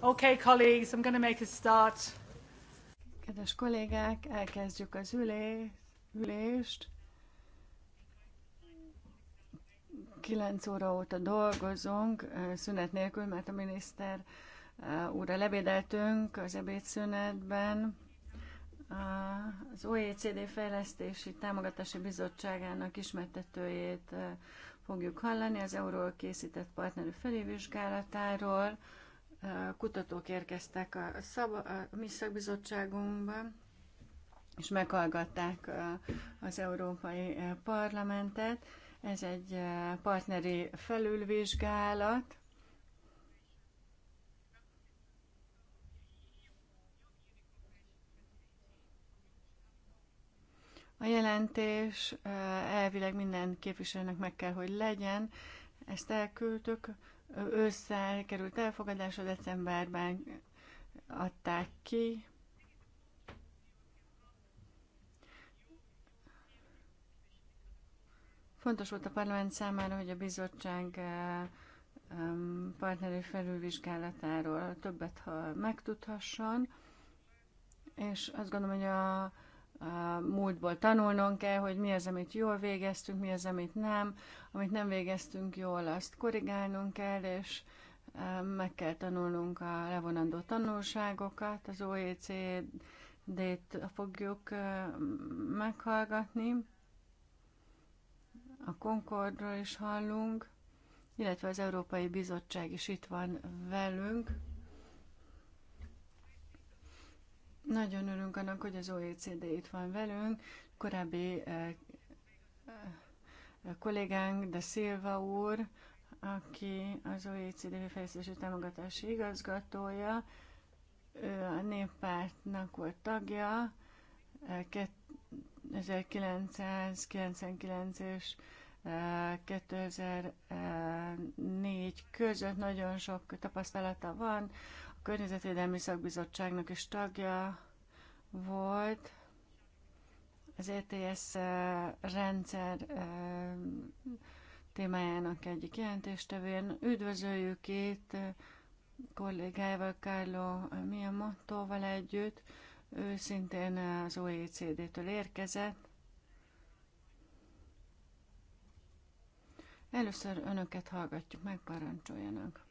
Okay, colleagues, I'm going to make a start. Kedves kollégák, elkezdjük az ülé, ülést. 9 óra óta dolgozunk, szünet nélkül, mert a miniszter úrra levédeltünk az ebédszünetben. Az OECD Fejlesztési Támogatási Bizottságának ismertetőjét fogjuk hallani az euról készített partnerű felévizsgálatáról kutatók érkeztek a, szab, a mi szakbizottságunkba, és meghallgatták az Európai Parlamentet. Ez egy partneri felülvizsgálat, A jelentés elvileg minden képviselőnek meg kell, hogy legyen. Ezt elküldtük. Ősszel került elfogadásra, decemberben adták ki. Fontos volt a parlament számára, hogy a bizottság eh, partneri felülvizsgálatáról többet ha megtudhasson, és azt gondolom, hogy a a múltból tanulnunk kell, hogy mi az, amit jól végeztünk, mi az, amit nem, amit nem végeztünk jól, azt korrigálnunk kell, és meg kell tanulnunk a levonandó tanulságokat, az OECD-t fogjuk meghallgatni, a Concordról is hallunk, illetve az Európai Bizottság is itt van velünk. Nagyon örülünk annak, hogy az OECD itt van velünk. Korábbi eh, eh, kollégánk, de Szilva úr, aki az OECD fejlesztési támogatási igazgatója, ő a néppártnak volt tagja, 1999 eh, és 2004 között nagyon sok tapasztalata van Környezetvédelmi Szakbizottságnak is tagja volt, az ETS eh, rendszer eh, témájának egyik jelentéstevén. Üdvözöljük itt eh, kollégájával, Carlo Miamottoval együtt, ő szintén az OECD-től érkezett. Először önöket hallgatjuk megparancsoljanak.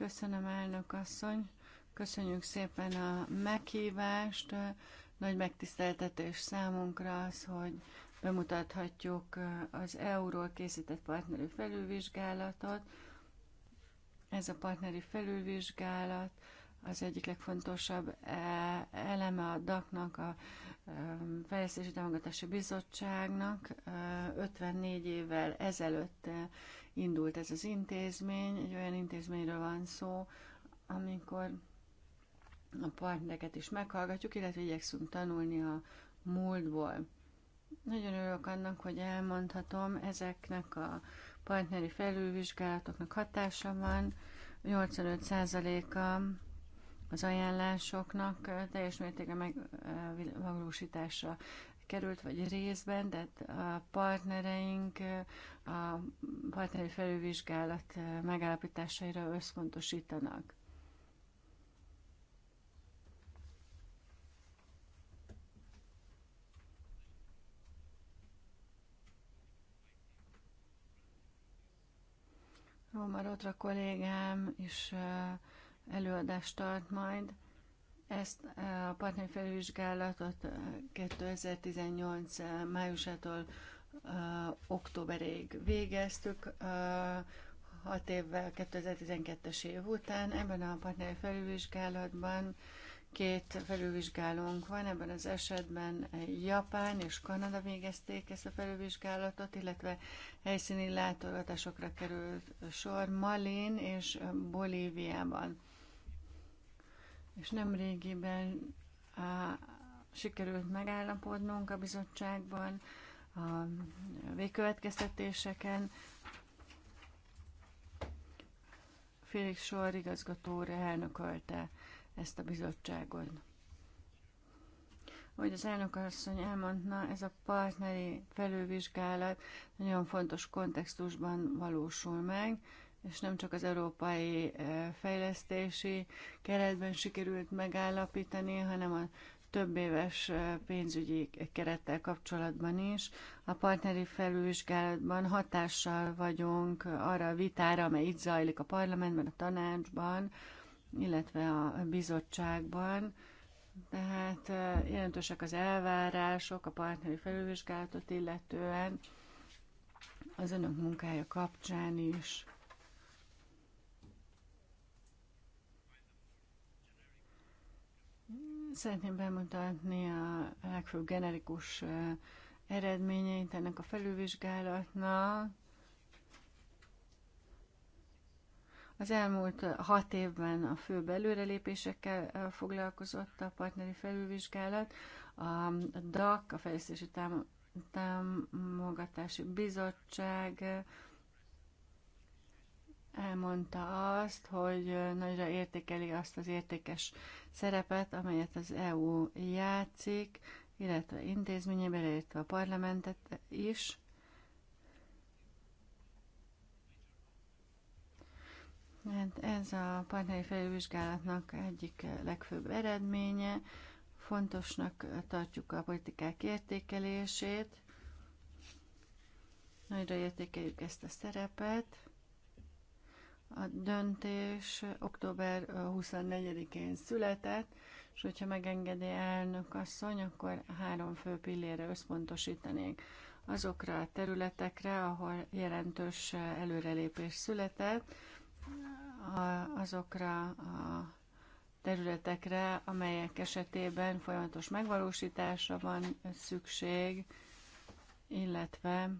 Köszönöm, elnök asszony. Köszönjük szépen a meghívást. Nagy megtiszteltetés számunkra az, hogy bemutathatjuk az EU-ról készített partneri felülvizsgálatot. Ez a partneri felülvizsgálat az egyik legfontosabb e- eleme a DAC-nak a Fejlesztési Támogatási Bizottságnak 54 évvel ezelőtt indult ez az intézmény. Egy olyan intézményről van szó, amikor a partnereket is meghallgatjuk, illetve igyekszünk tanulni a múltból. Nagyon örülök annak, hogy elmondhatom, ezeknek a partneri felülvizsgálatoknak hatása van. 85%-a az ajánlásoknak teljes mértékben megvalósításra került, vagy részben, de hát a partnereink a partneri felülvizsgálat megállapításaira összpontosítanak. Róma Rotra kollégám is uh, előadást tart majd. Ezt eh, a partneri felvizsgálatot 2018 eh, eh, májusától októberig végeztük, hat évvel 2012-es év után. Ebben a partneri felvizsgálatban két felülvizsgálónk van, ebben az esetben Japán és Kanada végezték ezt a felülvizsgálatot, illetve helyszíni látogatásokra került sor Malin és Bolíviában és nem régiben a, sikerült megállapodnunk a bizottságban a végkövetkeztetéseken. Félix Sor igazgatóra elnökölte ezt a bizottságot. Hogy az asszony elmondta, ez a partneri felülvizsgálat nagyon fontos kontextusban valósul meg, és nem csak az európai fejlesztési keretben sikerült megállapítani, hanem a több éves pénzügyi kerettel kapcsolatban is. A partneri felülvizsgálatban hatással vagyunk arra a vitára, amely itt zajlik a parlamentben, a tanácsban, illetve a bizottságban. Tehát jelentősek az elvárások a partneri felülvizsgálatot illetően az önök munkája kapcsán is. Szeretném bemutatni a legfőbb generikus eredményeit ennek a felülvizsgálatnak. Az elmúlt hat évben a fő előrelépésekkel foglalkozott a partneri felülvizsgálat. A DAC, a Fejlesztési Támogatási Bizottság elmondta azt, hogy nagyra értékeli azt az értékes szerepet, amelyet az EU játszik, illetve intézményében, illetve a parlamentet is. Hát ez a partneri felülvizsgálatnak egyik legfőbb eredménye. Fontosnak tartjuk a politikák értékelését. Nagyra értékeljük ezt a szerepet. A döntés október 24-én született, és hogyha megengedi elnök asszony, akkor három fő pillére összpontosítanék. Azokra a területekre, ahol jelentős előrelépés született, azokra a területekre, amelyek esetében folyamatos megvalósításra van szükség, illetve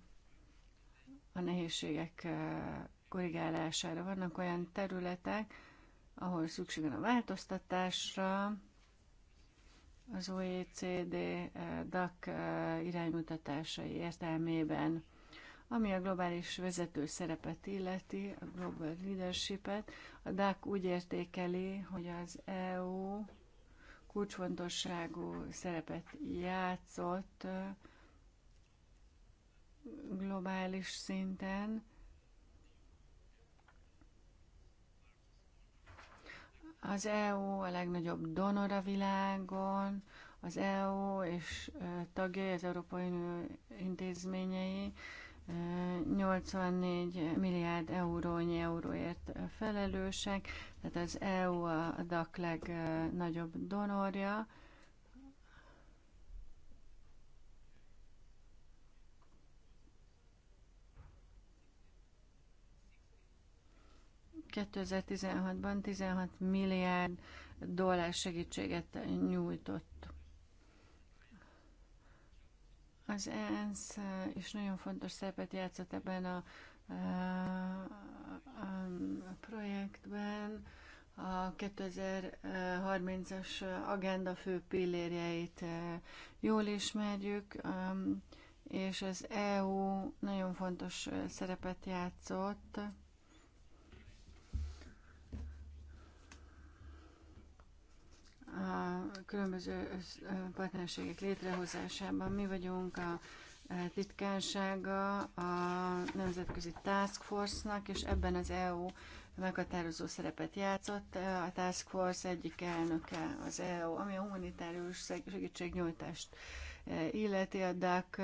a nehézségek korrigálására. Vannak olyan területek, ahol szükség van a változtatásra, az OECD eh, DAC eh, iránymutatásai értelmében, ami a globális vezető szerepet illeti, a global leadership-et. A DAC úgy értékeli, hogy az EU kulcsfontosságú szerepet játszott eh, globális szinten, Az EU a legnagyobb donor a világon, az EU és tagjai, az Európai Unió intézményei 84 milliárd eurónyi euróért felelősek, tehát az EU a DAC legnagyobb donorja, 2016-ban 16 milliárd dollár segítséget nyújtott. Az ENSZ is nagyon fontos szerepet játszott ebben a, a, a projektben. A 2030-as agenda fő pillérjeit jól ismerjük, és az EU nagyon fontos szerepet játszott a különböző partnerségek létrehozásában. Mi vagyunk a titkársága a Nemzetközi Task Force-nak, és ebben az EU meghatározó szerepet játszott. A Task Force egyik elnöke az EU, ami a humanitárius segítségnyújtást illeti. A DAC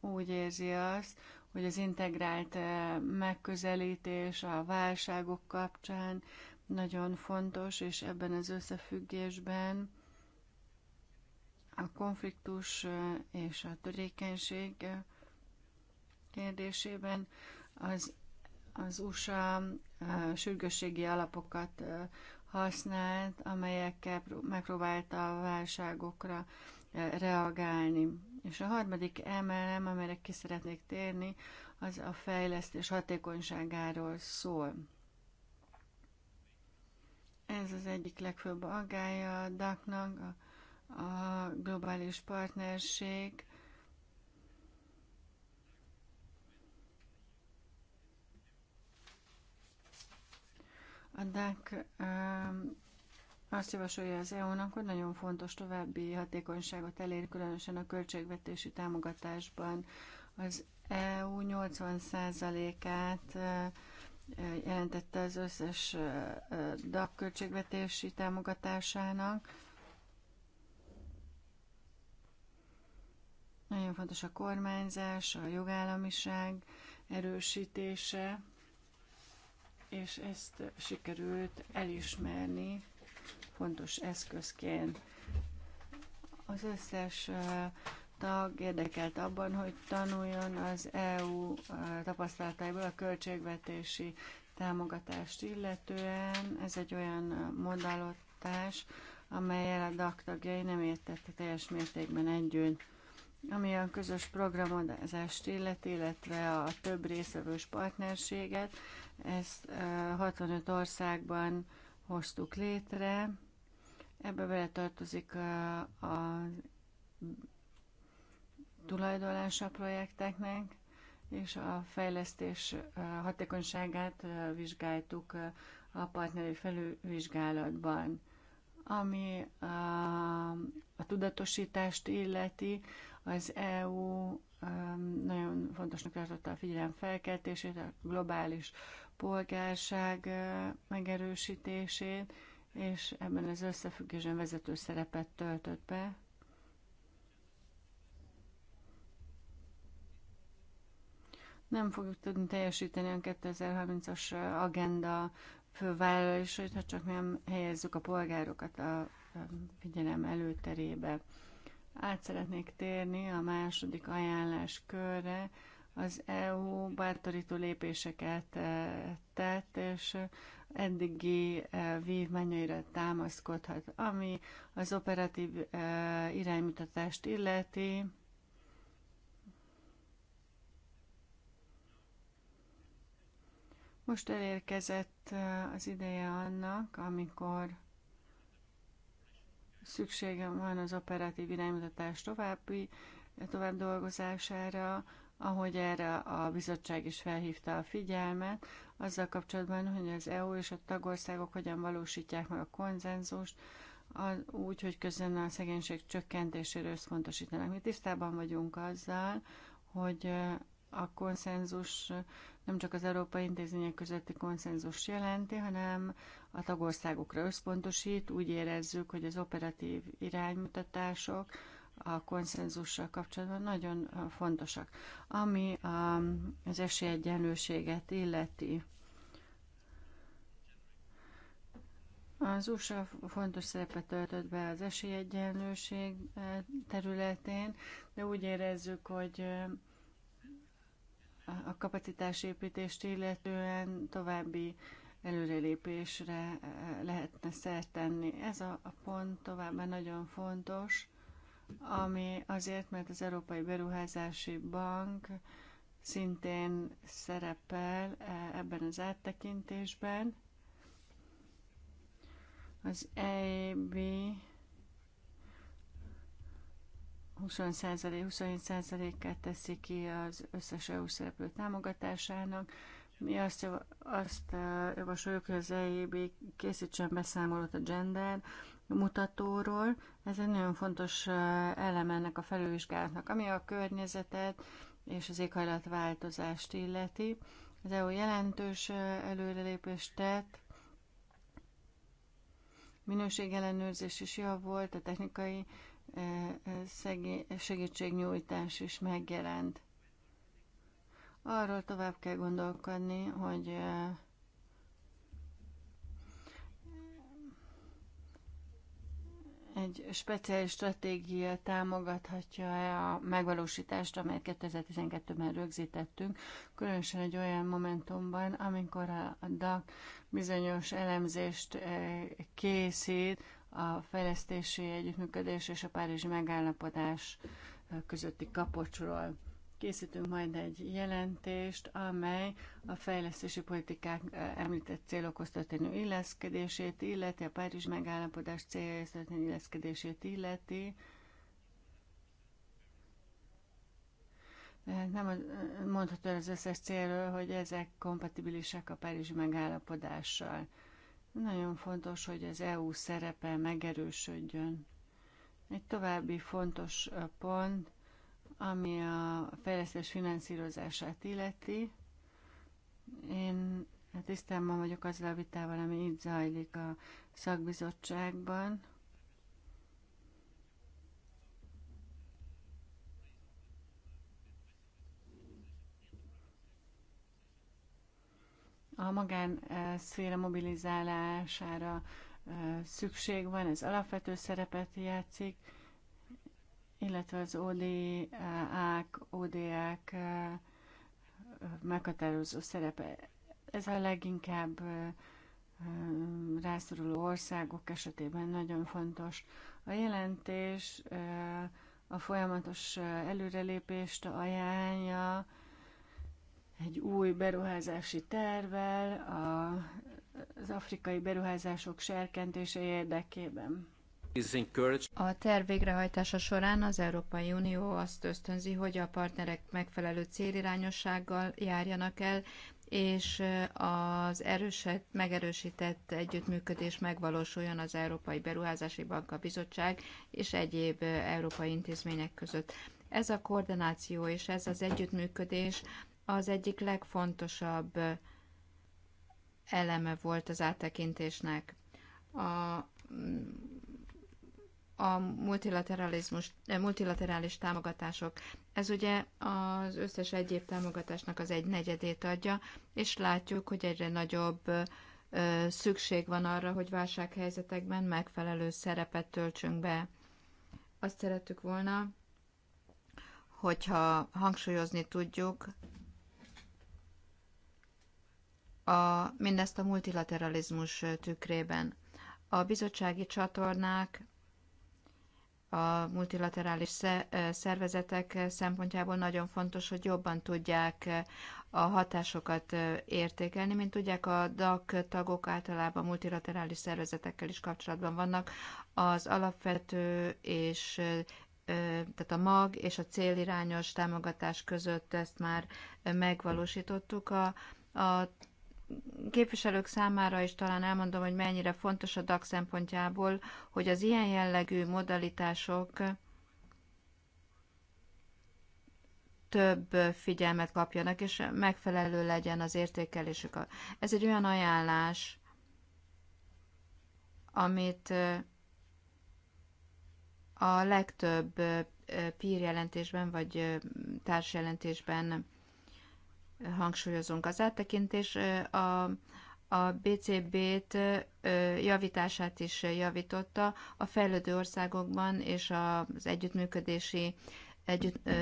úgy érzi azt, hogy az integrált megközelítés a válságok kapcsán nagyon fontos, és ebben az összefüggésben a konfliktus és a törékenység kérdésében az, az USA sürgősségi alapokat használt, amelyekkel megpróbálta a válságokra reagálni. És a harmadik emelem, amire ki szeretnék térni, az a fejlesztés hatékonyságáról szól. Ez az egyik legfőbb aggája a DAC-nak, a, a globális partnerség. A DAC azt javasolja az EU-nak, hogy nagyon fontos további hatékonyságot elér, különösen a költségvetési támogatásban. Az EU 80%-át jelentette az összes DAP költségvetési támogatásának. Nagyon fontos a kormányzás, a jogállamiság erősítése, és ezt sikerült elismerni fontos eszközként. Az összes tag érdekelt abban, hogy tanuljon az EU tapasztalataiból a költségvetési támogatást illetően. Ez egy olyan mondalottás, amelyel a DAC tagjai nem értette teljes mértékben együtt. Ami a közös programozást illeti, illetve a több részvevős partnerséget, ezt 65 országban hoztuk létre. Ebbe beletartozik a, a tulajdonlása a projekteknek, és a fejlesztés hatékonyságát vizsgáltuk a partneri felülvizsgálatban. Ami a, a tudatosítást illeti, az EU nagyon fontosnak tartotta a figyelem felkeltését, a globális polgárság megerősítését, és ebben az összefüggésben vezető szerepet töltött be. nem fogjuk tudni teljesíteni a 2030-as agenda fővállalásait, ha csak nem helyezzük a polgárokat a figyelem előterébe. Át szeretnék térni a második ajánlás körre. Az EU bátorító lépéseket e, tett, és eddigi e, vívmányaira támaszkodhat, ami az operatív e, iránymutatást illeti. Most elérkezett az ideje annak, amikor szükségem van az operatív iránymutatás további tovább dolgozására, ahogy erre a bizottság is felhívta a figyelmet, azzal kapcsolatban, hogy az EU és a tagországok hogyan valósítják meg a konzenzust, az, úgy, hogy közben a szegénység csökkentéséről összpontosítanak. Mi tisztában vagyunk azzal, hogy a konszenzus nem csak az európai intézmények közötti konszenzus jelenti, hanem a tagországokra összpontosít. Úgy érezzük, hogy az operatív iránymutatások a konszenzussal kapcsolatban nagyon fontosak. Ami az esélyegyenlőséget illeti, Az USA fontos szerepet töltött be az esélyegyenlőség területén, de úgy érezzük, hogy a kapacitásépítést illetően további előrelépésre e, lehetne szert tenni. Ez a, pont továbbá nagyon fontos, ami azért, mert az Európai Beruházási Bank szintén szerepel e, ebben az áttekintésben. Az EIB 20-27%-át teszi ki az összes EU szereplő támogatásának. Mi azt, jav, azt eh, javasoljuk, hogy az EIB készítsen beszámolót a gender mutatóról. Ez egy nagyon fontos eh, eleme ennek a felülvizsgálatnak, ami a környezetet és az éghajlatváltozást illeti. Az EU jelentős eh, előrelépést tett, minőségellenőrzés is volt a technikai uh, segítségnyújtás is megjelent. Arról tovább kell gondolkodni, hogy egy speciális stratégia támogathatja-e a megvalósítást, amelyet 2012-ben rögzítettünk, különösen egy olyan momentumban, amikor a DAC bizonyos elemzést készít a fejlesztési együttműködés és a Párizsi megállapodás közötti kapocsról. Készítünk majd egy jelentést, amely a fejlesztési politikák említett célokhoz történő illeszkedését illeti, a Párizs megállapodás céljához történő illeszkedését illeti. nem mondható az összes célról, hogy ezek kompatibilisek a Párizsi megállapodással. Nagyon fontos, hogy az EU szerepe megerősödjön. Egy további fontos pont, ami a fejlesztés finanszírozását illeti. Én tisztában vagyok azzal a vitával, ami itt zajlik a szakbizottságban, A magán eh, szféra mobilizálására eh, szükség van, ez alapvető szerepet játszik, illetve az ODA-k, ODA-k eh, meghatározó szerepe. Ez a leginkább rászoruló országok esetében nagyon fontos. A jelentés a folyamatos előrelépést ajánlja, egy új beruházási tervvel a, az afrikai beruházások serkentése érdekében. A terv végrehajtása során az Európai Unió azt ösztönzi, hogy a partnerek megfelelő célirányossággal járjanak el, és az erőset, megerősített együttműködés megvalósuljon az Európai Beruházási Banka Bizottság és egyéb európai intézmények között. Ez a koordináció és ez az együttműködés az egyik legfontosabb eleme volt az áttekintésnek. A, mm, a multilateralizmus, multilaterális támogatások. Ez ugye az összes egyéb támogatásnak az egy negyedét adja, és látjuk, hogy egyre nagyobb szükség van arra, hogy válsághelyzetekben megfelelő szerepet töltsünk be. Azt szerettük volna, hogyha hangsúlyozni tudjuk, a, mindezt a multilateralizmus tükrében. A bizottsági csatornák a multilaterális szervezetek szempontjából nagyon fontos, hogy jobban tudják a hatásokat értékelni, mint tudják, a DAC tagok általában multilaterális szervezetekkel is kapcsolatban vannak. Az alapvető és tehát a mag és a célirányos támogatás között ezt már megvalósítottuk. A, a képviselők számára is talán elmondom, hogy mennyire fontos a DAC szempontjából, hogy az ilyen jellegű modalitások több figyelmet kapjanak, és megfelelő legyen az értékelésük. Ez egy olyan ajánlás, amit a legtöbb pír jelentésben vagy társjelentésben hangsúlyozunk. Az áttekintés a, a BCB-t javítását is javította a fejlődő országokban és az együttműködési együtt, ö,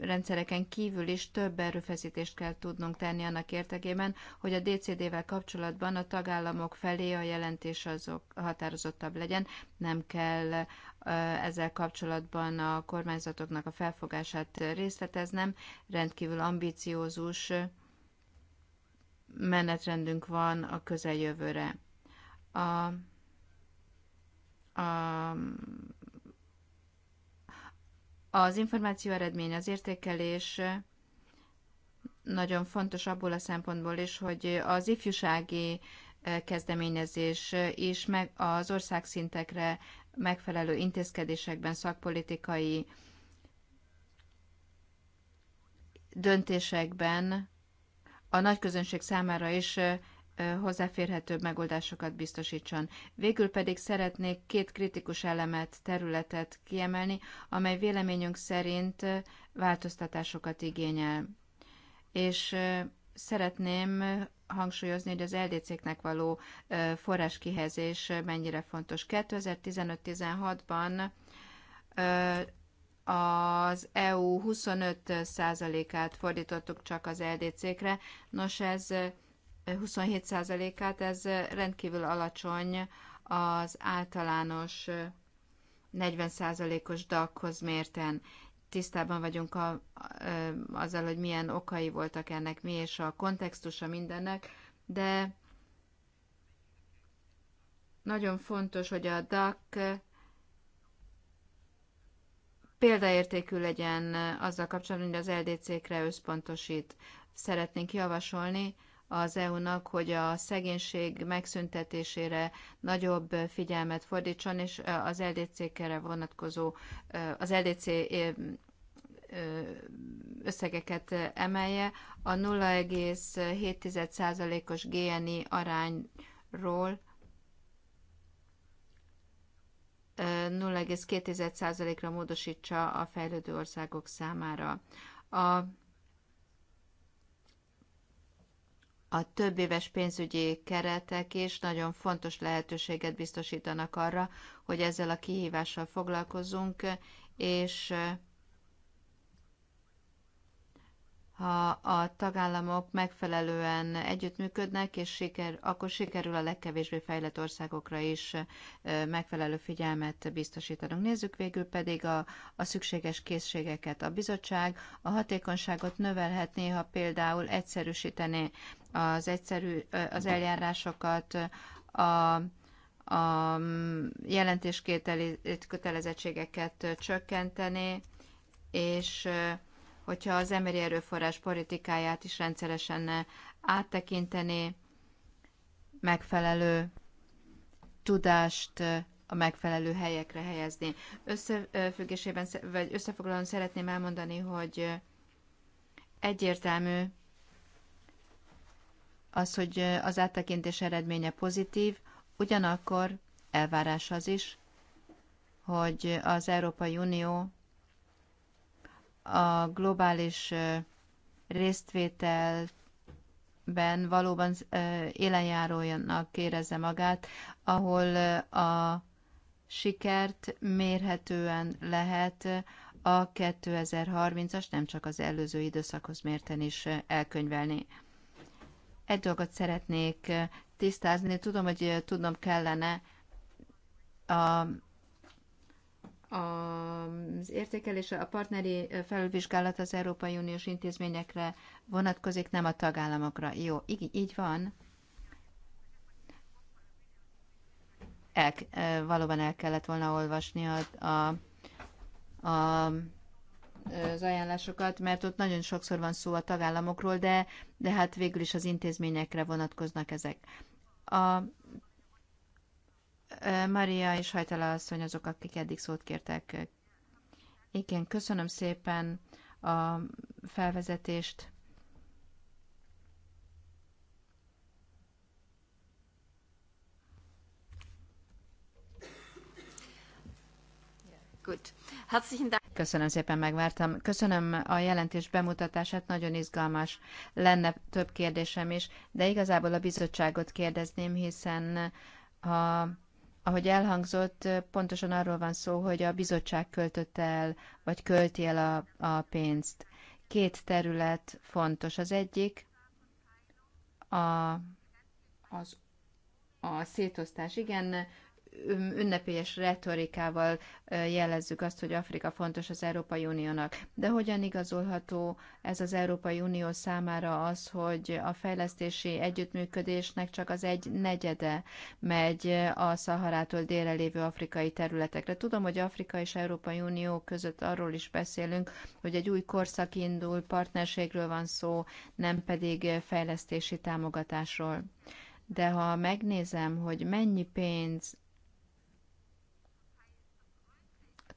rendszereken kívül is több erőfeszítést kell tudnunk tenni annak értekében, hogy a DCD-vel kapcsolatban a tagállamok felé a jelentés azok határozottabb legyen, nem kell ezzel kapcsolatban a kormányzatoknak a felfogását részleteznem. Rendkívül ambiciózus menetrendünk van a közeljövőre. A, a, az információ eredmény, az értékelés nagyon fontos abból a szempontból is, hogy az ifjúsági kezdeményezés is meg az országszintekre megfelelő intézkedésekben, szakpolitikai döntésekben a nagy közönség számára is hozzáférhetőbb megoldásokat biztosítson. Végül pedig szeretnék két kritikus elemet, területet kiemelni, amely véleményünk szerint változtatásokat igényel. És szeretném hangsúlyozni, hogy az LDC-knek való forráskihezés mennyire fontos. 2015-16-ban az EU 25%-át fordítottuk csak az LDC-kre, nos ez 27%-át, ez rendkívül alacsony az általános 40%-os DAC-hoz mérten tisztában vagyunk a, azzal, hogy milyen okai voltak ennek, mi és a kontextusa mindennek, de nagyon fontos, hogy a DAC példaértékű legyen azzal kapcsolatban, hogy az LDC-kre összpontosít. Szeretnénk javasolni, az EU-nak, hogy a szegénység megszüntetésére nagyobb figyelmet fordítson, és az LDC-kere vonatkozó, az LDC összegeket emelje. A 0,7%-os GNI arányról 0,2%-ra módosítsa a fejlődő országok számára. A a több éves pénzügyi keretek is nagyon fontos lehetőséget biztosítanak arra, hogy ezzel a kihívással foglalkozzunk, és ha a tagállamok megfelelően együttműködnek, és siker, akkor sikerül a legkevésbé fejlett országokra is megfelelő figyelmet biztosítanunk. Nézzük végül pedig a, a szükséges készségeket. A bizottság a hatékonyságot növelhetné, ha például egyszerűsítené az egyszerű, az eljárásokat, a, a mm, kötelezettségeket csökkenteni, és hogyha az emberi erőforrás politikáját is rendszeresen áttekinteni, megfelelő tudást a megfelelő helyekre helyezni. Összefüggésében, vagy összefoglalóan szeretném elmondani, hogy egyértelmű, az, hogy az áttekintés eredménye pozitív, ugyanakkor elvárás az is, hogy az Európai Unió a globális résztvételben valóban élenjárójának érezze magát, ahol a sikert mérhetően lehet a 2030-as, nem csak az előző időszakhoz mérten is elkönyvelni. Egy dolgot szeretnék tisztázni, tudom, hogy tudnom kellene a, a, az értékelés, a partneri felülvizsgálat az Európai Uniós intézményekre vonatkozik, nem a tagállamokra. Jó, így, így van. El, valóban el kellett volna olvasni a, a, a az ajánlásokat, mert ott nagyon sokszor van szó a tagállamokról, de, de hát végül is az intézményekre vonatkoznak ezek. A Maria és Hajtala asszony azok, akik eddig szót kértek. Igen, köszönöm szépen a felvezetést. Good. Köszönöm szépen, megvártam. Köszönöm a jelentés bemutatását, nagyon izgalmas. Lenne több kérdésem is, de igazából a bizottságot kérdezném, hiszen a, ahogy elhangzott, pontosan arról van szó, hogy a bizottság költött el, vagy költi el a, a pénzt. Két terület fontos. Az egyik a, az a szétosztás. Igen, ünnepélyes retorikával jelezzük azt, hogy Afrika fontos az Európai Uniónak. De hogyan igazolható ez az Európai Unió számára az, hogy a fejlesztési együttműködésnek csak az egy negyede megy a Szaharától délre lévő afrikai területekre? Tudom, hogy Afrika és Európai Unió között arról is beszélünk, hogy egy új korszak indul, partnerségről van szó, nem pedig fejlesztési támogatásról de ha megnézem, hogy mennyi pénz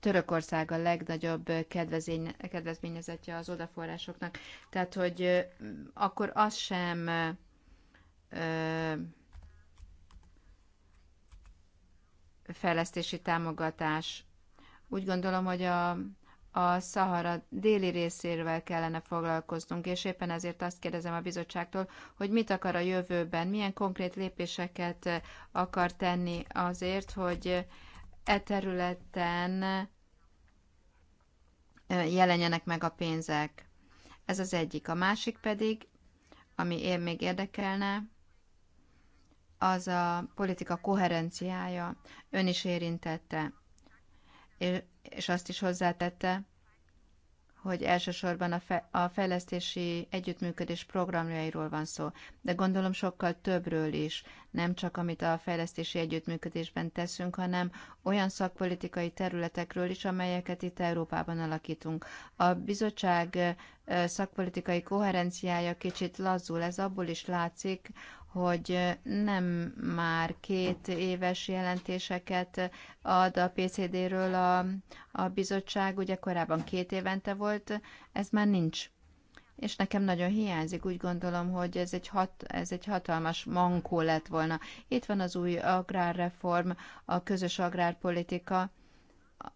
Törökország a legnagyobb kedvezény, kedvezményezetje az odaforrásoknak. Tehát, hogy akkor az sem fejlesztési támogatás. Úgy gondolom, hogy a, a Szahara déli részéről kellene foglalkoznunk, és éppen ezért azt kérdezem a bizottságtól, hogy mit akar a jövőben, milyen konkrét lépéseket akar tenni azért, hogy e területen jelenjenek meg a pénzek. Ez az egyik. A másik pedig, ami én még érdekelne, az a politika koherenciája. Ön is érintette, és azt is hozzátette, hogy elsősorban a, fe, a fejlesztési együttműködés programjairól van szó, de gondolom sokkal többről is, nem csak amit a fejlesztési együttműködésben teszünk, hanem olyan szakpolitikai területekről is, amelyeket itt Európában alakítunk. A bizottság szakpolitikai koherenciája kicsit lazul, ez abból is látszik, hogy nem már két éves jelentéseket ad a PCD-ről a, a bizottság, ugye korábban két évente volt, ez már nincs. És nekem nagyon hiányzik, úgy gondolom, hogy ez egy, hat, ez egy hatalmas mankó lett volna. Itt van az új agrárreform, a közös agrárpolitika,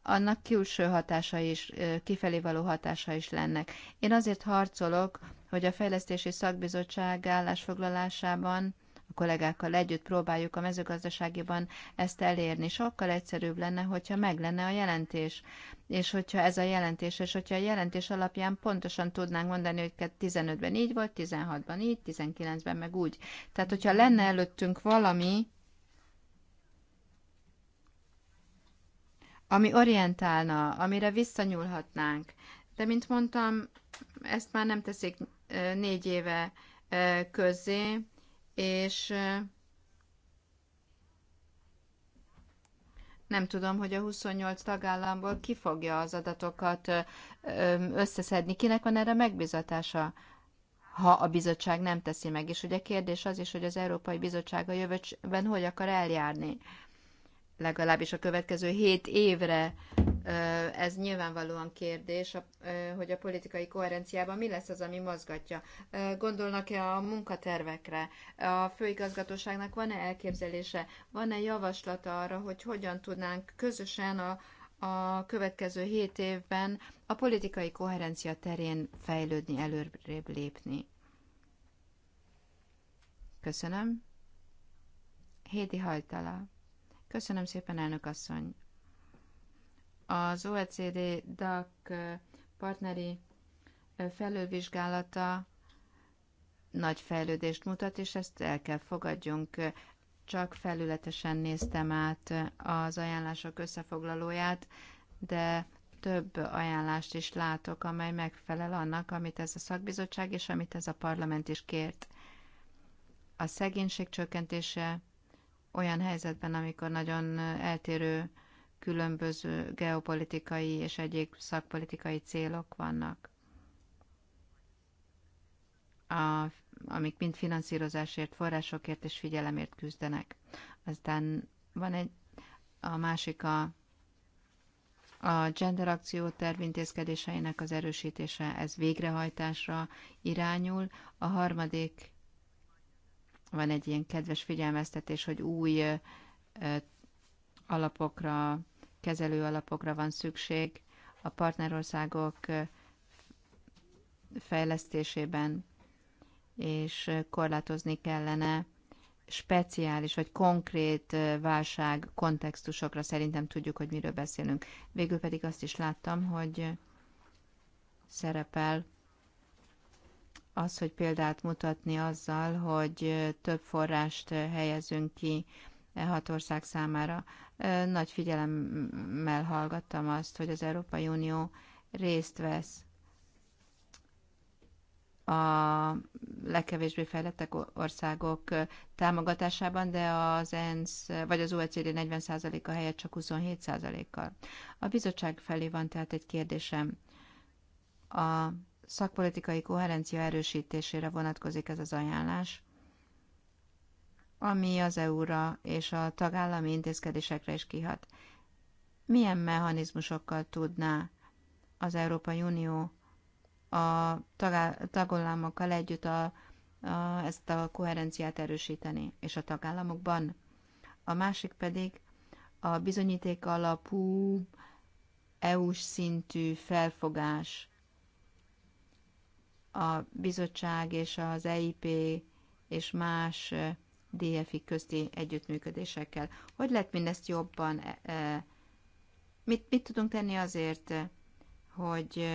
annak külső hatása is, kifelé való hatása is lennek. Én azért harcolok, hogy a Fejlesztési Szakbizottság állásfoglalásában a kollégákkal együtt próbáljuk a mezőgazdaságiban ezt elérni. Sokkal egyszerűbb lenne, hogyha meg lenne a jelentés, és hogyha ez a jelentés, és hogyha a jelentés alapján pontosan tudnánk mondani, hogy 15-ben így volt, 16-ban így, 19-ben meg úgy. Tehát, hogyha lenne előttünk valami, ami orientálna, amire visszanyúlhatnánk. De, mint mondtam, ezt már nem teszik négy éve közzé, és nem tudom, hogy a 28 tagállamból ki fogja az adatokat összeszedni, kinek van erre megbizatása, ha a bizottság nem teszi meg. És ugye kérdés az is, hogy az Európai Bizottság a jövőben hogy akar eljárni legalábbis a következő hét évre. Ez nyilvánvalóan kérdés, hogy a politikai koherenciában mi lesz az, ami mozgatja. Gondolnak-e a munkatervekre? A főigazgatóságnak van-e elképzelése? Van-e javaslata arra, hogy hogyan tudnánk közösen a, a következő hét évben a politikai koherencia terén fejlődni, előrébb lépni? Köszönöm. Hédi Hajtala. Köszönöm szépen, elnök asszony. Az OECD DAC partneri felülvizsgálata nagy fejlődést mutat, és ezt el kell fogadjunk. Csak felületesen néztem át az ajánlások összefoglalóját, de több ajánlást is látok, amely megfelel annak, amit ez a szakbizottság és amit ez a parlament is kért. A szegénység csökkentése, olyan helyzetben, amikor nagyon eltérő, különböző geopolitikai és egyéb szakpolitikai célok vannak, a, amik mind finanszírozásért, forrásokért és figyelemért küzdenek. Aztán van egy, a másik a, a gender akció terv intézkedéseinek az erősítése, ez végrehajtásra irányul. A harmadik van egy ilyen kedves figyelmeztetés, hogy új alapokra, kezelő alapokra van szükség a partnerországok fejlesztésében, és korlátozni kellene speciális vagy konkrét válság kontextusokra szerintem tudjuk, hogy miről beszélünk. Végül pedig azt is láttam, hogy szerepel az, hogy példát mutatni azzal, hogy több forrást helyezünk ki e hat ország számára. Nagy figyelemmel hallgattam azt, hogy az Európai Unió részt vesz a legkevésbé fejlettek országok támogatásában, de az ENSZ vagy az OECD 40%-a helyett csak 27%-kal. A bizottság felé van tehát egy kérdésem. A szakpolitikai koherencia erősítésére vonatkozik ez az ajánlás, ami az EU-ra és a tagállami intézkedésekre is kihat. Milyen mechanizmusokkal tudná az Európai Unió a tagállamokkal együtt a, a, ezt a koherenciát erősíteni, és a tagállamokban? A másik pedig a bizonyíték alapú EU-s szintű felfogás a bizottság és az EIP és más DFI közti együttműködésekkel. Hogy lehet mindezt jobban? Mit, mit tudunk tenni azért, hogy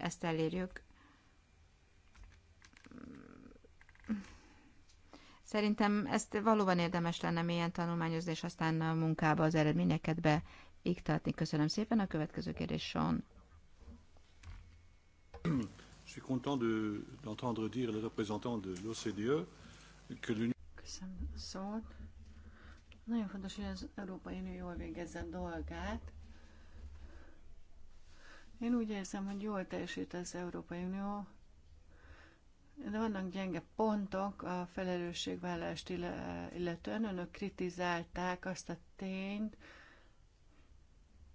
ezt elérjük? Szerintem ezt valóban érdemes lenne mélyen tanulmányozni, és aztán a munkába az eredményeket beiktatni. Köszönöm szépen. A következő kérdés Sean. Je suis content d'entendre de, dire de l'OCDE que l'Union. Köszönöm Nagyon fontos, hogy az Európai Unió jól végezze a dolgát. Én úgy érzem, hogy jól teljesít az Európai Unió, de vannak gyenge pontok a felelősségvállást illetően. Önök kritizálták azt a tényt,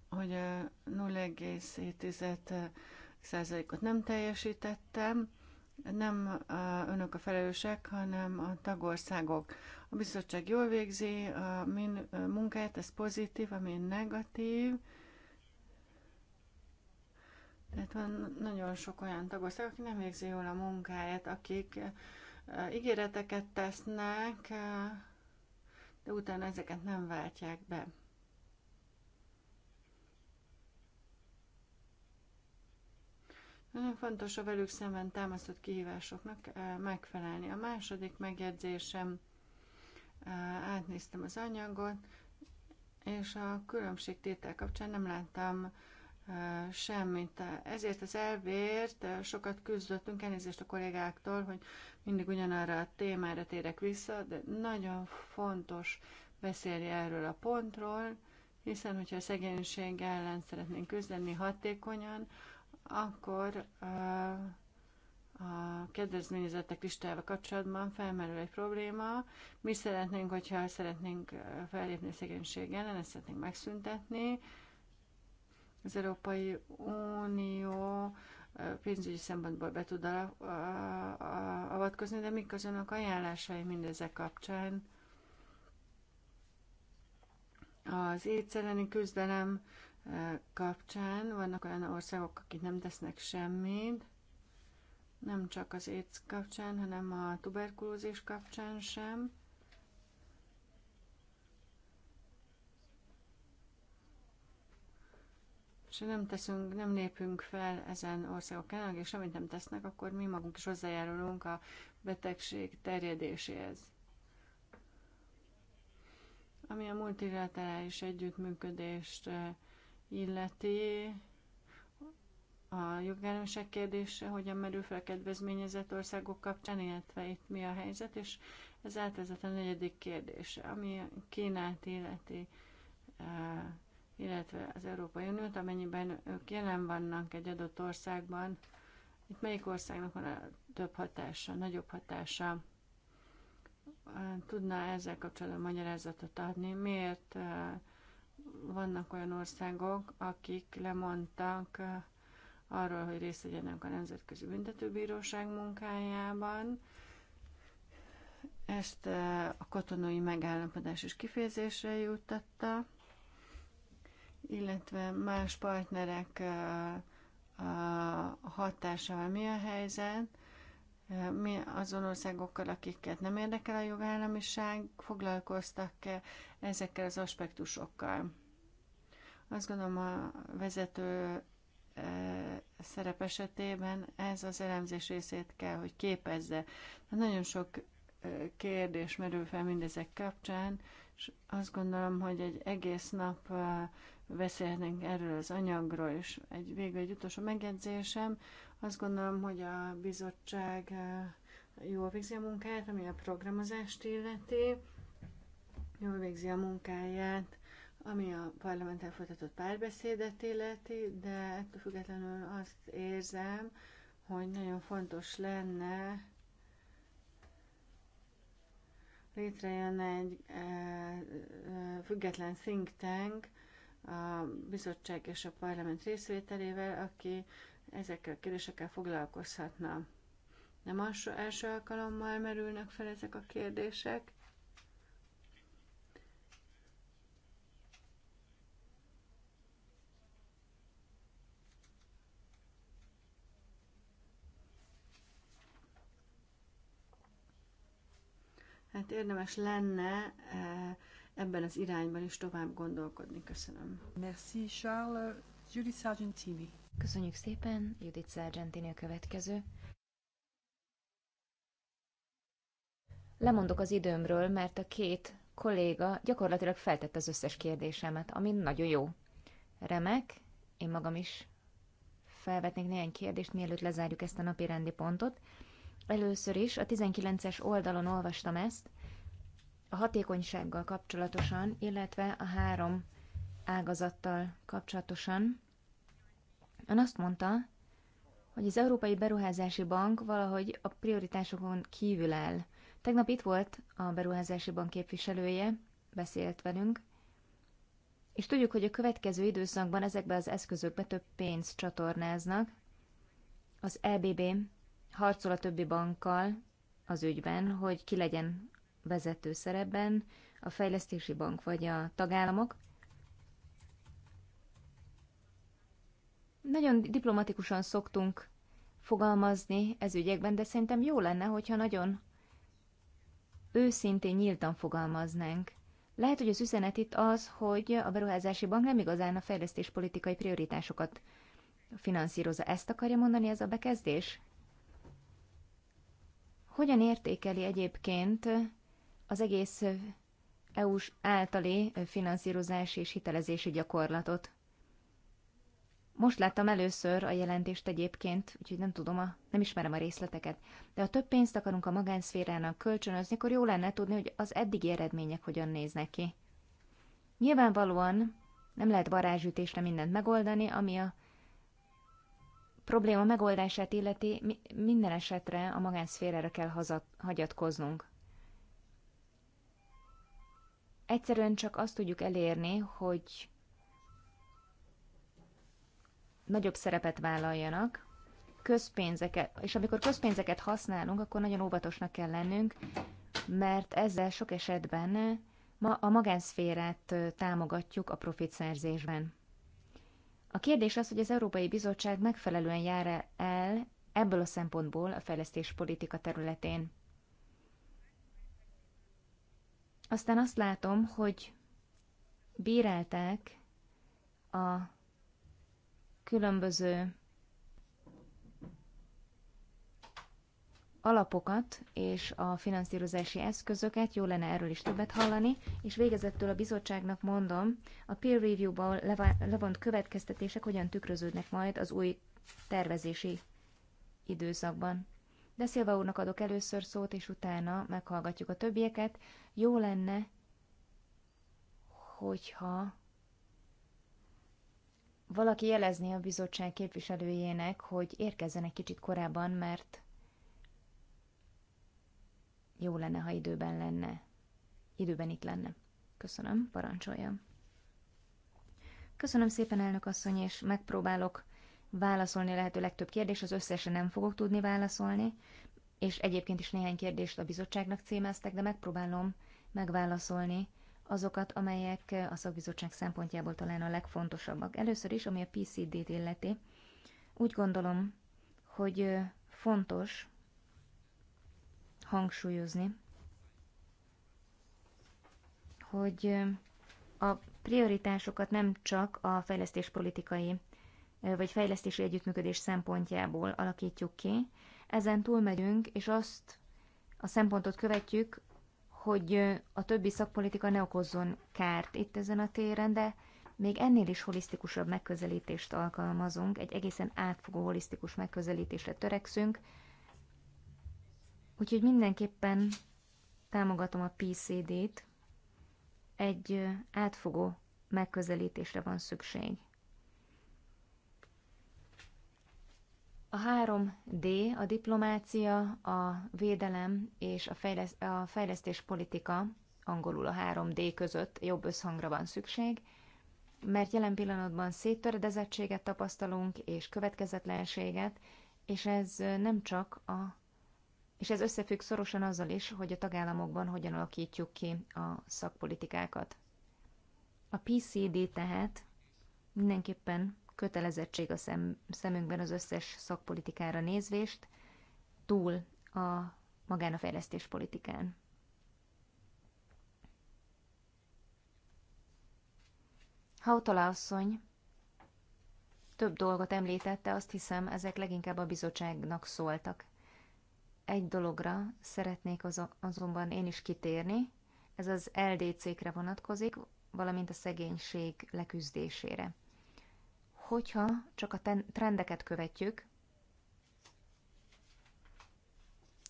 hogy a 0,7 százalékot nem teljesítettem. Nem önök a felelősek, hanem a tagországok. A bizottság jól végzi a min munkáját, ez pozitív, ami negatív. Tehát van nagyon sok olyan tagország, aki nem végzi jól a munkáját, akik ígéreteket tesznek, de utána ezeket nem váltják be. Nagyon fontos a velük szemben támasztott kihívásoknak eh, megfelelni. A második megjegyzésem, eh, átnéztem az anyagot, és a különbségtétel kapcsán nem láttam eh, semmit. Ezért az elvért sokat küzdöttünk, elnézést a kollégáktól, hogy mindig ugyanarra a témára térek vissza, de nagyon fontos beszélni erről a pontról, hiszen hogyha a szegénység ellen szeretnénk küzdeni hatékonyan, akkor a kedvezményezettek listájával kapcsolatban felmerül egy probléma. Mi szeretnénk, hogyha szeretnénk fellépni a szegénység ellen, ezt szeretnénk megszüntetni. Az Európai Unió pénzügyi szempontból be tud avatkozni, de mik az önök ajánlásai mindezek kapcsán? Az étszereni küzdelem kapcsán. Vannak olyan országok, akik nem tesznek semmit, nem csak az AIDS kapcsán, hanem a tuberkulózis kapcsán sem. És nem teszünk, nem lépünk fel ezen országok ellen, és amit nem tesznek, akkor mi magunk is hozzájárulunk a betegség terjedéséhez. Ami a multilaterális együttműködést eh, illeti, a jogállamiság kérdése hogyan merül fel kedvezményezett országok kapcsán, illetve itt mi a helyzet, és ez átvezet a negyedik kérdése, ami Kínát illeti, e, illetve az Európai Uniót, amennyiben ők jelen vannak egy adott országban, itt melyik országnak van a több hatása, nagyobb hatása? E, tudná ezzel kapcsolatban magyarázatot adni, miért e, vannak olyan országok, akik lemondtak arról, hogy részt vegyenek a Nemzetközi Büntetőbíróság munkájában. Ezt a katonai megállapodás is kifejezésre juttatta, illetve más partnerek a hatásával mi a helyzet mi azon országokkal, akiket nem érdekel a jogállamiság, foglalkoztak-e ezekkel az aspektusokkal. Azt gondolom a vezető szerep esetében ez az elemzés részét kell, hogy képezze. Hát nagyon sok kérdés merül fel mindezek kapcsán, és azt gondolom, hogy egy egész nap beszélhetnénk erről az anyagról, és egy végül egy utolsó megjegyzésem, azt gondolom, hogy a bizottság eh, jól végzi a munkáját, ami a programozást illeti, jól végzi a munkáját, ami a parlamenten folytatott párbeszédet illeti, de ettől függetlenül azt érzem, hogy nagyon fontos lenne létrejön egy e, e, független think tank a bizottság és a parlament részvételével, aki ezekkel a kérdésekkel foglalkozhatna. Nem az első alkalommal merülnek fel ezek a kérdések. Hát érdemes lenne eh, ebben az irányban is tovább gondolkodni. Köszönöm. Merci, Charles. Judith Sargentini. Köszönjük szépen, Judith Sargentini a következő. Lemondok az időmről, mert a két kolléga gyakorlatilag feltett az összes kérdésemet, ami nagyon jó. Remek, én magam is felvetnék néhány kérdést, mielőtt lezárjuk ezt a napi rendi pontot. Először is a 19-es oldalon olvastam ezt, a hatékonysággal kapcsolatosan, illetve a három ágazattal kapcsolatosan. Ön azt mondta, hogy az Európai Beruházási Bank valahogy a prioritásokon kívül áll. Tegnap itt volt a Beruházási Bank képviselője, beszélt velünk, és tudjuk, hogy a következő időszakban ezekbe az eszközökbe több pénzt csatornáznak. Az EBB harcol a többi bankkal az ügyben, hogy ki legyen vezető szerepben, a fejlesztési bank vagy a tagállamok, Nagyon diplomatikusan szoktunk fogalmazni ez ügyekben, de szerintem jó lenne, hogyha nagyon őszintén, nyíltan fogalmaznánk. Lehet, hogy az üzenet itt az, hogy a beruházási bank nem igazán a fejlesztéspolitikai prioritásokat finanszírozza. Ezt akarja mondani ez a bekezdés? Hogyan értékeli egyébként az egész EU-s általi finanszírozási és hitelezési gyakorlatot? Most láttam először a jelentést egyébként, úgyhogy nem tudom, a, nem ismerem a részleteket. De ha több pénzt akarunk a magánszférának kölcsönözni, akkor jó lenne tudni, hogy az eddigi eredmények hogyan néznek ki. Nyilvánvalóan nem lehet varázsütésre mindent megoldani, ami a probléma megoldását illeti, minden esetre a magánszférára kell hazat, hagyatkoznunk. Egyszerűen csak azt tudjuk elérni, hogy nagyobb szerepet vállaljanak, közpénzeket, és amikor közpénzeket használunk, akkor nagyon óvatosnak kell lennünk, mert ezzel sok esetben ma a magánszférát támogatjuk a profit szerzésben. A kérdés az, hogy az Európai Bizottság megfelelően jár -e el ebből a szempontból a fejlesztés politika területén. Aztán azt látom, hogy bírálták a különböző alapokat és a finanszírozási eszközöket, jó lenne erről is többet hallani, és végezettől a bizottságnak mondom, a peer review-ban levont következtetések hogyan tükröződnek majd az új tervezési időszakban. De Szilva úrnak adok először szót, és utána meghallgatjuk a többieket. Jó lenne, hogyha valaki jelezni a bizottság képviselőjének, hogy érkezzen egy kicsit korábban, mert jó lenne, ha időben lenne. Időben itt lenne. Köszönöm, parancsoljam. Köszönöm szépen, elnök asszony, és megpróbálok válaszolni a lehető legtöbb kérdés, az összesen nem fogok tudni válaszolni, és egyébként is néhány kérdést a bizottságnak címeztek, de megpróbálom megválaszolni azokat, amelyek a szakbizottság szempontjából talán a legfontosabbak. Először is, ami a PCD-t illeti, úgy gondolom, hogy fontos hangsúlyozni, hogy a prioritásokat nem csak a fejlesztéspolitikai vagy fejlesztési együttműködés szempontjából alakítjuk ki, ezen túlmegyünk, és azt a szempontot követjük, hogy a többi szakpolitika ne okozzon kárt itt ezen a téren, de még ennél is holisztikusabb megközelítést alkalmazunk, egy egészen átfogó holisztikus megközelítésre törekszünk, úgyhogy mindenképpen támogatom a PCD-t, egy átfogó megközelítésre van szükség. A 3D, a diplomácia, a védelem és a, fejlesz, a fejlesztés politika, angolul a 3D között jobb összhangra van szükség, mert jelen pillanatban széttöredezettséget tapasztalunk, és következetlenséget, és ez nem csak a és ez összefügg szorosan azzal is, hogy a tagállamokban hogyan alakítjuk ki a szakpolitikákat. A PCD tehát mindenképpen kötelezettség a szem, szemünkben az összes szakpolitikára nézvést, túl a magán a fejlesztés politikán. Hautala asszony több dolgot említette, azt hiszem, ezek leginkább a bizottságnak szóltak. Egy dologra szeretnék azonban én is kitérni, ez az LDC-kre vonatkozik, valamint a szegénység leküzdésére hogyha csak a trendeket követjük,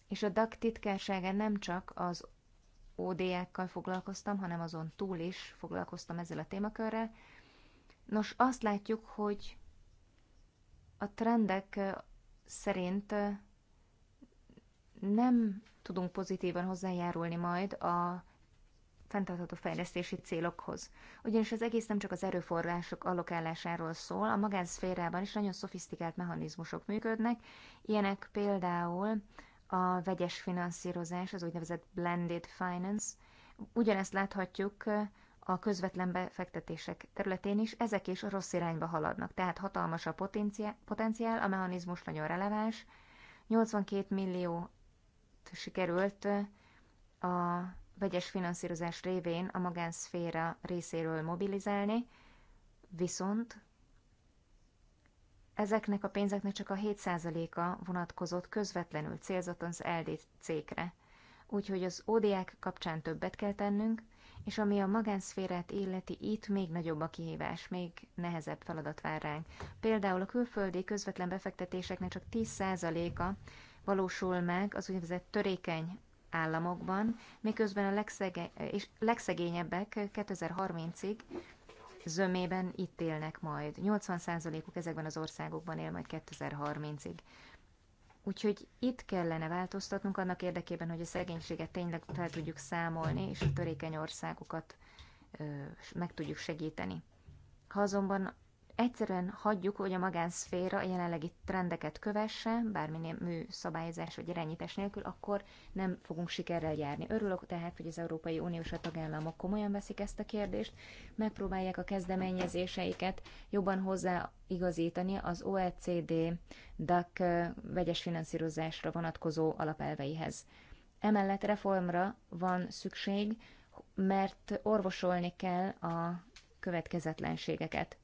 és a DAC titkársága nem csak az ODE-kkal foglalkoztam, hanem azon túl is foglalkoztam ezzel a témakörrel. Nos, azt látjuk, hogy a trendek szerint nem tudunk pozitívan hozzájárulni majd a fenntartható fejlesztési célokhoz. Ugyanis az egész nem csak az erőforrások allokálásáról szól, a magánszférában is nagyon szofisztikált mechanizmusok működnek, ilyenek például a vegyes finanszírozás, az úgynevezett blended finance. Ugyanezt láthatjuk a közvetlen befektetések területén is, ezek is rossz irányba haladnak, tehát hatalmas a potenciál, a mechanizmus nagyon releváns. 82 millió sikerült a vegyes finanszírozás révén a magánszféra részéről mobilizálni, viszont ezeknek a pénzeknek csak a 7%-a vonatkozott közvetlenül célzottan az LD cégre. Úgyhogy az ODák kapcsán többet kell tennünk, és ami a magánszférát illeti, itt még nagyobb a kihívás, még nehezebb feladat vár ránk. Például a külföldi közvetlen befektetéseknek csak 10%-a valósul meg az úgynevezett törékeny államokban, miközben a legszege- és legszegényebbek 2030-ig zömében itt élnek majd. 80%-uk ezekben az országokban él majd 2030-ig. Úgyhogy itt kellene változtatnunk annak érdekében, hogy a szegénységet tényleg fel tudjuk számolni, és a törékeny országokat ö, meg tudjuk segíteni. Ha azonban egyszerűen hagyjuk, hogy a magánszféra a jelenlegi trendeket kövesse, bármilyen mű vagy irányítás nélkül, akkor nem fogunk sikerrel járni. Örülök tehát, hogy az Európai Uniós tagállamok komolyan veszik ezt a kérdést, megpróbálják a kezdeményezéseiket jobban hozzá igazítani az OECD DAC vegyes finanszírozásra vonatkozó alapelveihez. Emellett reformra van szükség, mert orvosolni kell a következetlenségeket.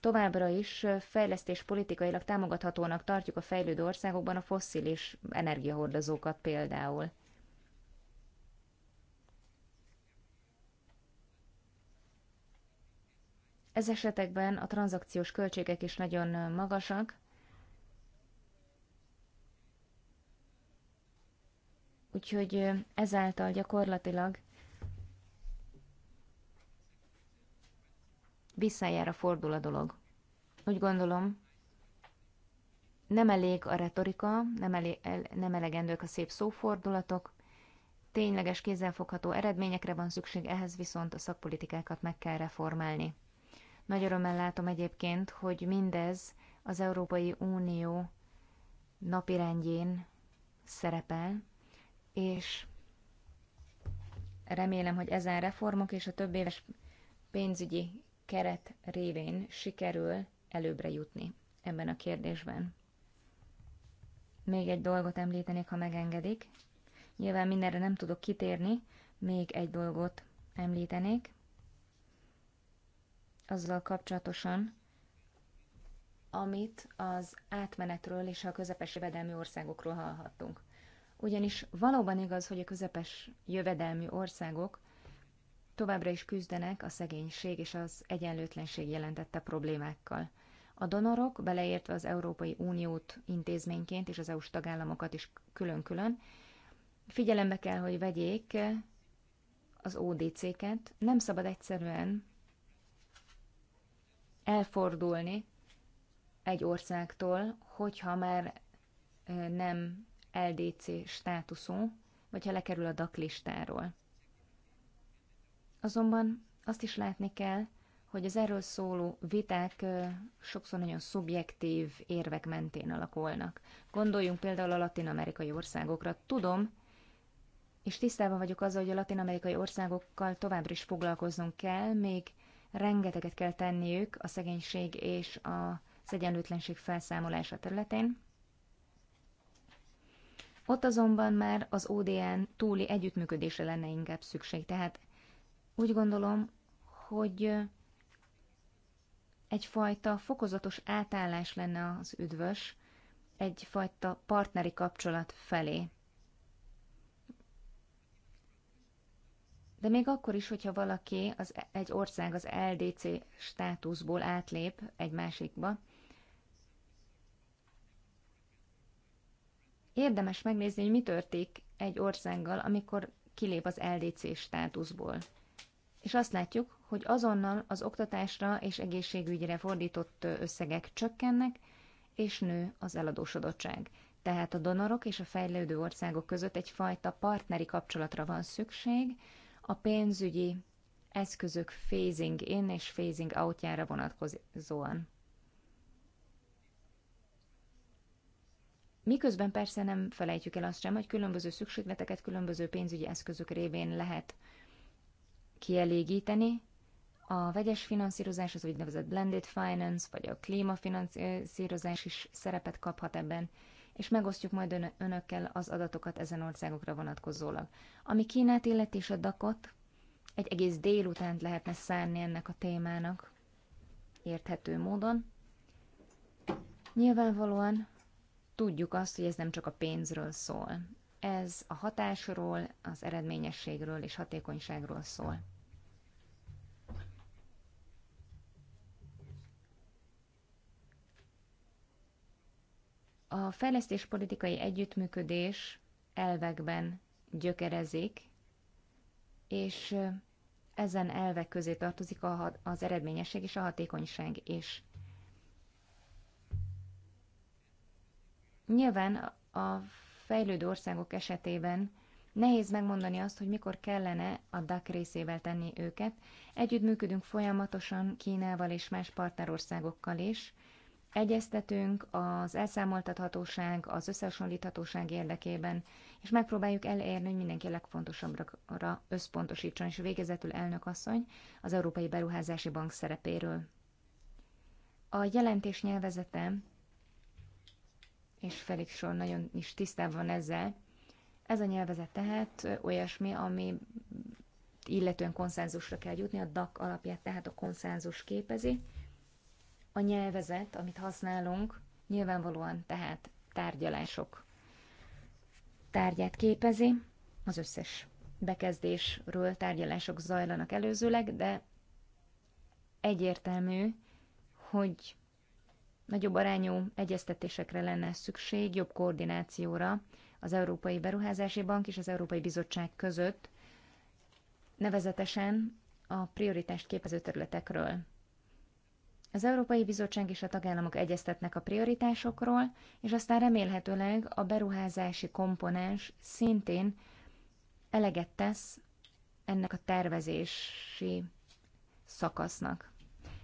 Továbbra is fejlesztés politikailag támogathatónak tartjuk a fejlődő országokban a fosszilis energiahordozókat például. Ez esetekben a tranzakciós költségek is nagyon magasak, úgyhogy ezáltal gyakorlatilag visszájára fordul a dolog. Úgy gondolom, nem elég a retorika, nem, elég, nem elegendők a szép szófordulatok, tényleges kézzelfogható eredményekre van szükség, ehhez viszont a szakpolitikákat meg kell reformálni. Nagy örömmel látom egyébként, hogy mindez az Európai Unió napirendjén szerepel, és remélem, hogy ezen reformok és a több éves pénzügyi keret révén sikerül előbbre jutni ebben a kérdésben. Még egy dolgot említenék, ha megengedik. Nyilván mindenre nem tudok kitérni, még egy dolgot említenék. Azzal kapcsolatosan, amit az átmenetről és a közepes jövedelmi országokról hallhattunk. Ugyanis valóban igaz, hogy a közepes jövedelmi országok továbbra is küzdenek a szegénység és az egyenlőtlenség jelentette problémákkal. A donorok, beleértve az Európai Uniót intézményként és az EU-s tagállamokat is külön-külön, figyelembe kell, hogy vegyék az ODC-ket. Nem szabad egyszerűen elfordulni egy országtól, hogyha már nem LDC státuszú, vagy ha lekerül a DAC listáról. Azonban azt is látni kell, hogy az erről szóló viták sokszor nagyon szubjektív érvek mentén alakulnak. Gondoljunk például a latin-amerikai országokra. Tudom, és tisztában vagyok azzal, hogy a latin-amerikai országokkal továbbra is foglalkoznunk kell, még rengeteget kell tenniük a szegénység és az egyenlőtlenség felszámolása területén. Ott azonban már az ODN túli együttműködésre lenne inkább szükség, tehát úgy gondolom, hogy egyfajta fokozatos átállás lenne az üdvös, egyfajta partneri kapcsolat felé. De még akkor is, hogyha valaki, az, e- egy ország az LDC státuszból átlép egy másikba, érdemes megnézni, hogy mi történik egy országgal, amikor kilép az LDC státuszból és azt látjuk, hogy azonnal az oktatásra és egészségügyre fordított összegek csökkennek, és nő az eladósodottság. Tehát a donorok és a fejlődő országok között egyfajta partneri kapcsolatra van szükség, a pénzügyi eszközök phasing in és phasing outjára vonatkozóan. Miközben persze nem felejtjük el azt sem, hogy különböző szükségleteket különböző pénzügyi eszközök révén lehet kielégíteni. A vegyes finanszírozás, az úgynevezett blended finance, vagy a klímafinanszírozás is szerepet kaphat ebben, és megosztjuk majd önökkel az adatokat ezen országokra vonatkozólag. Ami Kínát illeti és a dakot, egy egész délutánt lehetne szánni ennek a témának érthető módon. Nyilvánvalóan tudjuk azt, hogy ez nem csak a pénzről szól. Ez a hatásról, az eredményességről és hatékonyságról szól. A fejlesztéspolitikai együttműködés elvekben gyökerezik, és ezen elvek közé tartozik a, az eredményesség és a hatékonyság is. Nyilván a fejlődő országok esetében nehéz megmondani azt, hogy mikor kellene a DAC részével tenni őket. Együttműködünk folyamatosan Kínával és más partnerországokkal is. Egyeztetünk az elszámoltathatóság, az összehasonlíthatóság érdekében, és megpróbáljuk elérni, hogy mindenki legfontosabbra összpontosítson, és végezetül elnök asszony az Európai Beruházási Bank szerepéről. A jelentés nyelvezete és Felix Sor nagyon is tisztában van ezzel. Ez a nyelvezet tehát olyasmi, ami illetően konszenzusra kell jutni, a DAC alapját tehát a konszenzus képezi. A nyelvezet, amit használunk, nyilvánvalóan tehát tárgyalások tárgyát képezi, az összes bekezdésről tárgyalások zajlanak előzőleg, de egyértelmű, hogy Nagyobb arányú egyeztetésekre lenne szükség, jobb koordinációra az Európai Beruházási Bank és az Európai Bizottság között, nevezetesen a prioritást képező területekről. Az Európai Bizottság és a tagállamok egyeztetnek a prioritásokról, és aztán remélhetőleg a beruházási komponens szintén eleget tesz ennek a tervezési szakasznak.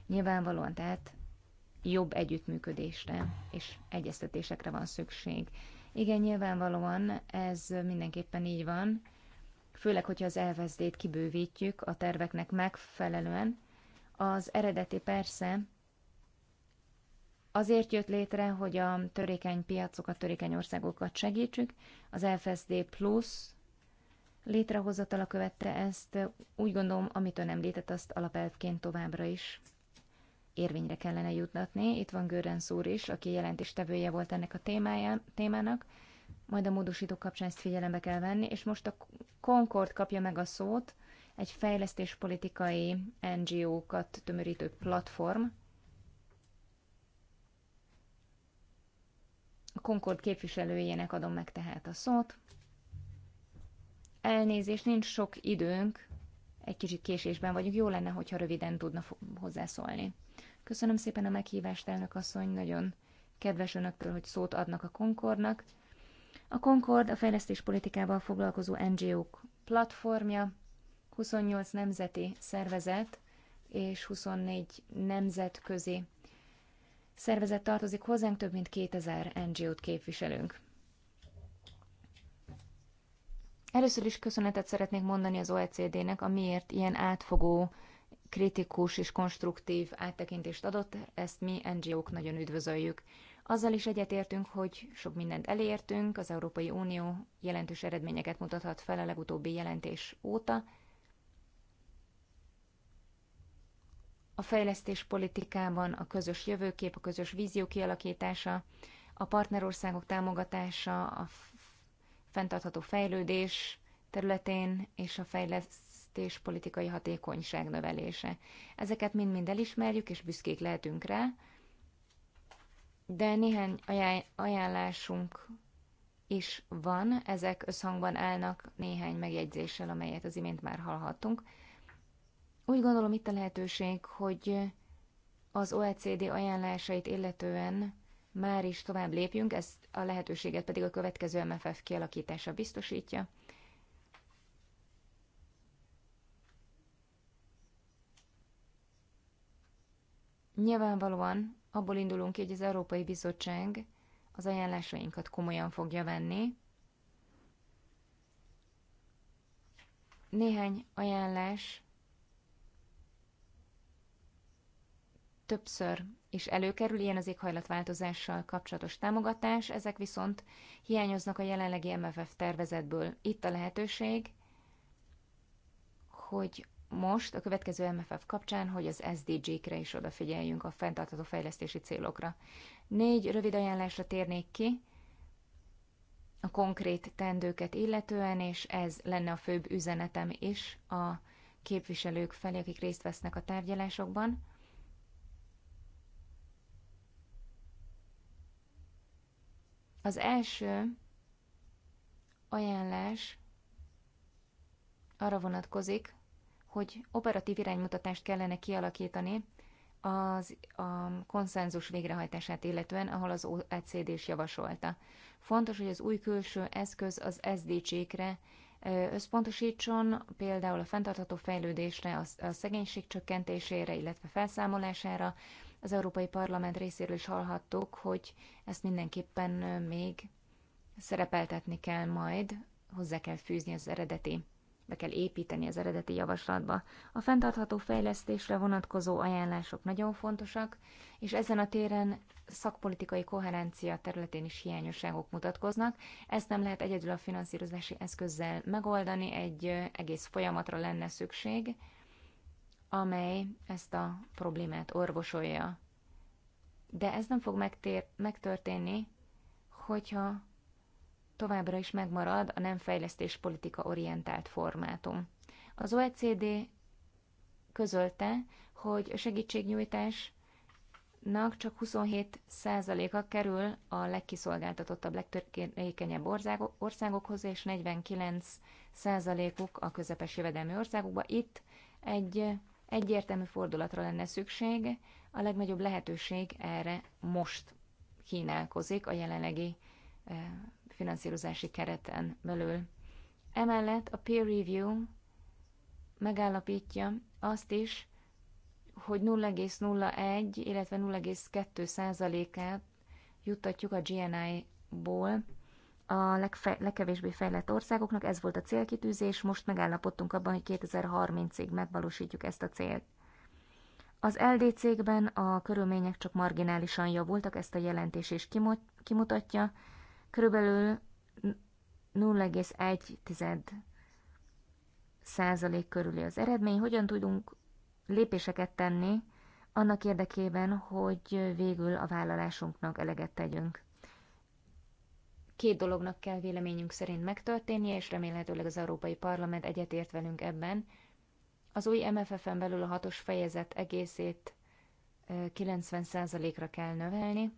Nyilvánvalóan tehát jobb együttműködésre és egyeztetésekre van szükség. Igen, nyilvánvalóan ez mindenképpen így van, főleg, hogyha az elvezdét kibővítjük a terveknek megfelelően. Az eredeti persze azért jött létre, hogy a törékeny piacokat, törékeny országokat segítsük. Az FSD Plus létrehozatala követte ezt. Úgy gondolom, amit ön említett, azt alapelvként továbbra is érvényre kellene jutatni. Itt van Görenc Szúr is, aki jelentéstevője volt ennek a témáján, témának. Majd a módosítók kapcsán ezt figyelembe kell venni, és most a Concord kapja meg a szót, egy fejlesztéspolitikai NGO-kat tömörítő platform. A Concord képviselőjének adom meg tehát a szót. Elnézés, nincs sok időnk, egy kicsit késésben vagyunk, jó lenne, hogyha röviden tudna hozzászólni. Köszönöm szépen a meghívást, elnök asszony, nagyon kedves önöktől, hogy szót adnak a Concordnak. A Concord a politikával foglalkozó NGO-k platformja, 28 nemzeti szervezet és 24 nemzetközi szervezet tartozik hozzánk, több mint 2000 NGO-t képviselünk. Először is köszönetet szeretnék mondani az OECD-nek, amiért ilyen átfogó kritikus és konstruktív áttekintést adott, ezt mi NGO-k nagyon üdvözöljük. Azzal is egyetértünk, hogy sok mindent elértünk, az Európai Unió jelentős eredményeket mutathat fel a legutóbbi jelentés óta. A fejlesztés politikában a közös jövőkép, a közös vízió kialakítása, a partnerországok támogatása, a fenntartható fejlődés területén és a fejlesztés és politikai hatékonyság növelése. Ezeket mind-mind elismerjük, és büszkék lehetünk rá, de néhány ajánlásunk is van, ezek összhangban állnak néhány megjegyzéssel, amelyet az imént már hallhattunk. Úgy gondolom itt a lehetőség, hogy az OECD ajánlásait illetően már is tovább lépjünk, ezt a lehetőséget pedig a következő MFF kialakítása biztosítja. Nyilvánvalóan abból indulunk ki, hogy az Európai Bizottság az ajánlásainkat komolyan fogja venni. Néhány ajánlás többször is előkerül, ilyen az éghajlatváltozással kapcsolatos támogatás, ezek viszont hiányoznak a jelenlegi MFF tervezetből. Itt a lehetőség, hogy most a következő MFF kapcsán, hogy az SDG-kre is odafigyeljünk a fenntartható fejlesztési célokra. Négy rövid ajánlásra térnék ki a konkrét tendőket illetően, és ez lenne a főbb üzenetem is a képviselők felé, akik részt vesznek a tárgyalásokban. Az első ajánlás arra vonatkozik, hogy operatív iránymutatást kellene kialakítani az, a konszenzus végrehajtását illetően, ahol az OECD is javasolta. Fontos, hogy az új külső eszköz az SDG-kre összpontosítson, például a fenntartható fejlődésre, a szegénység csökkentésére, illetve felszámolására. Az Európai Parlament részéről is hallhattuk, hogy ezt mindenképpen még szerepeltetni kell majd, hozzá kell fűzni az eredeti be kell építeni az eredeti javaslatba. A fenntartható fejlesztésre vonatkozó ajánlások nagyon fontosak, és ezen a téren szakpolitikai koherencia területén is hiányosságok mutatkoznak. Ezt nem lehet egyedül a finanszírozási eszközzel megoldani, egy egész folyamatra lenne szükség, amely ezt a problémát orvosolja. De ez nem fog megtér- megtörténni, hogyha továbbra is megmarad a nem fejlesztés politika orientált formátum. Az OECD közölte, hogy a segítségnyújtásnak csak 27%-a kerül a legkiszolgáltatottabb, legtörékenyebb országokhoz, és 49%-uk a közepes jövedelmi országokba. Itt egy egyértelmű fordulatra lenne szükség, a legnagyobb lehetőség erre most kínálkozik a jelenlegi eh, finanszírozási kereten belül. Emellett a peer review megállapítja azt is, hogy 0,01, illetve 0,2 százalékát juttatjuk a GNI-ból a legfe- legkevésbé fejlett országoknak. Ez volt a célkitűzés, most megállapodtunk abban, hogy 2030-ig megvalósítjuk ezt a célt. Az LDC-kben a körülmények csak marginálisan javultak, ezt a jelentés is kimutatja, Körülbelül 0,1 százalék körüli az eredmény. Hogyan tudunk lépéseket tenni annak érdekében, hogy végül a vállalásunknak eleget tegyünk? Két dolognak kell véleményünk szerint megtörténnie, és remélhetőleg az Európai Parlament egyetért velünk ebben. Az új MFF-en belül a hatos fejezet egészét 90%-ra kell növelni,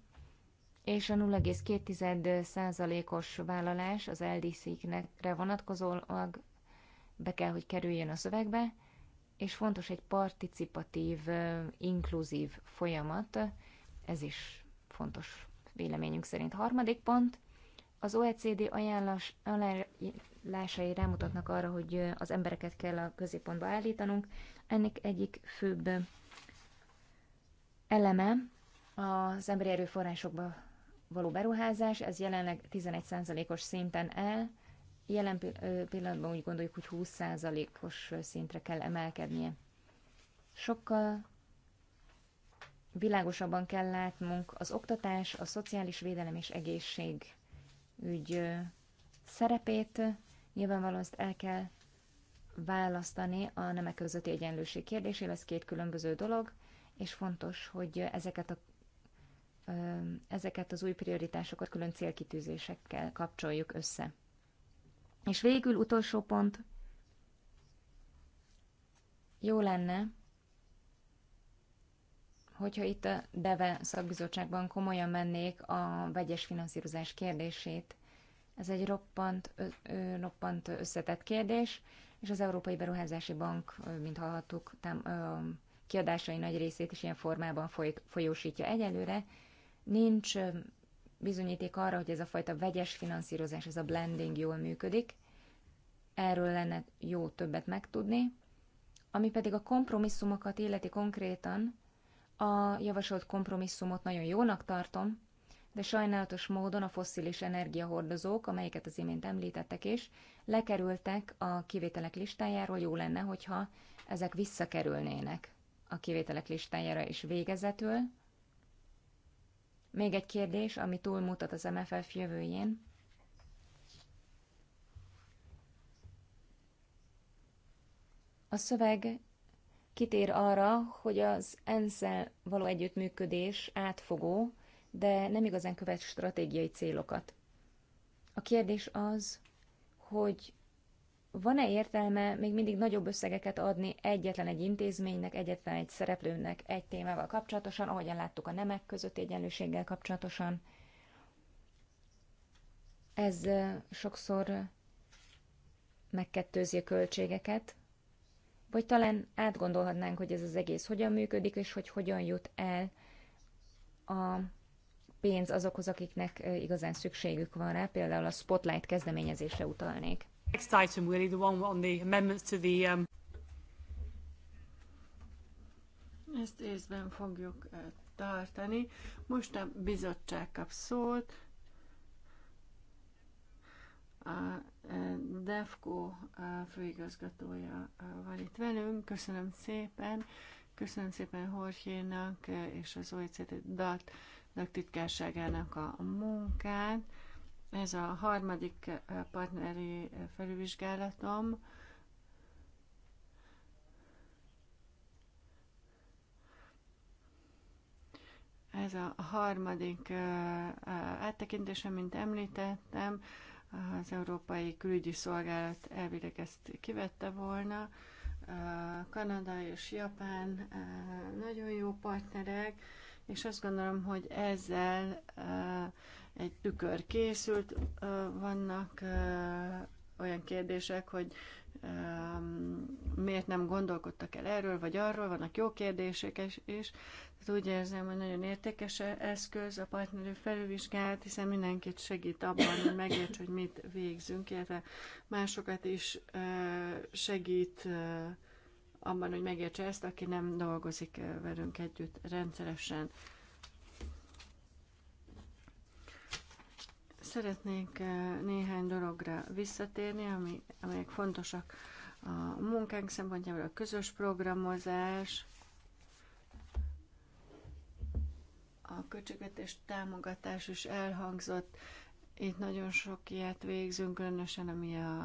és a 0,2%-os vállalás az LDC-kre vonatkozólag be kell, hogy kerüljön a szövegbe, és fontos egy participatív, inkluzív folyamat, ez is fontos véleményünk szerint. Harmadik pont, az OECD ajánlás, ajánlásai rámutatnak arra, hogy az embereket kell a középpontba állítanunk. Ennek egyik főbb eleme az emberi erőforrásokba való beruházás, ez jelenleg 11%-os szinten el, jelen pillanatban úgy gondoljuk, hogy 20%-os szintre kell emelkednie. Sokkal világosabban kell látnunk az oktatás, a szociális védelem és egészség ügy szerepét. Nyilvánvalóan ezt el kell választani a nemek közötti egyenlőség kérdésével, ez két különböző dolog, és fontos, hogy ezeket a ezeket az új prioritásokat külön célkitűzésekkel kapcsoljuk össze. És végül utolsó pont. Jó lenne, hogyha itt a DEVE szakbizottságban komolyan mennék a vegyes finanszírozás kérdését. Ez egy roppant, ö, ö, roppant összetett kérdés, és az Európai Beruházási Bank, mint hallhattuk, tám, ö, kiadásai nagy részét is ilyen formában foly, folyósítja egyelőre, Nincs bizonyíték arra, hogy ez a fajta vegyes finanszírozás, ez a blending jól működik. Erről lenne jó többet megtudni. Ami pedig a kompromisszumokat illeti konkrétan, a javasolt kompromisszumot nagyon jónak tartom, de sajnálatos módon a fosszilis energiahordozók, amelyeket az imént említettek is, lekerültek a kivételek listájáról, jó lenne, hogyha ezek visszakerülnének a kivételek listájára is végezetül. Még egy kérdés, ami túlmutat az MFF jövőjén. A szöveg kitér arra, hogy az ensz való együttműködés átfogó, de nem igazán követ stratégiai célokat. A kérdés az, hogy van-e értelme még mindig nagyobb összegeket adni egyetlen egy intézménynek, egyetlen egy szereplőnek egy témával kapcsolatosan, ahogyan láttuk a nemek közötti egyenlőséggel kapcsolatosan. Ez sokszor megkettőzi a költségeket, vagy talán átgondolhatnánk, hogy ez az egész hogyan működik, és hogy hogyan jut el a pénz azokhoz, akiknek igazán szükségük van rá, például a Spotlight kezdeményezésre utalnék. Next item, really, the one on the amendments to the... Um... Ezt észben fogjuk tartani. Most a bizottság kap szót. A DEFCO főigazgatója van itt velünk. Köszönöm szépen. Köszönöm szépen Horsénak és az OECD DAT titkárságának a munkát. Ez a harmadik eh, partneri eh, felülvizsgálatom. Ez a harmadik eh, áttekintésem, mint említettem, az Európai Külügyi Szolgálat elvileg ezt kivette volna. Kanada és Japán nagyon jó partnerek, és azt gondolom, hogy ezzel egy tükör készült, vannak olyan kérdések, hogy miért nem gondolkodtak el erről vagy arról, vannak jó kérdések is. Tehát úgy érzem, hogy nagyon értékes e- eszköz a partnerő felülvizsgálat, hiszen mindenkit segít abban, hogy megérts, hogy mit végzünk, illetve másokat is segít abban, hogy megértse ezt, aki nem dolgozik velünk együtt rendszeresen. Szeretnék eh, néhány dologra visszatérni, ami, amelyek fontosak a munkánk szempontjából, a közös programozás, a költségvetés támogatás is elhangzott. Itt nagyon sok ilyet végzünk, különösen ami a,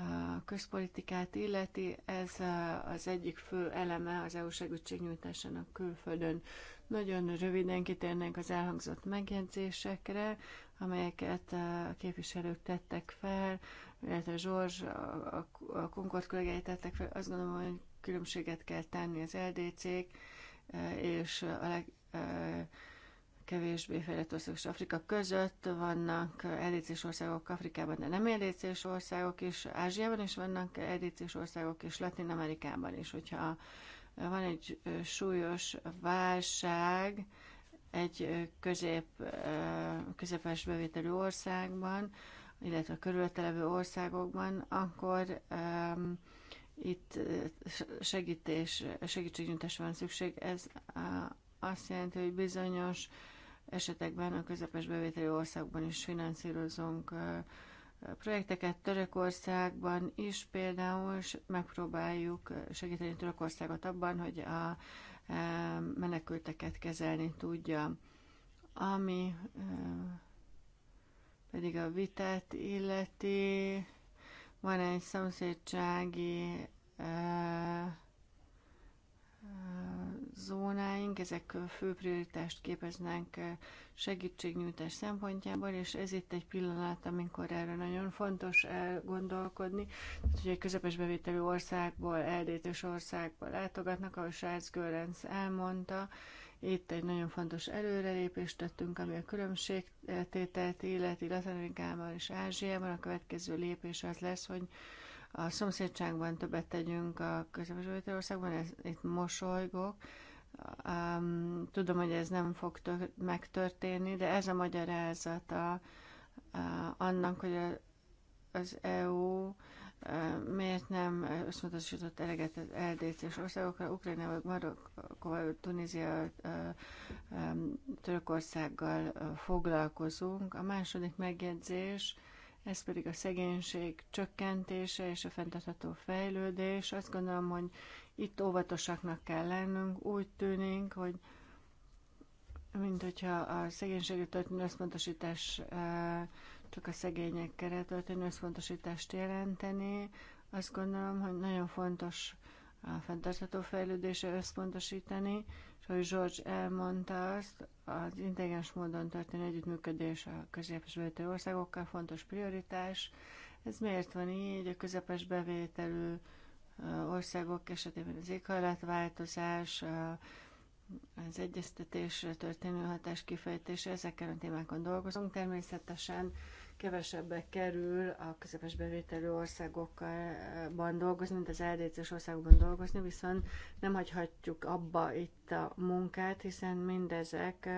a közpolitikát illeti. Ez eh, az egyik fő eleme az EU segítségnyújtásának külföldön. Nagyon röviden kitérnénk az elhangzott megjegyzésekre, amelyeket a képviselők tettek fel, illetve Zsorzs, a, a Concord kollégái tettek fel. Azt gondolom, hogy különbséget kell tenni az LDC-k e, és a leg, e, kevésbé fejlett országok és Afrika között vannak edécés országok Afrikában, de nem edécés országok, és Ázsiában is vannak edécés országok, és Latin Amerikában is. Hogyha van egy súlyos válság egy közép, közepes bevételű országban, illetve a körülötelevő országokban, akkor um, itt segítés, segítségnyújtás van szükség. Ez azt jelenti, hogy bizonyos esetekben a közepes bevételi országban is finanszírozunk projekteket Törökországban is például, és megpróbáljuk segíteni Törökországot abban, hogy a e, menekülteket kezelni tudja. Ami e, pedig a vitát illeti, van egy szomszédsági e, zónáink, ezek fő prioritást képeznek eh, segítségnyújtás szempontjából, és ez itt egy pillanat, amikor erre nagyon fontos elgondolkodni. Tehát, hogy egy közepes bevételű országból, eldétes országból látogatnak, ahogy Sárc Görenc elmondta, itt egy nagyon fontos előrelépést tettünk, ami a különbségtételt illeti latin és Ázsiában. A következő lépés az lesz, hogy a szomszédságban többet tegyünk a közepes országban, ez, itt mosolygok, Um, tudom, hogy ez nem fog tör- megtörténni, de ez a magyarázata uh, annak, hogy a, az EU uh, miért nem összpontosított eleget az LDC-s e országokra, Ukrajnával, Marokkó, Tunézia, uh, um, Törökországgal uh, foglalkozunk. A második megjegyzés, uh, ez pedig a szegénység csökkentése és a fenntartható fejlődés. Azt gondolom, hogy itt óvatosaknak kell lennünk. Úgy tűnik, hogy mint hogyha a szegénységi történő összpontosítás csak a szegényekre történő összpontosítást jelenteni. Azt gondolom, hogy nagyon fontos a fenntartható fejlődésre összpontosítani, hogy szóval George elmondta azt, az intelligens módon történő együttműködés a közepes bevételű országokkal fontos prioritás. Ez miért van így? A közepes bevételű országok esetében az éghajlatváltozás, az egyeztetésre történő hatás kifejtése, ezeken a témákon dolgozunk. Természetesen kevesebbe kerül a közepes bevételű országokban dolgozni, mint az ldc országokban dolgozni, viszont nem hagyhatjuk abba itt a munkát, hiszen mindezek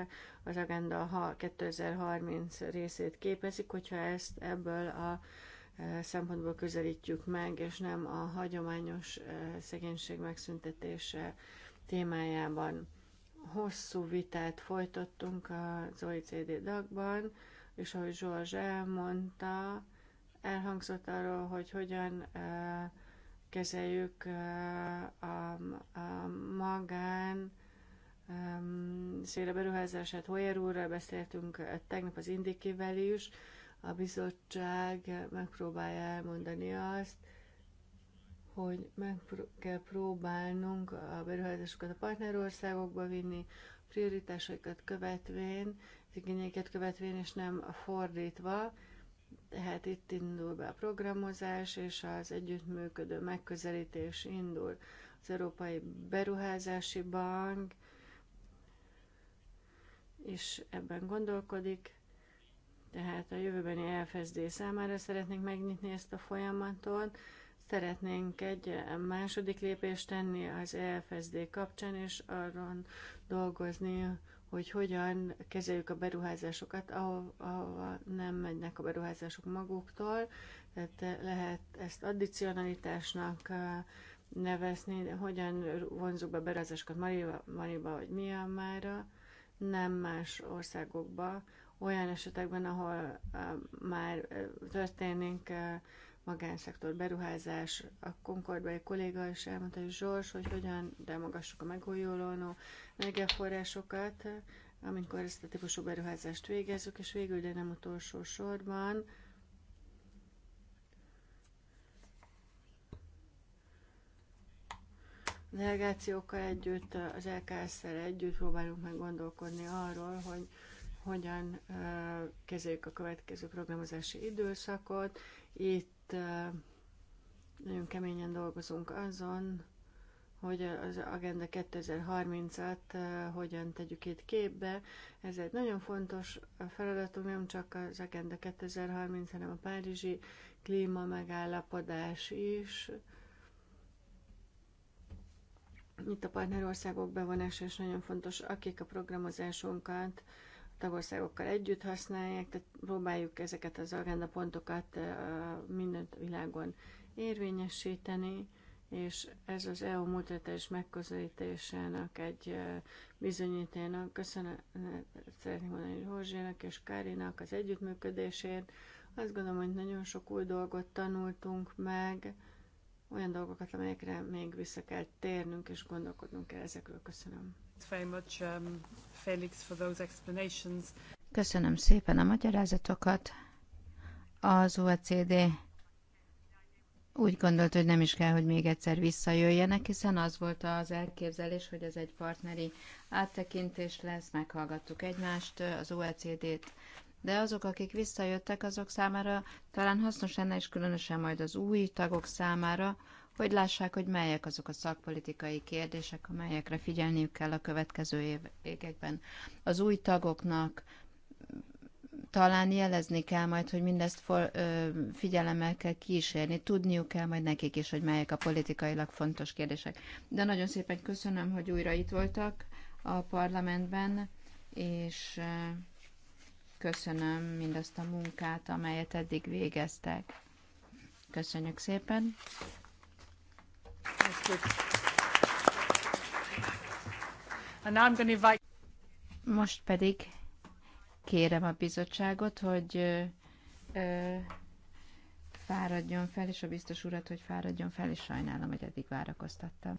az Agenda 2030 részét képezik, hogyha ezt ebből a e, szempontból közelítjük meg, és nem a hagyományos e, szegénység megszüntetése témájában. Hosszú vitát folytattunk az OECD dagban, és ahogy Zsolzs elmondta, elhangzott arról, hogy hogyan kezeljük a, a magán széle beruházását. Hoyer úrral beszéltünk tegnap az Indikivel is. A bizottság megpróbálja elmondani azt, hogy meg kell próbálnunk a beruházásokat a partnerországokba vinni, prioritásokat követvén, igényeket követvén, és nem fordítva. Tehát itt indul be a programozás, és az együttműködő megközelítés indul. Az Európai Beruházási Bank is ebben gondolkodik, tehát a jövőbeni EFSD számára szeretnénk megnyitni ezt a folyamatot, szeretnénk egy második lépést tenni az EFSD kapcsán, és arról dolgozni, hogy hogyan kezeljük a beruházásokat, ahova nem mennek a beruházások maguktól, tehát lehet ezt addicionalitásnak eh, nevezni, de hogyan vonzuk be beruházásokat Mariba, Mariba vagy Myanmarra, nem más országokba, olyan esetekben, ahol eh, már eh, történik magánszektor beruházás. A egy kolléga is elmondta, hogy Zsors, hogy hogyan támogassuk a megújuló energiaforrásokat, amikor ezt a típusú beruházást végezzük, és végül, de nem utolsó sorban, A delegációkkal együtt, az LKS-szel együtt próbálunk meg gondolkodni arról, hogy hogyan kezeljük a következő programozási időszakot. Itt itt nagyon keményen dolgozunk azon, hogy az Agenda 2030-at hogyan tegyük itt képbe. Ez egy nagyon fontos feladatunk, nem csak az Agenda 2030, hanem a Párizsi klíma megállapodás is. Itt a partnerországok bevonása is nagyon fontos, akik a programozásunkat tagországokkal együtt használják, tehát próbáljuk ezeket az agendapontokat minden világon érvényesíteni, és ez az EU mutatás megközelítésének egy bizonyíténa. Köszönöm, szeretnék mondani Rózsének és Kárinak az együttműködésért. Azt gondolom, hogy nagyon sok új dolgot tanultunk meg, olyan dolgokat, amelyekre még vissza kell térnünk és gondolkodnunk kell ezekről. Köszönöm. Um, Köszönöm szépen a magyarázatokat. Az OECD úgy gondolt, hogy nem is kell, hogy még egyszer visszajöjjenek, hiszen az volt az elképzelés, hogy ez egy partneri áttekintés lesz, meghallgattuk egymást, az OECD-t, de azok, akik visszajöttek, azok számára talán hasznos lenne, és különösen majd az új tagok számára, hogy lássák, hogy melyek azok a szakpolitikai kérdések, amelyekre figyelniük kell a következő években. Az új tagoknak talán jelezni kell majd, hogy mindezt for, ö, figyelemmel kell kísérni, tudniuk kell majd nekik is, hogy melyek a politikailag fontos kérdések. De nagyon szépen köszönöm, hogy újra itt voltak a parlamentben, és Köszönöm mindazt a munkát, amelyet eddig végeztek. Köszönjük szépen. Most pedig kérem a bizottságot, hogy ö, ö, fáradjon fel, és a biztos urat, hogy fáradjon fel, és sajnálom, hogy eddig várakoztattam.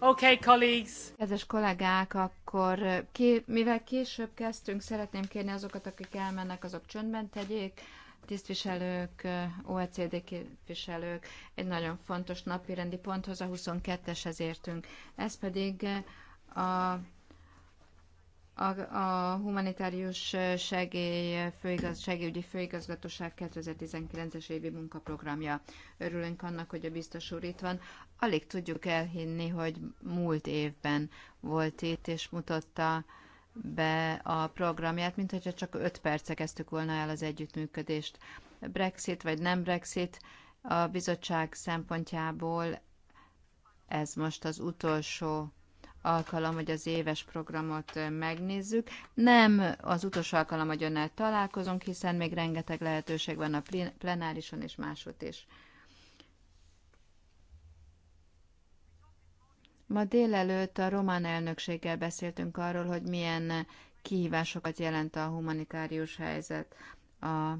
Okay, colleagues. Kedves kollégák, akkor ki, mivel később kezdtünk, szeretném kérni azokat, akik elmennek, azok csöndben tegyék. Tisztviselők, OECD képviselők, egy nagyon fontos rendi ponthoz, a 22-eshez értünk. Ez pedig a a, a humanitárius segély, főigaz, segélyügyi főigazgatóság 2019-es évi munkaprogramja. Örülünk annak, hogy a biztos úr itt van. Alig tudjuk elhinni, hogy múlt évben volt itt, és mutatta be a programját, mint hogyha csak 5 perce kezdtük volna el az együttműködést. Brexit vagy nem Brexit, a bizottság szempontjából ez most az utolsó alkalom, hogy az éves programot megnézzük. Nem az utolsó alkalom, hogy önnel találkozunk, hiszen még rengeteg lehetőség van a plenárison és másút is. Ma délelőtt a román elnökséggel beszéltünk arról, hogy milyen kihívásokat jelent a humanitárius helyzet, a,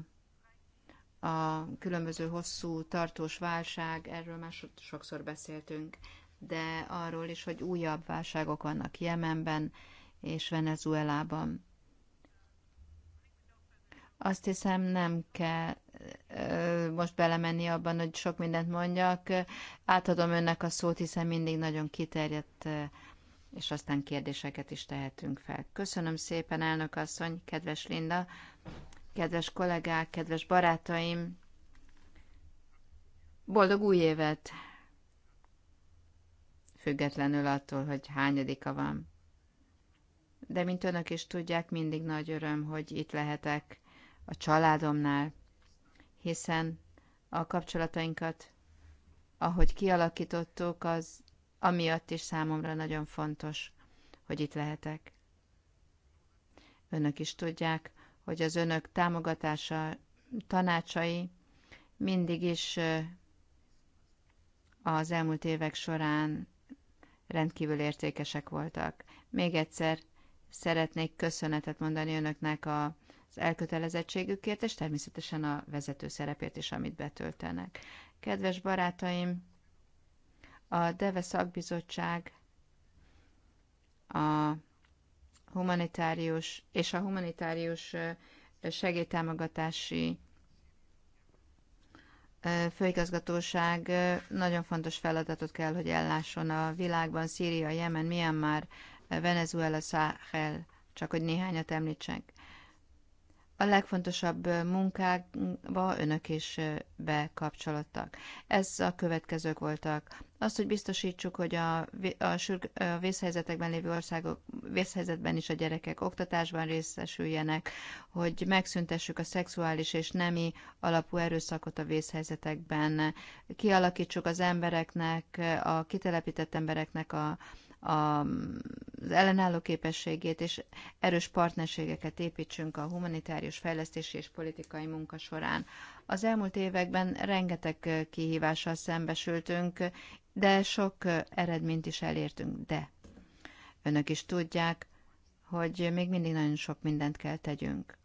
a különböző hosszú, tartós válság, erről már sokszor beszéltünk de arról is, hogy újabb válságok vannak Jemenben és Venezuelában. Azt hiszem nem kell most belemenni abban, hogy sok mindent mondjak. Átadom önnek a szót, hiszen mindig nagyon kiterjedt, és aztán kérdéseket is tehetünk fel. Köszönöm szépen, elnök asszony, kedves Linda, kedves kollégák, kedves barátaim. Boldog új évet! függetlenül attól, hogy hányadika van. De mint önök is tudják, mindig nagy öröm, hogy itt lehetek a családomnál, hiszen a kapcsolatainkat, ahogy kialakítottuk, az amiatt is számomra nagyon fontos, hogy itt lehetek. Önök is tudják, hogy az önök támogatása, tanácsai mindig is az elmúlt évek során rendkívül értékesek voltak. Még egyszer szeretnék köszönetet mondani önöknek a, az elkötelezettségükért, és természetesen a vezető szerepért is, amit betöltenek. Kedves barátaim, a DEVE szakbizottság a humanitárius és a humanitárius segélytámogatási főigazgatóság nagyon fontos feladatot kell, hogy ellásson a világban, Szíria, Jemen, Myanmar, Venezuela, Sahel, csak hogy néhányat említsek. A legfontosabb munkákba önök is bekapcsolódtak. Ez a következők voltak azt, hogy biztosítsuk, hogy a, a, sürg, a vészhelyzetekben lévő országok vészhelyzetben is a gyerekek oktatásban részesüljenek, hogy megszüntessük a szexuális és nemi alapú erőszakot a vészhelyzetekben, kialakítsuk az embereknek, a kitelepített embereknek a, a, az ellenálló képességét, és erős partnerségeket építsünk a humanitárius fejlesztési és politikai munka során. Az elmúlt években rengeteg kihívással szembesültünk, de sok eredményt is elértünk. De önök is tudják, hogy még mindig nagyon sok mindent kell tegyünk.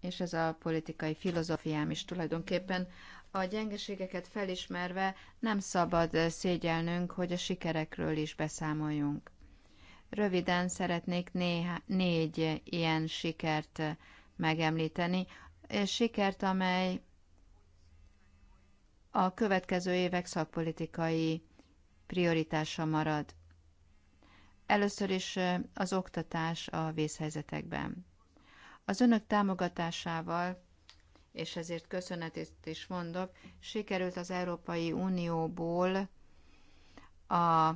És ez a politikai filozófiám is tulajdonképpen a gyengeségeket felismerve nem szabad szégyelnünk, hogy a sikerekről is beszámoljunk. Röviden szeretnék néha, négy ilyen sikert megemlíteni, és sikert, amely a következő évek szakpolitikai prioritása marad. Először is az oktatás a vészhelyzetekben. Az önök támogatásával, és ezért köszönetet is mondok, sikerült az Európai Unióból a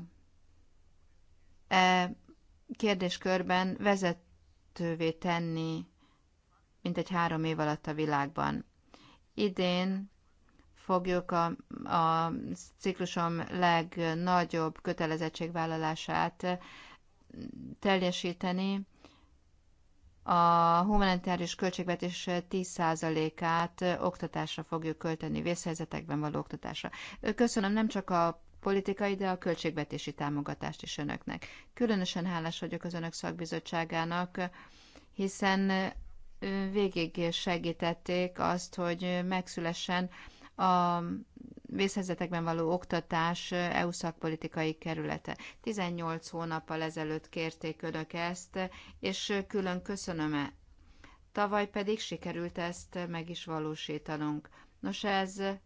e kérdéskörben vezetővé tenni mint egy három év alatt a világban. Idén fogjuk a, a ciklusom legnagyobb kötelezettségvállalását eh, teljesíteni. A humanitárius költségvetés 10%-át eh, oktatásra fogjuk költeni, vészhelyzetekben való oktatásra. Köszönöm nem csak a politikai, de a költségvetési támogatást is önöknek. Különösen hálás vagyok az önök szakbizottságának, hiszen eh, végig segítették azt, hogy megszülessen a vészhelyzetekben való oktatás EU szakpolitikai kerülete. 18 hónappal ezelőtt kérték önök ezt, és külön köszönöm -e. Tavaly pedig sikerült ezt meg is valósítanunk. Nos, ez eh,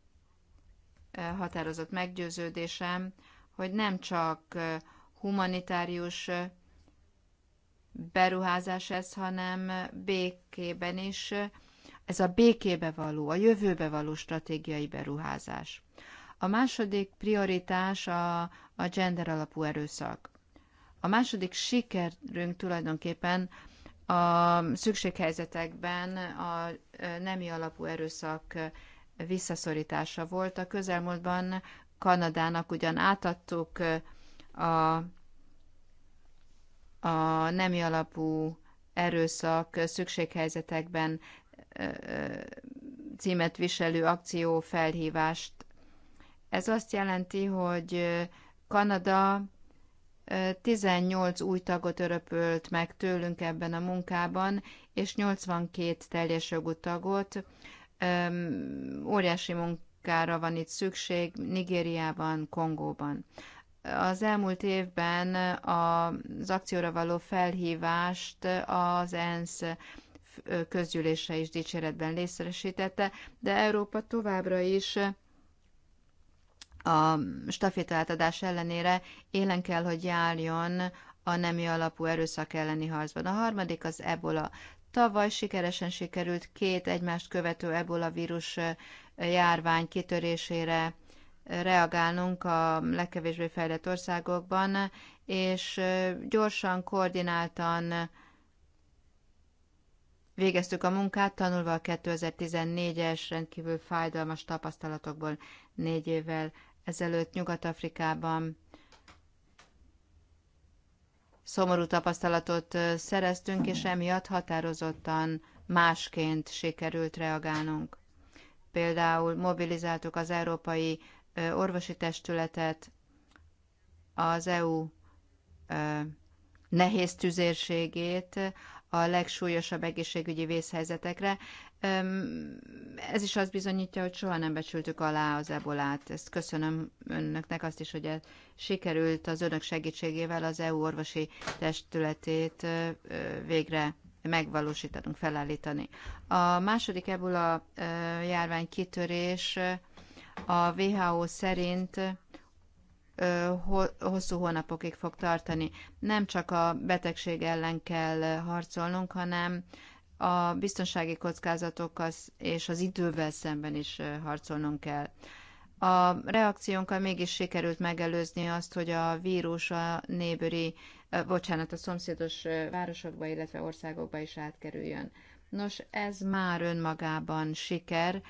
határozott meggyőződésem, hogy nem csak eh, humanitárius eh, beruházás ez, hanem békében is. Ez a békébe való, a jövőbe való stratégiai beruházás. A második prioritás a, a gender alapú erőszak. A második sikerünk tulajdonképpen a szükséghelyzetekben a nemi alapú erőszak visszaszorítása volt. A közelmúltban Kanadának ugyan átadtuk a a nemi alapú erőszak szükséghelyzetekben címet viselő akció felhívást. Ez azt jelenti, hogy Kanada 18 új tagot öröpölt meg tőlünk ebben a munkában, és 82 jogú tagot. Óriási munkára van itt szükség Nigériában, Kongóban. Az elmúlt évben az akcióra való felhívást az ENSZ közgyűlése is dicséretben részesítette, de Európa továbbra is a stafétáltadás ellenére élen kell, hogy járjon a nemi alapú erőszak elleni harcban. A harmadik az ebola. Tavaly sikeresen sikerült két egymást követő ebola vírus járvány kitörésére reagálnunk a legkevésbé fejlett országokban, és gyorsan, koordináltan végeztük a munkát, tanulva a 2014-es rendkívül fájdalmas tapasztalatokból négy évvel ezelőtt Nyugat-Afrikában szomorú tapasztalatot szereztünk, és emiatt határozottan másként sikerült reagálnunk. Például mobilizáltuk az európai orvosi testületet, az EU nehéz tüzérségét a legsúlyosabb egészségügyi vészhelyzetekre. Ez is azt bizonyítja, hogy soha nem becsültük alá az ebolát. Ezt köszönöm önöknek azt is, hogy sikerült az önök segítségével az EU orvosi testületét végre megvalósítanunk, felállítani. A második ebola járvány kitörés a WHO szerint hosszú hónapokig fog tartani. Nem csak a betegség ellen kell harcolnunk, hanem a biztonsági kockázatokkal és az idővel szemben is harcolnunk kell. A reakciónkkal mégis sikerült megelőzni azt, hogy a vírus a néböri, bocsánat, a szomszédos városokba, illetve országokba is átkerüljön. Nos, ez már önmagában siker,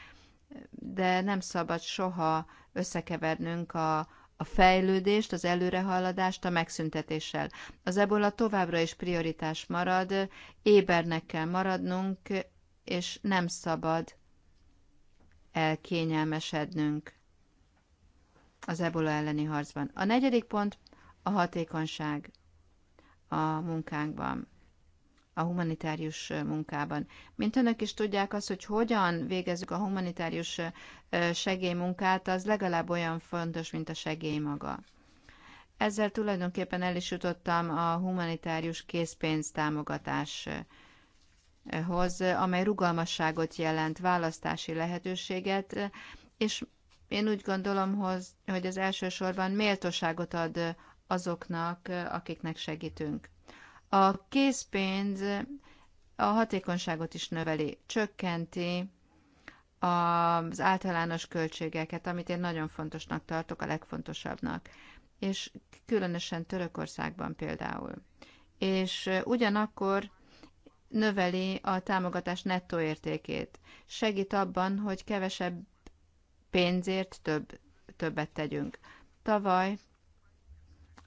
de nem szabad soha összekevernünk a, a fejlődést, az előrehaladást a megszüntetéssel. Az ebola továbbra is prioritás marad, ébernek kell maradnunk, és nem szabad elkényelmesednünk az ebola elleni harcban. A negyedik pont a hatékonyság a munkánkban a humanitárius munkában. Mint önök is tudják, az, hogy hogyan végezzük a humanitárius segélymunkát, az legalább olyan fontos, mint a segély maga. Ezzel tulajdonképpen el is jutottam a humanitárius készpénz támogatáshoz, amely rugalmasságot jelent, választási lehetőséget, és én úgy gondolom, hogy az elsősorban méltóságot ad azoknak, akiknek segítünk. A készpénz a hatékonyságot is növeli, csökkenti az általános költségeket, amit én nagyon fontosnak tartok, a legfontosabbnak, és különösen Törökországban például. És ugyanakkor növeli a támogatás nettó értékét, segít abban, hogy kevesebb pénzért több, többet tegyünk. Tavaly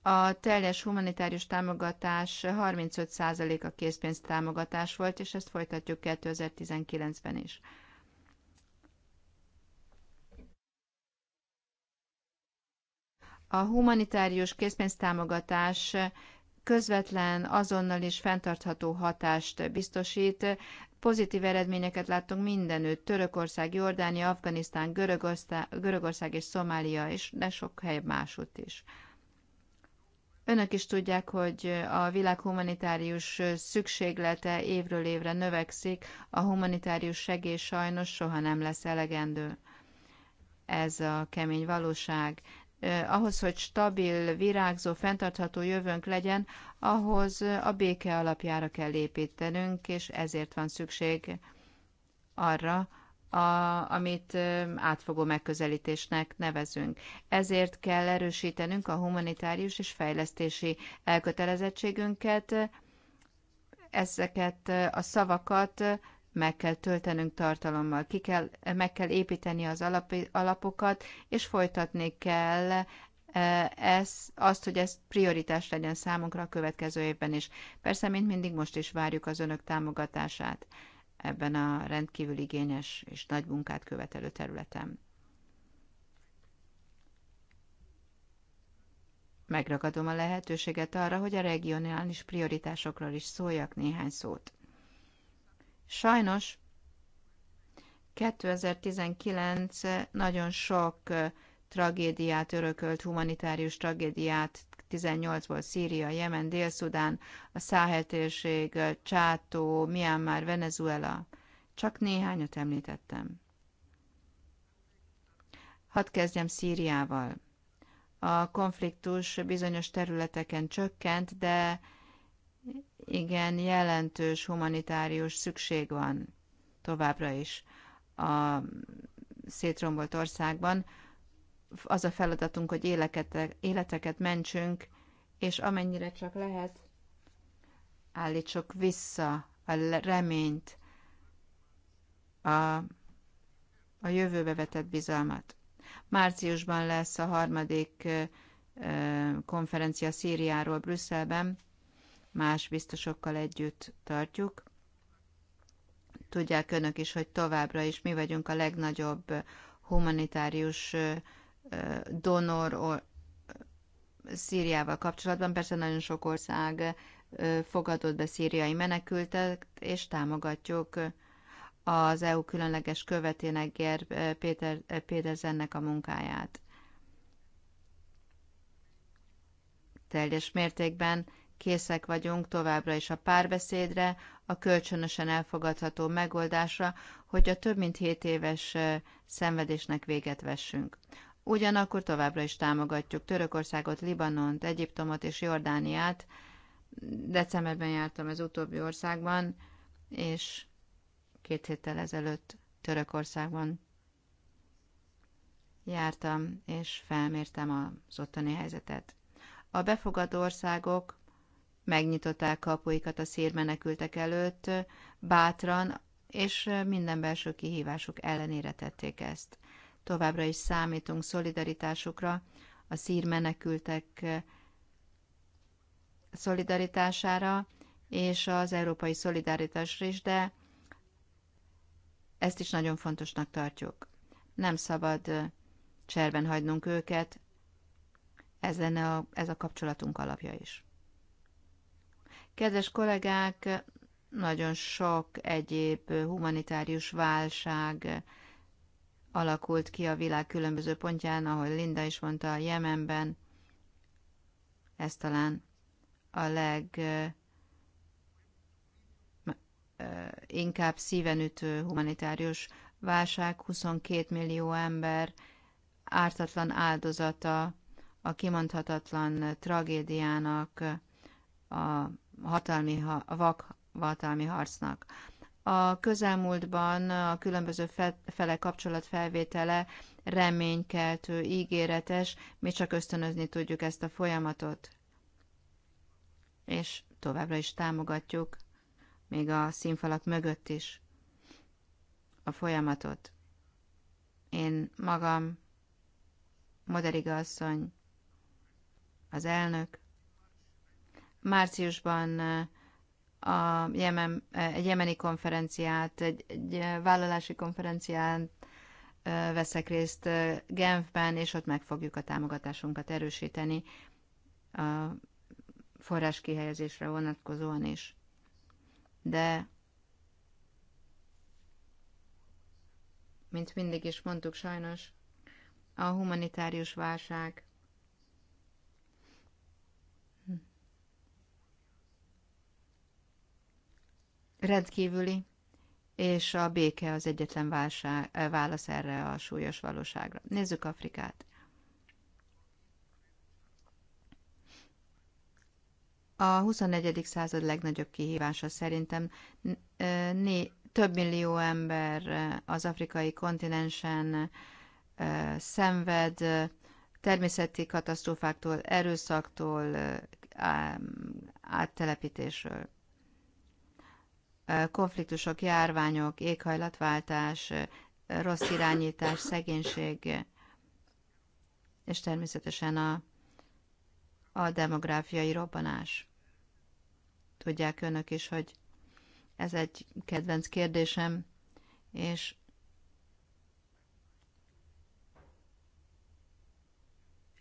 a teljes humanitárius támogatás 35% a készpénz támogatás volt, és ezt folytatjuk 2019-ben is. A humanitárius készpénztámogatás közvetlen, azonnal és fenntartható hatást biztosít. Pozitív eredményeket láttunk mindenütt, Törökország, Jordánia, Afganisztán, Görögország, és Szomália, és de sok hely másút is. Önök is tudják, hogy a világ humanitárius szükséglete évről évre növekszik, a humanitárius segély sajnos soha nem lesz elegendő. Ez a kemény valóság. Ahhoz, hogy stabil, virágzó, fenntartható jövőnk legyen, ahhoz a béke alapjára kell építenünk, és ezért van szükség arra, a, amit átfogó megközelítésnek nevezünk. Ezért kell erősítenünk a humanitárius és fejlesztési elkötelezettségünket. Ezeket a szavakat meg kell töltenünk tartalommal, ki kell, meg kell építeni az alap, alapokat, és folytatni kell ez, azt, hogy ez prioritás legyen számunkra a következő évben is. Persze, mint mindig most is várjuk az önök támogatását ebben a rendkívül igényes és nagy munkát követelő területen. Megragadom a lehetőséget arra, hogy a regionális prioritásokról is szóljak néhány szót. Sajnos 2019 nagyon sok eh, tragédiát örökölt, humanitárius tragédiát 2018-ból Szíria, Jemen, Dél-Szudán, a Száhel térség, Csátó, Myanmar, Venezuela. Csak néhányat említettem. Hadd kezdjem Szíriával. A konfliktus bizonyos területeken csökkent, de igen, jelentős humanitárius szükség van továbbra is a szétrombolt országban, az a feladatunk, hogy éleket, életeket mentsünk, és amennyire csak lehet, állítsuk vissza a reményt, a, a jövőbe vetett bizalmat. Márciusban lesz a harmadik konferencia Szíriáról Brüsszelben, más biztosokkal együtt tartjuk. Tudják önök is, hogy továbbra is mi vagyunk a legnagyobb humanitárius donor Szíriával kapcsolatban. Persze nagyon sok ország fogadott be szíriai menekültet, és támogatjuk az EU különleges követének Ger Péter, Péterzennek a munkáját. Teljes mértékben készek vagyunk továbbra is a párbeszédre, a kölcsönösen elfogadható megoldásra, hogy a több mint 7 éves szenvedésnek véget vessünk. Ugyanakkor továbbra is támogatjuk Törökországot, Libanont, Egyiptomot és Jordániát. Decemberben jártam az utóbbi országban, és két héttel ezelőtt Törökországban jártam, és felmértem az ottani helyzetet. A befogadó országok megnyitották kapuikat a szírmenekültek előtt, bátran, és minden belső kihívásuk ellenére tették ezt. Továbbra is számítunk szolidaritásukra, a szír menekültek eh, szolidaritására és az európai szolidaritásra is, de ezt is nagyon fontosnak tartjuk. Nem szabad eh, cserben hagynunk őket, ez lenne a, ez a kapcsolatunk alapja is. Kedves kollégák, eh, nagyon sok egyéb humanitárius válság alakult ki a világ különböző pontján, ahogy Linda is mondta, a Jemenben. Ez talán a leg inkább szívenütő humanitárius válság, 22 millió ember ártatlan áldozata a kimondhatatlan tragédiának, a hatalmi, a vak hatalmi harcnak. A közelmúltban a különböző fele kapcsolatfelvétele reménykeltő, ígéretes, mi csak ösztönözni tudjuk ezt a folyamatot. És továbbra is támogatjuk, még a színfalak mögött is a folyamatot. Én magam, Moderiga asszony, az elnök. Márciusban a Jemen, eh, egy jemeni konferenciát, egy, egy eh, vállalási konferencián eh, veszek részt Genfben, és ott meg fogjuk a támogatásunkat erősíteni a forrás kihelyezésre vonatkozóan is. De mint mindig is mondtuk sajnos, a humanitárius válság rendkívüli, és a béke az egyetlen válság, eh, válasz erre a súlyos valóságra. Nézzük Afrikát. A 21. század legnagyobb kihívása szerintem eh, né, több millió ember eh, az afrikai kontinensen szenved természeti katasztrófáktól, erőszaktól, áttelepítésről konfliktusok, járványok, éghajlatváltás, rossz irányítás, szegénység, és természetesen a, a demográfiai robbanás. Tudják önök is, hogy ez egy kedvenc kérdésem, és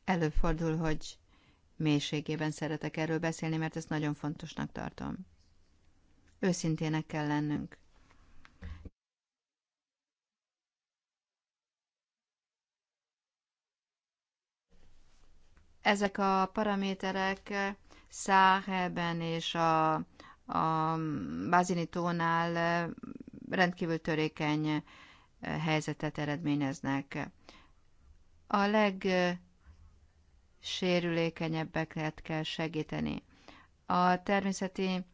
előfordul, hogy mélységében szeretek erről beszélni, mert ezt nagyon fontosnak tartom. Őszintének kell lennünk. Ezek a paraméterek Száhelben és a, a Bazinitónál rendkívül törékeny helyzetet eredményeznek. A legsérülékenyebbeket kell segíteni. A természeti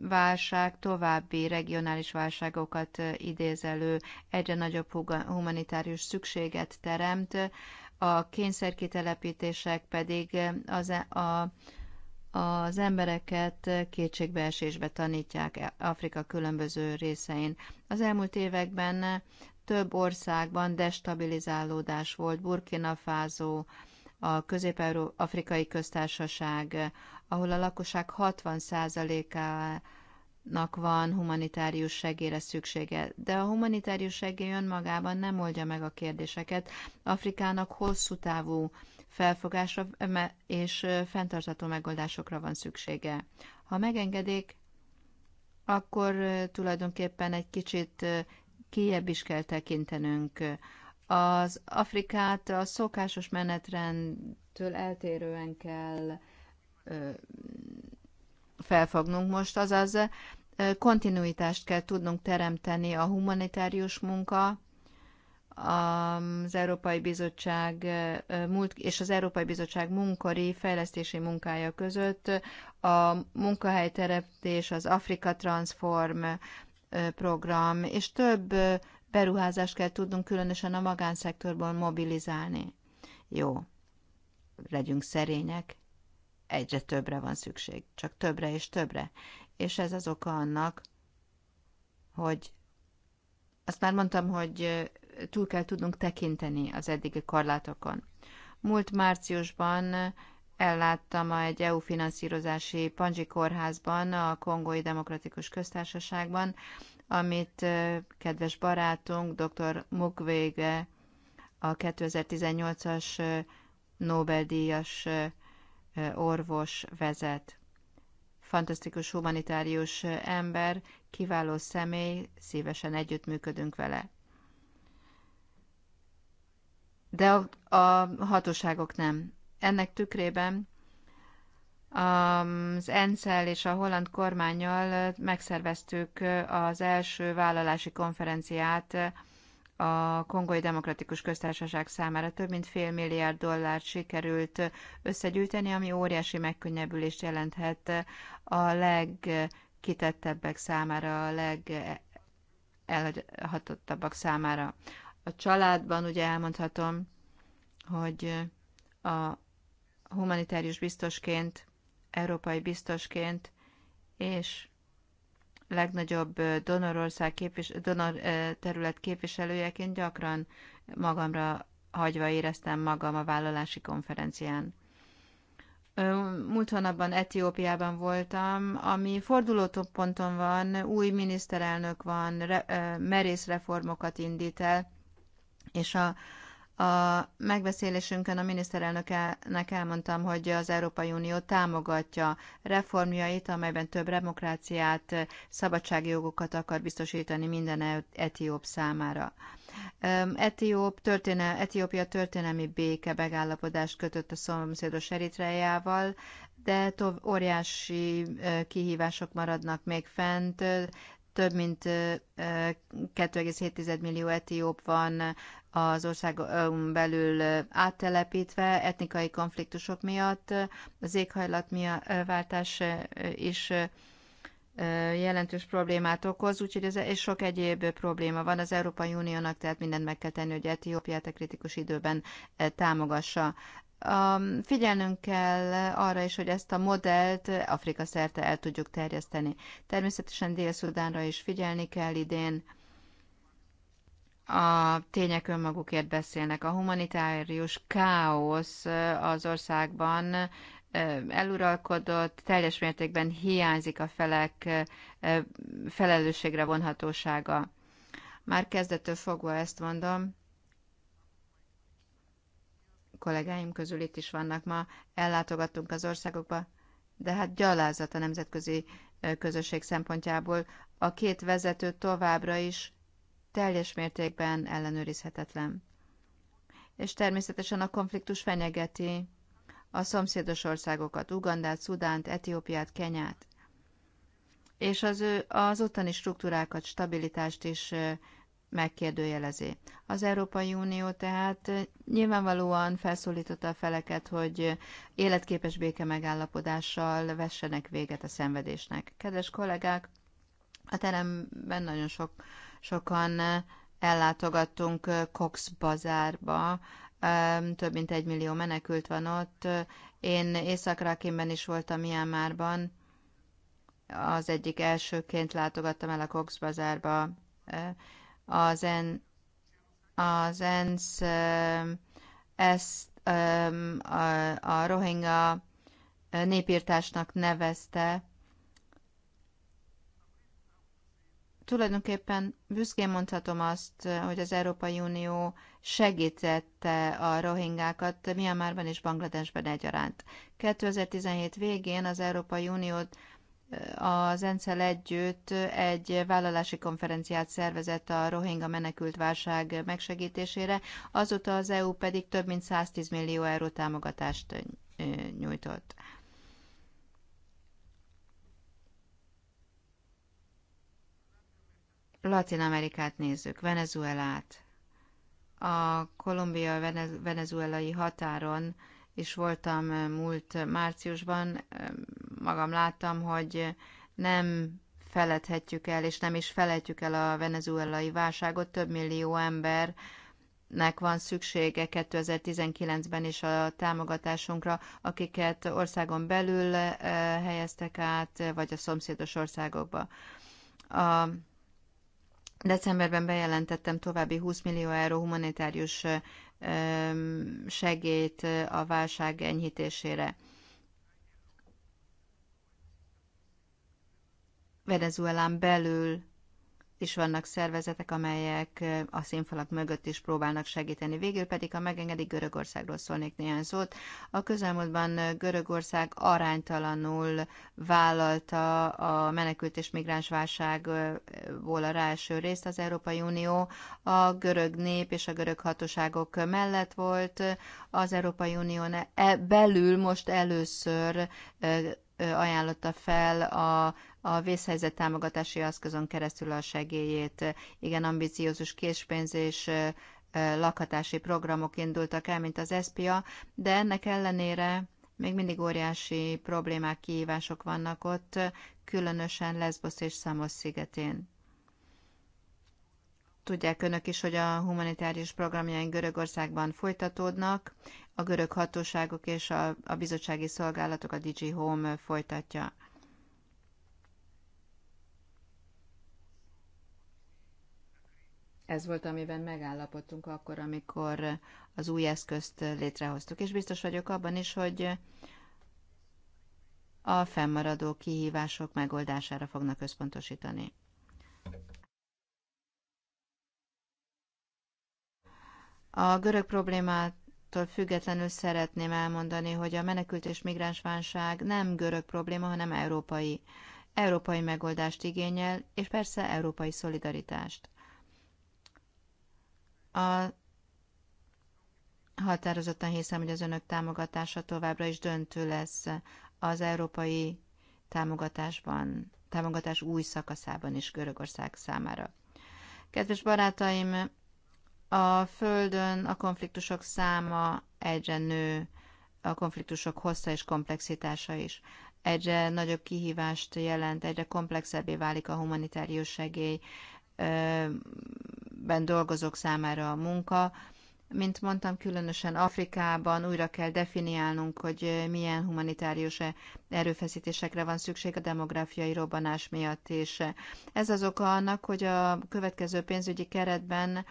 válság további regionális válságokat idéz elő, egyre nagyobb humanitárius szükséget teremt, a kényszerkitelepítések pedig az, e, a, az embereket kétségbeesésbe tanítják e, Afrika különböző részein. Az elmúlt években több országban destabilizálódás volt, Burkina Faso, a Közép-Afrikai Köztársaság, ahol a lakosság 60%-ának van humanitárius segélyre szüksége. De a humanitárius segély önmagában nem oldja meg a kérdéseket. Afrikának hosszú távú felfogásra és fenntartható megoldásokra van szüksége. Ha megengedik, akkor tulajdonképpen egy kicsit kiebb is kell tekintenünk. Az Afrikát a szokásos menetrendtől eltérően kell felfognunk most, azaz kontinuitást kell tudnunk teremteni a humanitárius munka, az Európai Bizottság múlt, és az Európai Bizottság munkori fejlesztési munkája között a munkahelyteremtés, az Afrika Transform program, és több beruházást kell tudnunk különösen a magánszektorból mobilizálni. Jó, legyünk szerények, egyre többre van szükség, csak többre és többre. És ez az oka annak, hogy azt már mondtam, hogy túl kell tudnunk tekinteni az eddigi korlátokon. Múlt márciusban elláttam egy EU finanszírozási Panji kórházban, a Kongói Demokratikus Köztársaságban, amit kedves barátunk, dr. Mukwege, a 2018-as Nobel-díjas orvos vezet. Fantasztikus humanitárius ember, kiváló személy, szívesen együttműködünk vele. De a, a hatóságok nem. Ennek tükrében az Encel és a holland kormányjal megszerveztük az első vállalási konferenciát a Kongói Demokratikus Köztársaság számára több mint fél milliárd dollárt sikerült összegyűjteni, ami óriási megkönnyebbülést jelenthet a legkitettebbek számára, a legelhatottabbak számára. A családban ugye elmondhatom, hogy a humanitárius biztosként, európai biztosként és legnagyobb donorország képvis, donor terület képviselőjeként gyakran magamra hagyva éreztem magam a vállalási konferencián. Múlt hónapban Etiópiában voltam, ami fordulóponton van, új miniszterelnök van, re, merész reformokat indít el, és a, a megbeszélésünkön a miniszterelnöknek elmondtam, hogy az Európai Unió támogatja reformjait, amelyben több demokráciát, szabadsági jogokat akar biztosítani minden e- etióp számára. Etióp történe, Etiópia történelmi béke megállapodást kötött a szomszédos Eritreával, de tov, óriási kihívások maradnak még fent, több mint 2,7 millió etióp van az ország belül áttelepítve etnikai konfliktusok miatt, az éghajlat váltás is jelentős problémát okoz, úgyhogy ez, és sok egyéb probléma van az Európai Uniónak, tehát mindent meg kell tenni, hogy Etiópiát a kritikus időben támogassa figyelnünk kell arra is, hogy ezt a modellt Afrika szerte el tudjuk terjeszteni. Természetesen Dél-Szudánra is figyelni kell idén. A tények önmagukért beszélnek. A humanitárius káosz az országban eluralkodott, teljes mértékben hiányzik a felek felelősségre vonhatósága. Már kezdettől fogva ezt mondom, kollégáim közül itt is vannak ma, ellátogattunk az országokba, de hát gyalázat a nemzetközi közösség szempontjából. A két vezető továbbra is teljes mértékben ellenőrizhetetlen. És természetesen a konfliktus fenyegeti a szomszédos országokat, Ugandát, Szudánt, Etiópiát, Kenyát, és az, ő, az ottani struktúrákat, stabilitást is megkérdőjelezi. Az Európai Unió tehát eh, nyilvánvalóan felszólította a feleket, hogy eh, életképes béke megállapodással vessenek véget a szenvedésnek. Kedves kollégák, a teremben nagyon sok, sokan eh, ellátogattunk Cox bazárba, több mint egy millió menekült van ott. Én Észak-Rakimben is voltam Myanmarban, az egyik elsőként látogattam el a Cox bazárba az, en, az ENSZ ezt a, a Rohingya népírtásnak nevezte. Tulajdonképpen büszkén mondhatom azt, hogy az Európai Unió segítette a rohingákat Myanmarban és Bangladesben egyaránt. 2017 végén az Európai Uniót az ensz együtt egy vállalási konferenciát szervezett a Rohingya menekült válság megsegítésére, azóta az EU pedig több mint 110 millió euró támogatást nyújtott. Latin Amerikát nézzük, Venezuelát. A kolumbia-venezuelai határon is voltam eh, múlt márciusban, eh, magam láttam, hogy nem feledhetjük el, és nem is felejtjük el a venezuelai válságot. Több millió embernek van szüksége 2019-ben is a támogatásunkra, akiket országon belül eh, helyeztek át, vagy a szomszédos országokba. A Decemberben bejelentettem további 20 millió euró humanitárius segélyt a válság enyhítésére. Venezuelán belül is vannak szervezetek, amelyek a színfalak mögött is próbálnak segíteni. Végül pedig, ha megengedik, Görögországról szólnék néhány szót. A közelmúltban Görögország aránytalanul vállalta a menekült és migráns válságból a ráeső részt. Az Európai Unió a görög nép és a görög hatóságok mellett volt. Az Európai e belül most először ajánlotta fel a a vészhelyzet támogatási eszközön keresztül a segélyét. Igen, ambiciózus készpénz és lakhatási programok indultak el, mint az SPA, de ennek ellenére még mindig óriási problémák, kihívások vannak ott, különösen Lesbos és Szamos szigetén. Tudják önök is, hogy a humanitárius programjaink Görögországban folytatódnak, a görög hatóságok és a, a bizottsági szolgálatok, a DG Home folytatja. Ez volt, amiben megállapodtunk akkor, amikor az új eszközt létrehoztuk. És biztos vagyok abban is, hogy a fennmaradó kihívások megoldására fognak összpontosítani. A görög problémától függetlenül szeretném elmondani, hogy a menekült és migránsválság nem görög probléma, hanem európai. Európai megoldást igényel, és persze európai szolidaritást. A határozottan hiszem, hogy az önök támogatása továbbra is döntő lesz az európai támogatásban, támogatás új szakaszában is Görögország számára. Kedves barátaim, a Földön a konfliktusok száma egyre nő, a konfliktusok hossza és komplexitása is. Egyre nagyobb kihívást jelent, egyre komplexebbé válik a humanitárius segély, ben dolgozók számára a munka. Mint mondtam, különösen Afrikában újra kell definiálnunk, hogy milyen humanitárius erőfeszítésekre van szükség a demográfiai robbanás miatt, és ez az oka annak, hogy a következő pénzügyi keretben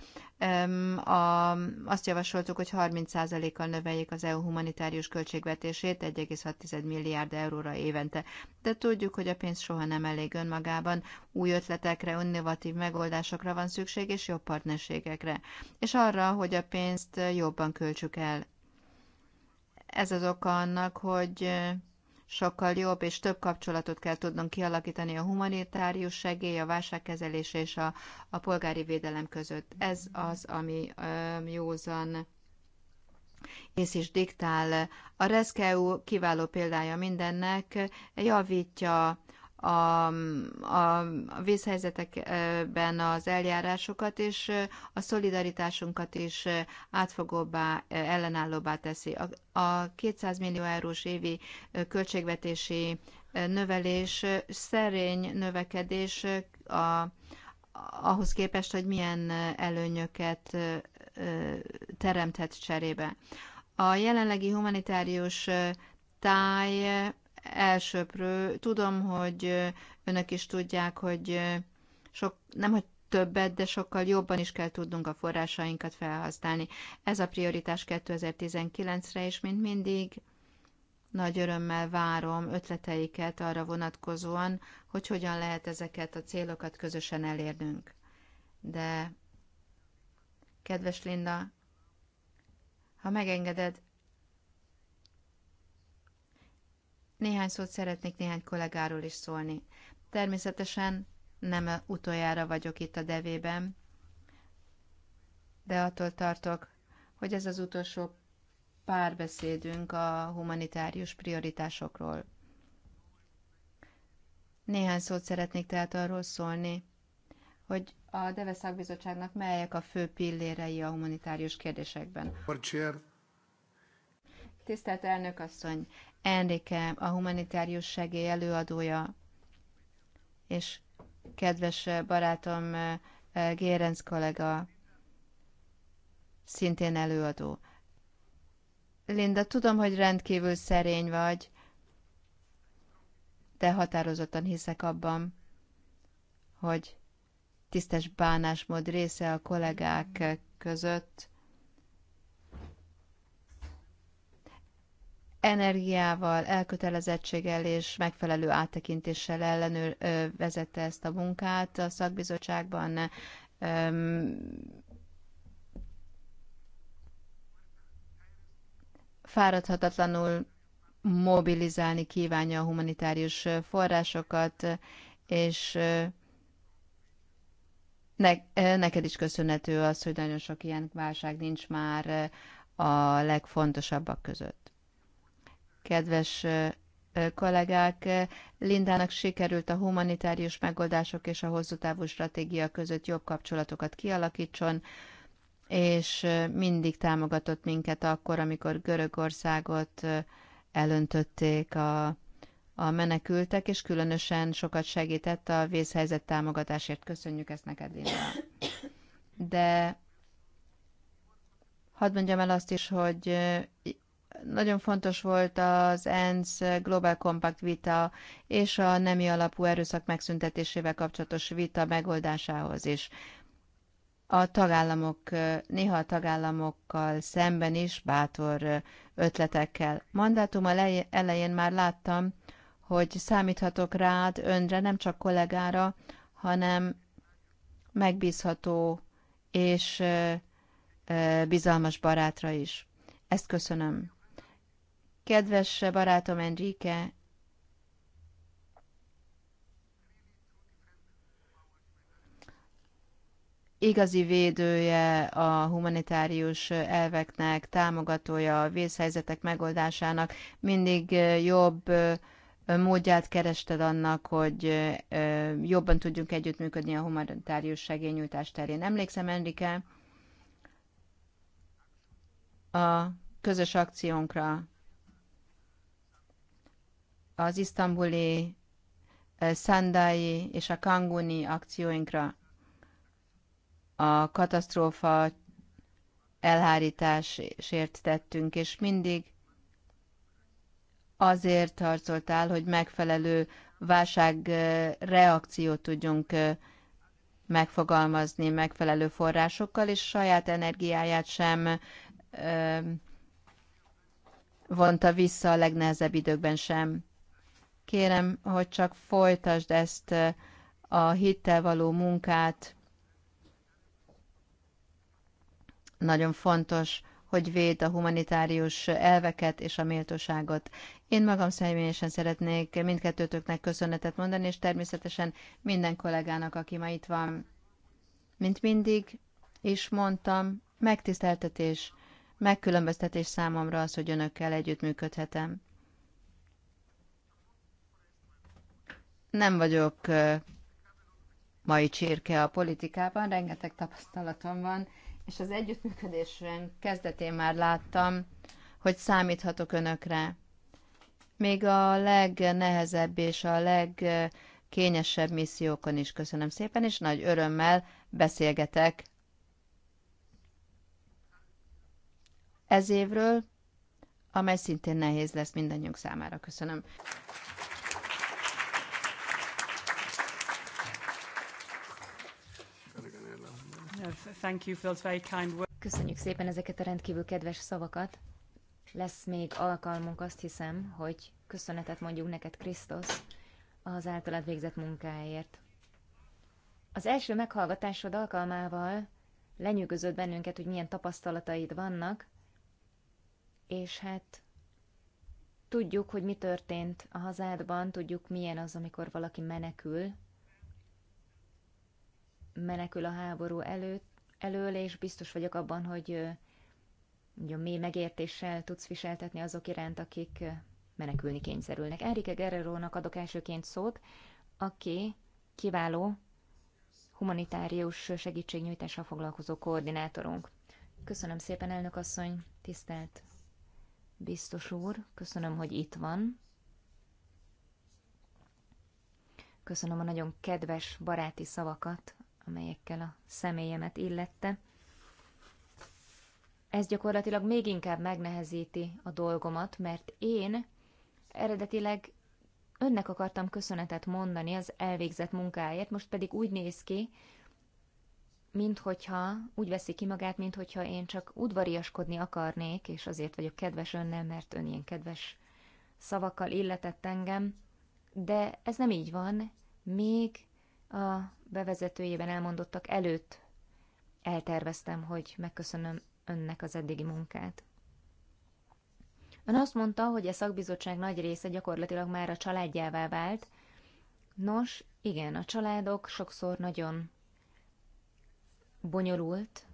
a, azt javasoltuk, hogy 30%-kal növeljék az EU humanitárius költségvetését 1,6 milliárd euróra évente. De tudjuk, hogy a pénz soha nem elég önmagában, új ötletekre, innovatív megoldásokra van szükség, és jobb partnerségekre. És arra, hogy a pénzt jobban költsük el. Ez az oka annak, hogy sokkal jobb és több kapcsolatot kell tudnunk kialakítani a humanitárius segély, a válságkezelés és a, a polgári védelem között. Ez az, ami ö, józan és is diktál. A Rescue kiváló példája mindennek, javítja a, a, a vészhelyzetekben az eljárásokat, és a szolidaritásunkat is átfogóbbá, ellenállóbbá teszi. A, a 200 millió eurós évi költségvetési növelés szerény növekedés a, ahhoz képest, hogy milyen előnyöket teremthet cserébe. A jelenlegi humanitárius táj elsőprő. Tudom, hogy önök is tudják, hogy sok, nem, hogy többet, de sokkal jobban is kell tudnunk a forrásainkat felhasználni. Ez a prioritás 2019-re, és mint mindig nagy örömmel várom ötleteiket arra vonatkozóan, hogy hogyan lehet ezeket a célokat közösen elérnünk. De, kedves Linda, ha megengeded, Néhány szót szeretnék néhány kollégáról is szólni. Természetesen nem utoljára vagyok itt a devében, de attól tartok, hogy ez az utolsó párbeszédünk a humanitárius prioritásokról. Néhány szót szeretnék tehát arról szólni, hogy a Deve szakbizottságnak melyek a fő pillérei a humanitárius kérdésekben. Tisztelt elnök asszony, Enrique, a humanitárius segély előadója, és kedves eh, barátom eh, eh, Gérenc kollega, szintén előadó. Linda, tudom, hogy rendkívül szerény vagy, de határozottan hiszek abban, hogy tisztes bánásmód része a kollégák között, energiával, elkötelezettséggel és megfelelő áttekintéssel ellenőr ö, vezette ezt a munkát a szakbizottságban. Ö, fáradhatatlanul mobilizálni kívánja a humanitárius forrásokat, és ne, neked is köszönhető az, hogy nagyon sok ilyen válság nincs már a legfontosabbak között. Kedves kollégák, Lindának sikerült a humanitárius megoldások és a hosszú távú stratégia között jobb kapcsolatokat kialakítson, és mindig támogatott minket akkor, amikor Görögországot elöntötték a, a menekültek, és különösen sokat segített a vészhelyzet támogatásért. Köszönjük ezt neked, Linda. De hadd mondjam el azt is, hogy nagyon fontos volt az ENSZ Global Compact vita és a nemi alapú erőszak megszüntetésével kapcsolatos vita megoldásához is. A tagállamok, néha a tagállamokkal szemben is bátor ötletekkel. Mandátum elején már láttam, hogy számíthatok rád, önre, nem csak kollégára, hanem megbízható és bizalmas barátra is. Ezt köszönöm. Kedves barátom Enrique, igazi védője a humanitárius elveknek, támogatója a vészhelyzetek megoldásának, mindig jobb módját kerested annak, hogy jobban tudjunk együttműködni a humanitárius segényújtás terén. Emlékszem, Enrique, a közös akciónkra, az isztambuli, szendai és a kanguni akcióinkra, a katasztrófa elhárításért tettünk, és mindig azért harcoltál, hogy megfelelő válságreakciót tudjunk megfogalmazni megfelelő forrásokkal, és saját energiáját sem vonta vissza a legnehezebb időkben sem. Kérem, hogy csak folytasd ezt eh, a hittel való munkát. Nagyon fontos, hogy véd a humanitárius elveket és a méltóságot. Én magam személyesen szeretnék mindkettőtöknek köszönetet mondani, és természetesen minden kollégának, aki ma itt van. Mint mindig is mondtam, megtiszteltetés, megkülönböztetés számomra az, hogy önökkel együttműködhetem. Nem vagyok mai csirke a politikában, rengeteg tapasztalatom van, és az együttműködésem kezdetén már láttam, hogy számíthatok önökre. Még a legnehezebb és a legkényesebb missziókon is köszönöm szépen, és nagy örömmel beszélgetek ez évről, amely szintén nehéz lesz mindannyiunk számára. Köszönöm. Thank you for those very kind words. Köszönjük szépen ezeket a rendkívül kedves szavakat. Lesz még alkalmunk azt hiszem, hogy köszönetet mondjuk neked, Krisztus, az általad végzett munkáért. Az első meghallgatásod alkalmával lenyűgözött bennünket, hogy milyen tapasztalataid vannak, és hát tudjuk, hogy mi történt a hazádban, tudjuk, milyen az, amikor valaki menekül, menekül a háború előtt, elől, és biztos vagyok abban, hogy mondjam, mély megértéssel tudsz viseltetni azok iránt, akik menekülni kényszerülnek. Enrique guerrero adok elsőként szót, aki kiváló humanitárius segítségnyújtással foglalkozó koordinátorunk. Köszönöm szépen, elnök asszony, tisztelt biztos úr, köszönöm, hogy itt van. Köszönöm a nagyon kedves baráti szavakat, amelyekkel a személyemet illette. Ez gyakorlatilag még inkább megnehezíti a dolgomat, mert én eredetileg önnek akartam köszönetet mondani az elvégzett munkáért, most pedig úgy néz ki, minthogyha úgy veszi ki magát, minthogyha én csak udvariaskodni akarnék, és azért vagyok kedves önnel, mert ön ilyen kedves szavakkal illetett engem, de ez nem így van, még a bevezetőjében elmondottak előtt elterveztem, hogy megköszönöm önnek az eddigi munkát. Ön azt mondta, hogy a e szakbizottság nagy része gyakorlatilag már a családjává vált. Nos, igen, a családok sokszor nagyon bonyolult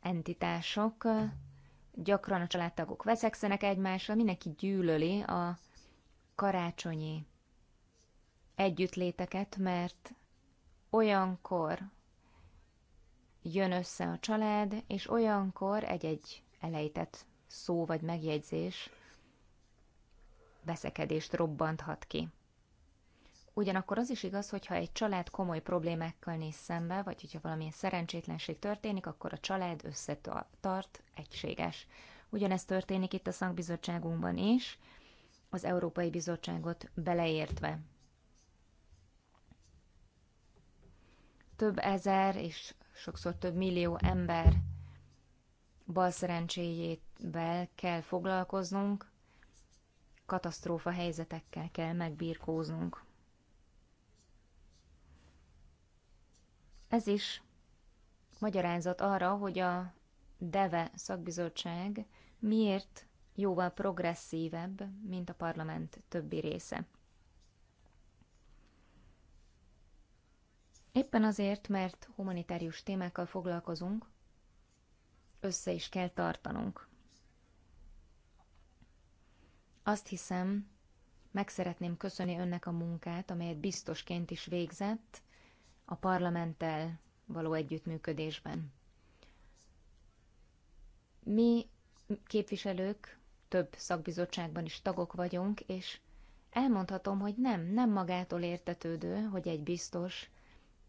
entitások, gyakran a családtagok veszekszenek egymásra, mindenki gyűlöli a karácsonyi együttléteket, mert olyankor jön össze a család, és olyankor egy-egy elejtett szó vagy megjegyzés veszekedést robbanthat ki. Ugyanakkor az is igaz, hogy ha egy család komoly problémákkal néz szembe, vagy hogyha valamilyen szerencsétlenség történik, akkor a család összetart, egységes. Ugyanezt történik itt a szakbizottságunkban is, az Európai Bizottságot beleértve. több ezer és sokszor több millió ember balszerencséjével kell foglalkoznunk, katasztrófa helyzetekkel kell megbírkóznunk. Ez is magyarázat arra, hogy a DEVE szakbizottság miért jóval progresszívebb, mint a parlament többi része. Éppen azért, mert humanitárius témákkal foglalkozunk, össze is kell tartanunk. Azt hiszem, meg szeretném köszönni önnek a munkát, amelyet biztosként is végzett a parlamenttel való együttműködésben. Mi képviselők több szakbizottságban is tagok vagyunk, és elmondhatom, hogy nem, nem magától értetődő, hogy egy biztos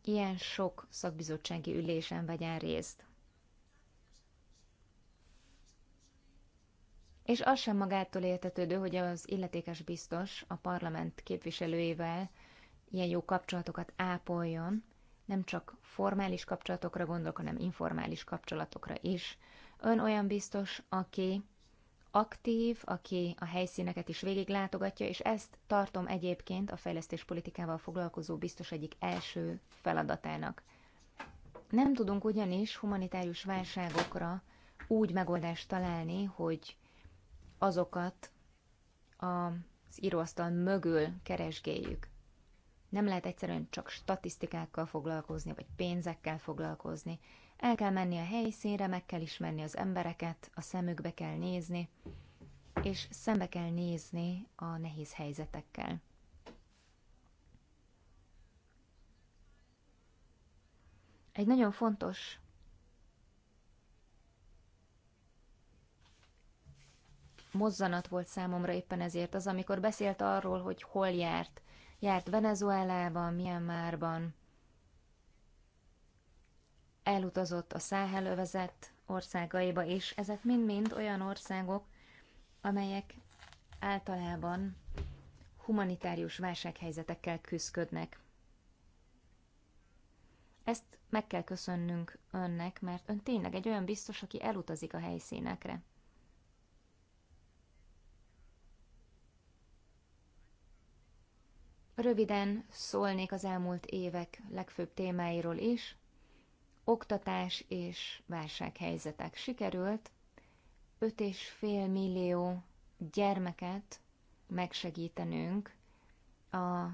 ilyen sok szakbizottsági ülésen vegyen részt. És az sem magától értetődő, hogy az illetékes biztos a parlament képviselőivel ilyen jó kapcsolatokat ápoljon, nem csak formális kapcsolatokra gondolok, hanem informális kapcsolatokra is. Ön olyan biztos, aki aktív, aki a helyszíneket is végiglátogatja, és ezt tartom egyébként a fejlesztéspolitikával foglalkozó biztos egyik első feladatának. Nem tudunk ugyanis humanitárius válságokra úgy megoldást találni, hogy azokat az íróasztal mögül keresgéljük. Nem lehet egyszerűen csak statisztikákkal foglalkozni, vagy pénzekkel foglalkozni. El kell menni a helyszínre, meg kell ismerni az embereket, a szemükbe kell nézni, és szembe kell nézni a nehéz helyzetekkel. Egy nagyon fontos mozzanat volt számomra éppen ezért az, amikor beszélt arról, hogy hol járt. Járt Venezuelában, Myanmarban, elutazott a száhelövezet országaiba is. Ezek mind-mind olyan országok, amelyek általában humanitárius válsághelyzetekkel küzdködnek. Ezt meg kell köszönnünk önnek, mert ön tényleg egy olyan biztos, aki elutazik a helyszínekre. Röviden szólnék az elmúlt évek legfőbb témáiról is oktatás és válsághelyzetek. Sikerült 5,5 millió gyermeket megsegítenünk a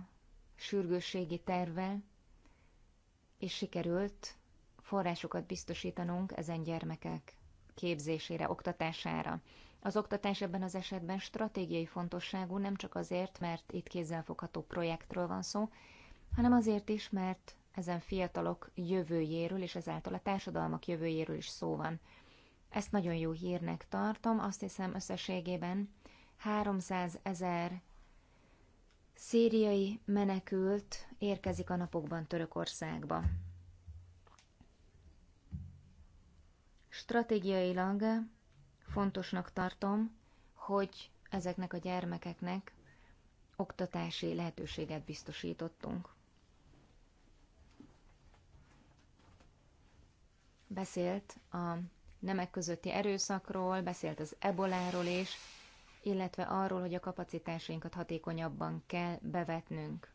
sürgősségi terve, és sikerült forrásokat biztosítanunk ezen gyermekek képzésére, oktatására. Az oktatás ebben az esetben stratégiai fontosságú nem csak azért, mert itt kézzelfogható projektről van szó, hanem azért is, mert ezen fiatalok jövőjéről, és ezáltal a társadalmak jövőjéről is szó van. Ezt nagyon jó hírnek tartom, azt hiszem összességében 300 ezer szíriai menekült érkezik a napokban Törökországba. Stratégiailag fontosnak tartom, hogy ezeknek a gyermekeknek oktatási lehetőséget biztosítottunk. beszélt a nemek közötti erőszakról, beszélt az eboláról is, illetve arról, hogy a kapacitásainkat hatékonyabban kell bevetnünk.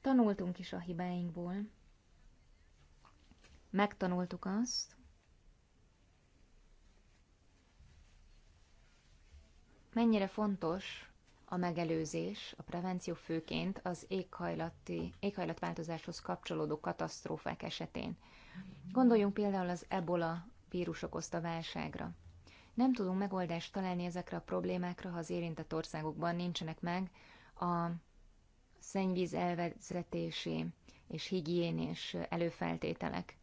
Tanultunk is a hibáinkból. Megtanultuk azt, mennyire fontos a megelőzés, a prevenció főként az éghajlati, éghajlatváltozáshoz kapcsolódó katasztrófák esetén. Gondoljunk például az ebola vírus okozta válságra. Nem tudunk megoldást találni ezekre a problémákra, ha az érintett országokban nincsenek meg a szennyvíz elvezetési és higiénés előfeltételek.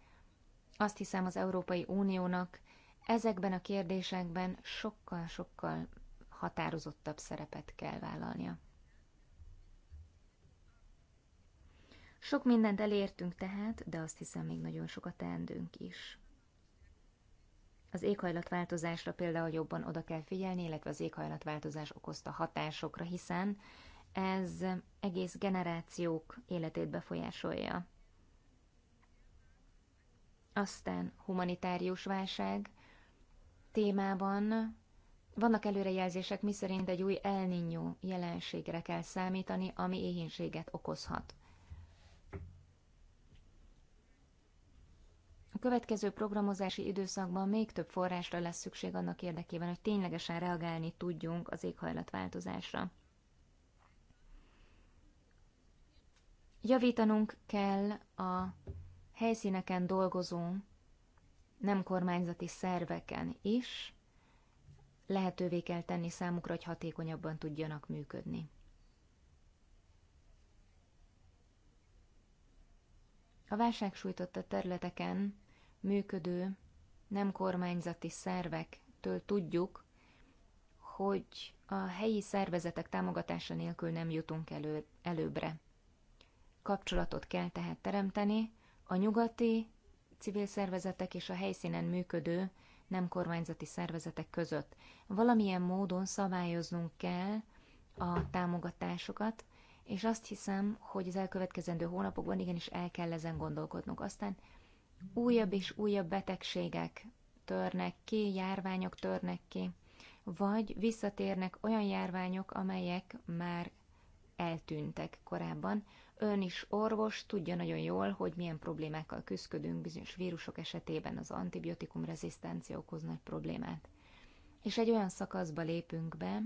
Azt hiszem az Európai Uniónak ezekben a kérdésekben sokkal-sokkal határozottabb szerepet kell vállalnia. Sok mindent elértünk tehát, de azt hiszem még nagyon sokat teendünk is. Az éghajlatváltozásra például jobban oda kell figyelni, illetve az éghajlatváltozás okozta hatásokra, hiszen ez egész generációk életét befolyásolja. Aztán humanitárius válság témában vannak előrejelzések, miszerint egy új El Niño jelenségre kell számítani, ami éhénységet okozhat. A következő programozási időszakban még több forrásra lesz szükség annak érdekében, hogy ténylegesen reagálni tudjunk az éghajlatváltozásra. Javítanunk kell a helyszíneken dolgozó nem kormányzati szerveken is, lehetővé kell tenni számukra, hogy hatékonyabban tudjanak működni. A válság sújtotta területeken működő nem kormányzati szervektől tudjuk, hogy a helyi szervezetek támogatása nélkül nem jutunk elő, előbbre. Kapcsolatot kell tehát teremteni a nyugati civil szervezetek és a helyszínen működő nem kormányzati szervezetek között. Valamilyen módon szabályoznunk kell a támogatásokat, és azt hiszem, hogy az elkövetkezendő hónapokban igenis el kell ezen gondolkodnunk. Aztán újabb és újabb betegségek törnek ki, járványok törnek ki, vagy visszatérnek olyan járványok, amelyek már eltűntek korábban. Ön is orvos, tudja nagyon jól, hogy milyen problémákkal küzdködünk bizonyos vírusok esetében az antibiotikum rezisztencia okoz nagy problémát. És egy olyan szakaszba lépünk be,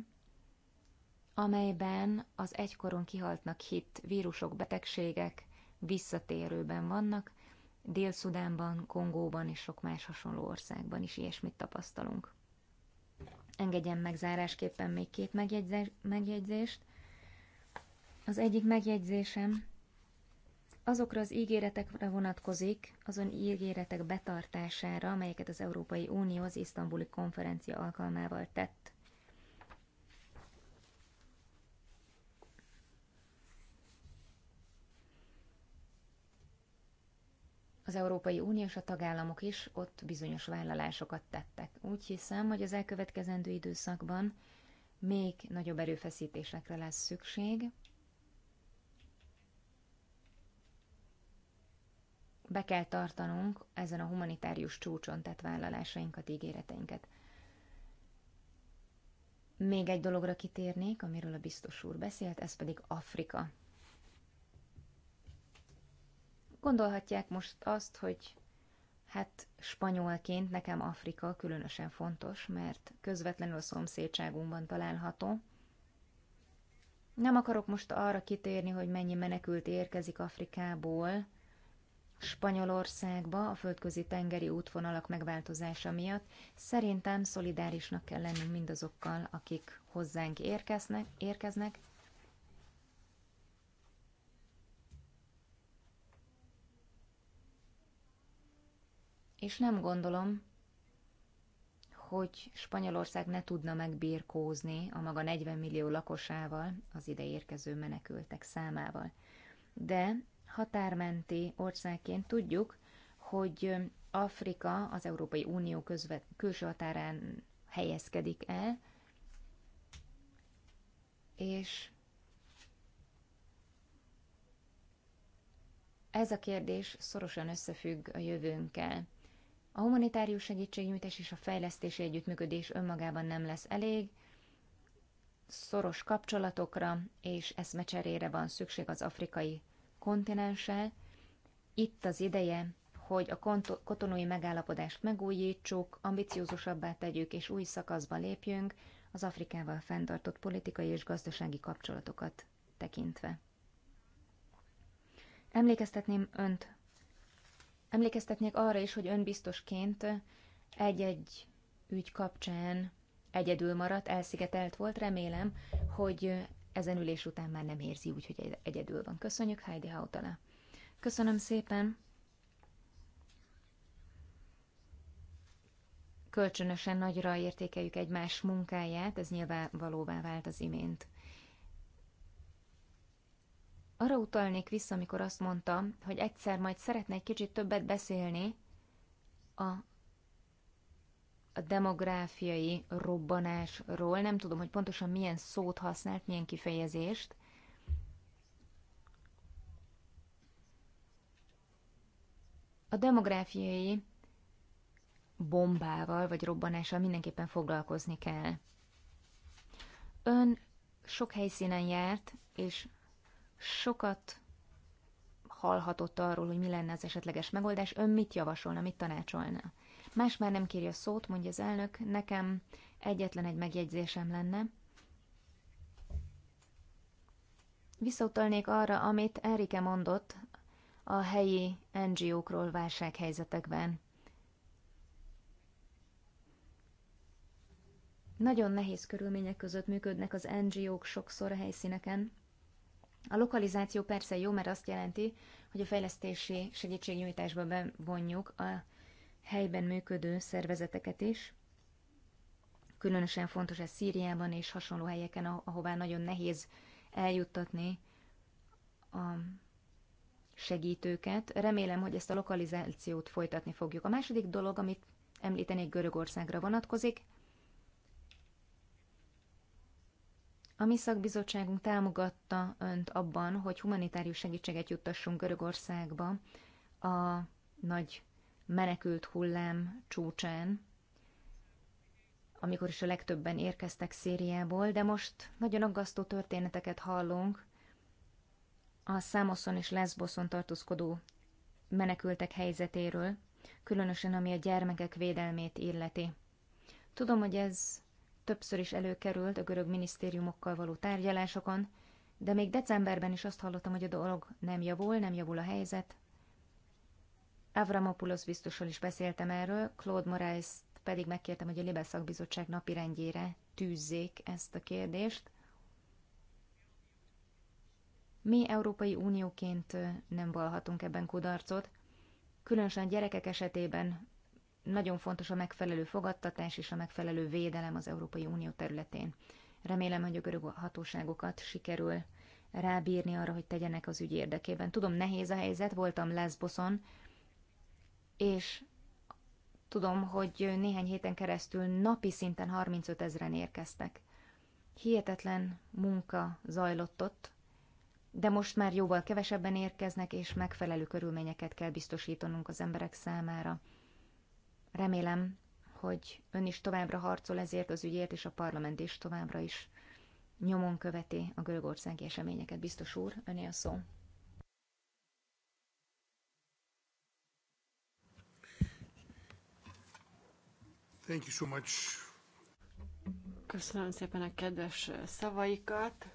amelyben az egykoron kihaltnak hit vírusok, betegségek visszatérőben vannak, Dél-Szudánban, Kongóban és sok más hasonló országban is ilyesmit tapasztalunk. Engedjen meg zárásképpen még két megjegyzést. Az egyik megjegyzésem azokra az ígéretekre vonatkozik, azon ígéretek betartására, amelyeket az Európai Unió az isztambuli konferencia alkalmával tett. Az Európai Unió és a tagállamok is ott bizonyos vállalásokat tettek. Úgy hiszem, hogy az elkövetkezendő időszakban még nagyobb erőfeszítésekre lesz szükség, be kell tartanunk ezen a humanitárius csúcson tett vállalásainkat, ígéreteinket. Még egy dologra kitérnék, amiről a biztos úr beszélt, ez pedig Afrika. Gondolhatják most azt, hogy hát spanyolként nekem Afrika különösen fontos, mert közvetlenül a szomszédságunkban található. Nem akarok most arra kitérni, hogy mennyi menekült érkezik Afrikából, Spanyolországba a földközi tengeri útvonalak megváltozása miatt szerintem szolidárisnak kell lennünk mindazokkal, akik hozzánk érkeznek, érkeznek és nem gondolom, hogy Spanyolország ne tudna megbírkózni a maga 40 millió lakosával, az ide érkező menekültek számával. De határmenti országként tudjuk, hogy Afrika az Európai Unió közvet, külső határán helyezkedik el, és ez a kérdés szorosan összefügg a jövőnkkel. A humanitárius segítségnyújtás és a fejlesztési együttműködés önmagában nem lesz elég, szoros kapcsolatokra és eszmecserére van szükség az afrikai kontinenssel. Itt az ideje, hogy a kotonói megállapodást megújítsuk, ambiciózusabbá tegyük és új szakaszba lépjünk az Afrikával fenntartott politikai és gazdasági kapcsolatokat tekintve. Emlékeztetném önt, emlékeztetnék arra is, hogy ön biztosként egy-egy ügy kapcsán egyedül maradt, elszigetelt volt. Remélem, hogy ezen ülés után már nem érzi úgy, hogy egyedül van. Köszönjük, Heidi Hautala. Köszönöm szépen. Kölcsönösen nagyra értékeljük egymás munkáját, ez nyilván valóvá vált az imént. Arra utalnék vissza, amikor azt mondtam, hogy egyszer majd szeretne egy kicsit többet beszélni a a demográfiai robbanásról. Nem tudom, hogy pontosan milyen szót használt, milyen kifejezést. A demográfiai bombával vagy robbanással mindenképpen foglalkozni kell. Ön sok helyszínen járt, és sokat hallhatott arról, hogy mi lenne az esetleges megoldás. Ön mit javasolna, mit tanácsolna? Más már nem kéri a szót, mondja az elnök, nekem egyetlen egy megjegyzésem lenne. Visszautalnék arra, amit Erike mondott a helyi NGO-król válsághelyzetekben. Nagyon nehéz körülmények között működnek az NGO-k sokszor a helyszíneken. A lokalizáció persze jó, mert azt jelenti, hogy a fejlesztési segítségnyújtásba bevonjuk a helyben működő szervezeteket is. Különösen fontos ez Szíriában és hasonló helyeken, ahová nagyon nehéz eljuttatni a segítőket. Remélem, hogy ezt a lokalizációt folytatni fogjuk. A második dolog, amit említenék Görögországra vonatkozik, A mi szakbizottságunk támogatta önt abban, hogy humanitárius segítséget juttassunk Görögországba a nagy menekült hullám csúcsán, amikor is a legtöbben érkeztek Szíriából, de most nagyon aggasztó történeteket hallunk a Számoszon és Leszboszon tartózkodó menekültek helyzetéről, különösen ami a gyermekek védelmét illeti. Tudom, hogy ez többször is előkerült a görög minisztériumokkal való tárgyalásokon, de még decemberben is azt hallottam, hogy a dolog nem javul, nem javul a helyzet, Avramopoulos biztossal is beszéltem erről, Claude moraes pedig megkértem, hogy a Libe szakbizottság napirendjére tűzzék ezt a kérdést. Mi Európai Unióként nem valhatunk ebben kudarcot, különösen gyerekek esetében nagyon fontos a megfelelő fogadtatás és a megfelelő védelem az Európai Unió területén. Remélem, hogy a görög hatóságokat sikerül rábírni arra, hogy tegyenek az ügy érdekében. Tudom, nehéz a helyzet, voltam Lesboson, és tudom, hogy néhány héten keresztül napi szinten 35 ezeren érkeztek. Hihetetlen munka zajlott ott, de most már jóval kevesebben érkeznek, és megfelelő körülményeket kell biztosítanunk az emberek számára. Remélem, hogy ön is továbbra harcol ezért az ügyért, és a parlament is továbbra is nyomon követi a görögországi eseményeket. Biztos úr, öné a szó. Thank you so much. Köszönöm szépen a kedves szavaikat.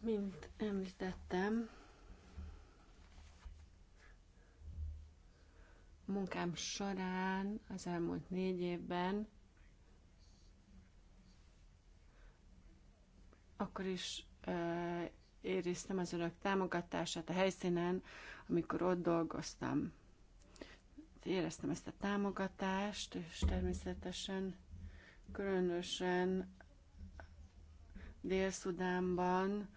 Mint említettem, munkám során az elmúlt négy évben akkor is éreztem az önök támogatását a helyszínen, amikor ott dolgoztam. Éreztem ezt a támogatást, és természetesen különösen Dél-Szudánban,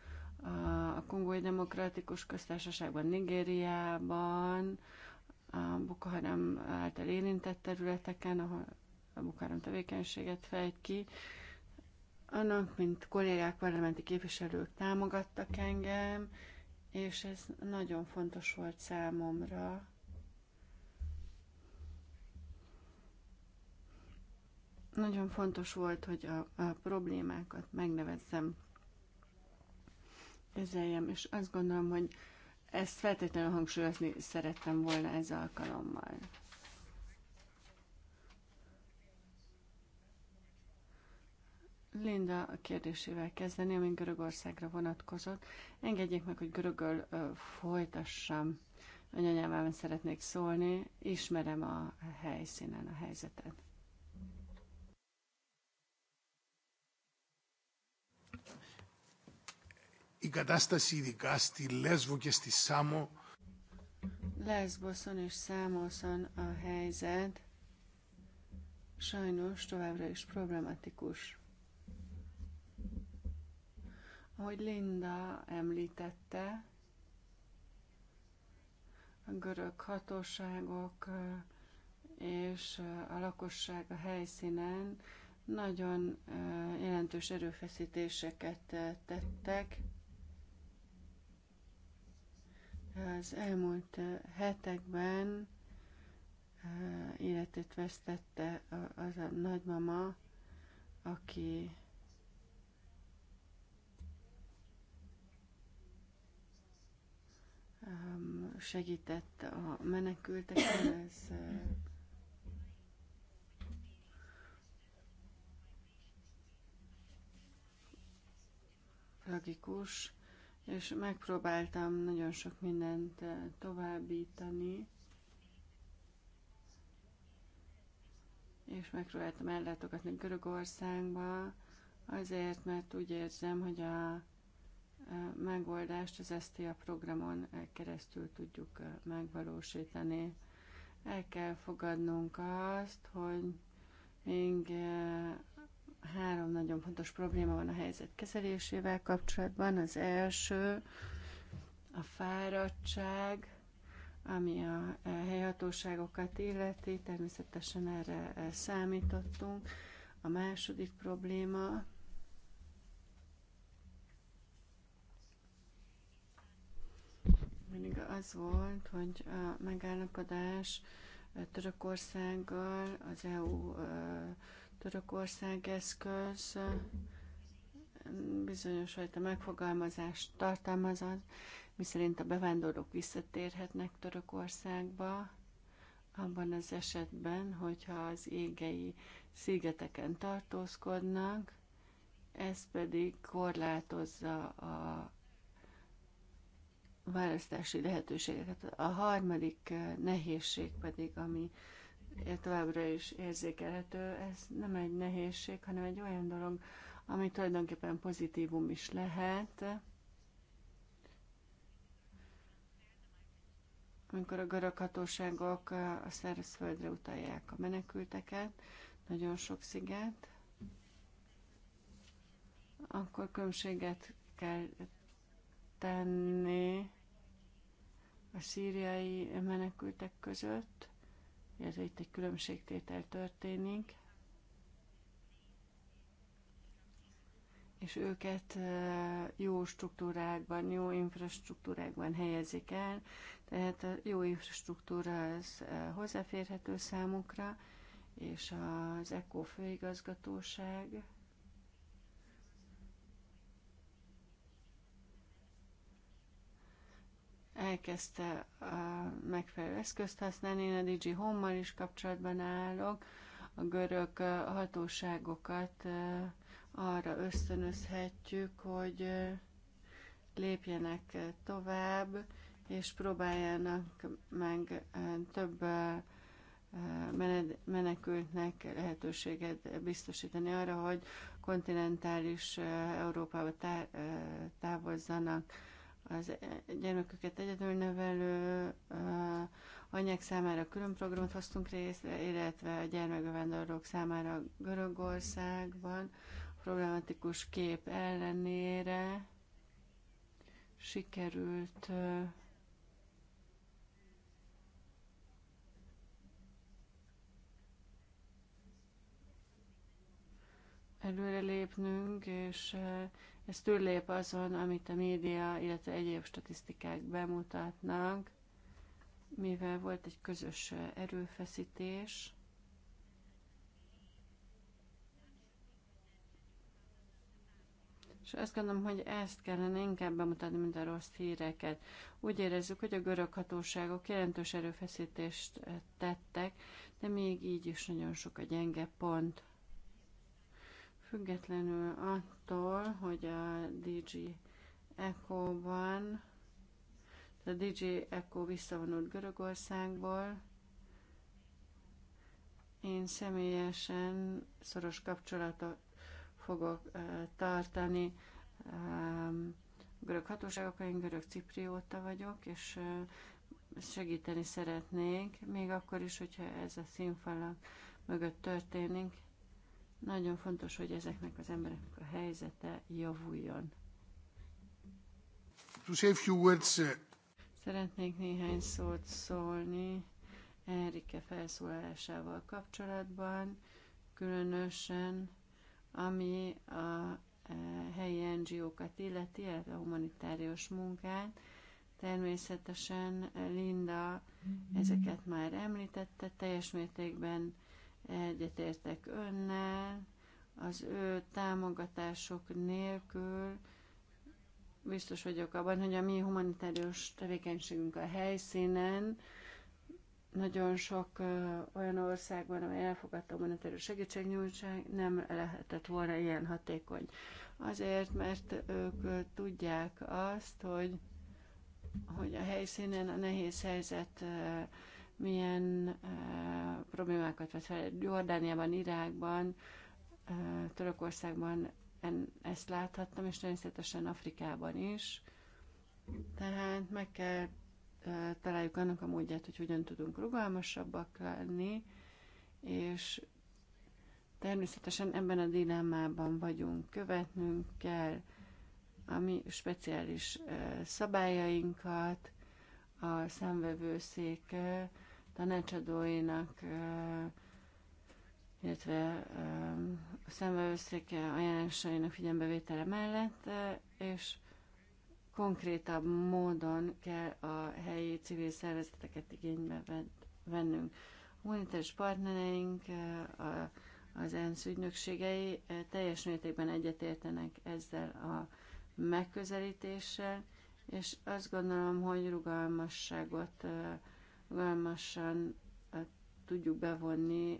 a Kongói Demokratikus Köztársaságban, Nigériában, a Boko által érintett területeken, ahol a Boko tevékenységet fejt ki, annak, mint kollégák, parlamenti képviselők támogattak engem, és ez nagyon fontos volt számomra. Nagyon fontos volt, hogy a, a problémákat megnevezzem, kezeljem, és azt gondolom, hogy ezt feltétlenül hangsúlyozni szerettem volna ez alkalommal. Linda a kérdésével kezdeni, ami Görögországra vonatkozott. Engedjék meg, hogy görögöl ö, folytassam. Anyanyámában szeretnék szólni, ismerem a helyszínen a helyzetet. Η κατάσταση ειδικά στη Λέσβο και στη Σάμο és Számoszon a helyzet sajnos továbbra is problematikus. Ahogy Linda említette, a görög hatóságok és a lakosság a helyszínen nagyon jelentős erőfeszítéseket tettek. Az elmúlt hetekben életét vesztette az a nagymama, aki segített a menekülteken, ez tragikus, és megpróbáltam nagyon sok mindent továbbítani, és megpróbáltam ellátogatni Görögországba, azért, mert úgy érzem, hogy a megoldást az STA programon keresztül tudjuk megvalósítani. El kell fogadnunk azt, hogy még három nagyon fontos probléma van a helyzet kezelésével kapcsolatban. Az első a fáradtság, ami a helyhatóságokat illeti, természetesen erre számítottunk. A második probléma mindig az volt, hogy a megállapodás Törökországgal, az EU Törökország eszköz bizonyos fajta megfogalmazást tartalmaz az, miszerint a bevándorlók visszatérhetnek Törökországba, abban az esetben, hogyha az égei szigeteken tartózkodnak, ez pedig korlátozza a választási lehetőségeket. A harmadik eh, nehézség pedig, ami eh, továbbra is érzékelhető, ez nem egy nehézség, hanem egy olyan dolog, ami tulajdonképpen pozitívum is lehet. Amikor a görög hatóságok eh, a szárazföldre utalják a menekülteket, nagyon sok sziget, akkor különbséget kell tenni a szíriai menekültek között, illetve itt egy különbségtétel történik, és őket jó struktúrákban, jó infrastruktúrákban helyezik el, tehát a jó infrastruktúra az hozzáférhető számukra, és az ECO főigazgatóság elkezdte a megfelelő eszközt használni. Én a DJ Home-mal is kapcsolatban állok, a görög hatóságokat arra ösztönözhetjük, hogy lépjenek tovább, és próbáljanak meg több menekültnek lehetőséget biztosítani arra, hogy kontinentális Európába távozzanak az gyermeküket egyedül nevelő anyák számára külön programot hoztunk részt, illetve a gyermekbevándorlók számára Görögországban problematikus kép ellenére sikerült előre és ez túllép azon, amit a média, illetve egyéb statisztikák bemutatnak, mivel volt egy közös erőfeszítés, És azt gondolom, hogy ezt kellene inkább bemutatni, mint a rossz híreket. Úgy érezzük, hogy a görög hatóságok jelentős erőfeszítést tettek, de még így is nagyon sok a gyenge pont. Függetlenül attól, hogy a DJ Echo-ban, a DJ Echo visszavonult Görögországból, én személyesen szoros kapcsolatot fogok tartani görög hatóságokkal, én görög ciprióta vagyok, és segíteni szeretnénk, még akkor is, hogyha ez a színfalak mögött történik, nagyon fontos, hogy ezeknek az embereknek a helyzete javuljon. To say few words, uh, Szeretnék néhány szót szólni Erike felszólásával kapcsolatban, különösen ami a eh, helyi NGO-kat illeti, illetve a humanitárius munkát. Természetesen Linda ezeket már említette, teljes mértékben Egyetértek önnel, az ő támogatások nélkül biztos vagyok abban, hogy a mi humanitárius tevékenységünk a helyszínen, nagyon sok ö, olyan országban, amely elfogadta a monetárius segítségnyújtság, nem lehetett volna ilyen hatékony. Azért, mert ők ö, tudják azt, hogy, hogy a helyszínen a nehéz helyzet ö, milyen uh, problémákat vesz fel Jordániában, Irákban, uh, Törökországban en, ezt láthattam, és természetesen Afrikában is. Tehát meg kell uh, találjuk annak a módját, hogy hogyan tudunk rugalmasabbak lenni, és természetesen ebben a dilemmában vagyunk, követnünk kell a mi speciális uh, szabályainkat, a szemvevőszék uh, tanácsadóinak, illetve a szembeőszék ajánlásainak figyelembevétele mellett, és konkrétabb módon kell a helyi civil szervezeteket igénybe vennünk. A partnereink, az ENSZ ügynökségei teljes mértékben egyetértenek ezzel a megközelítéssel, és azt gondolom, hogy rugalmasságot rugalmasan tudjuk bevonni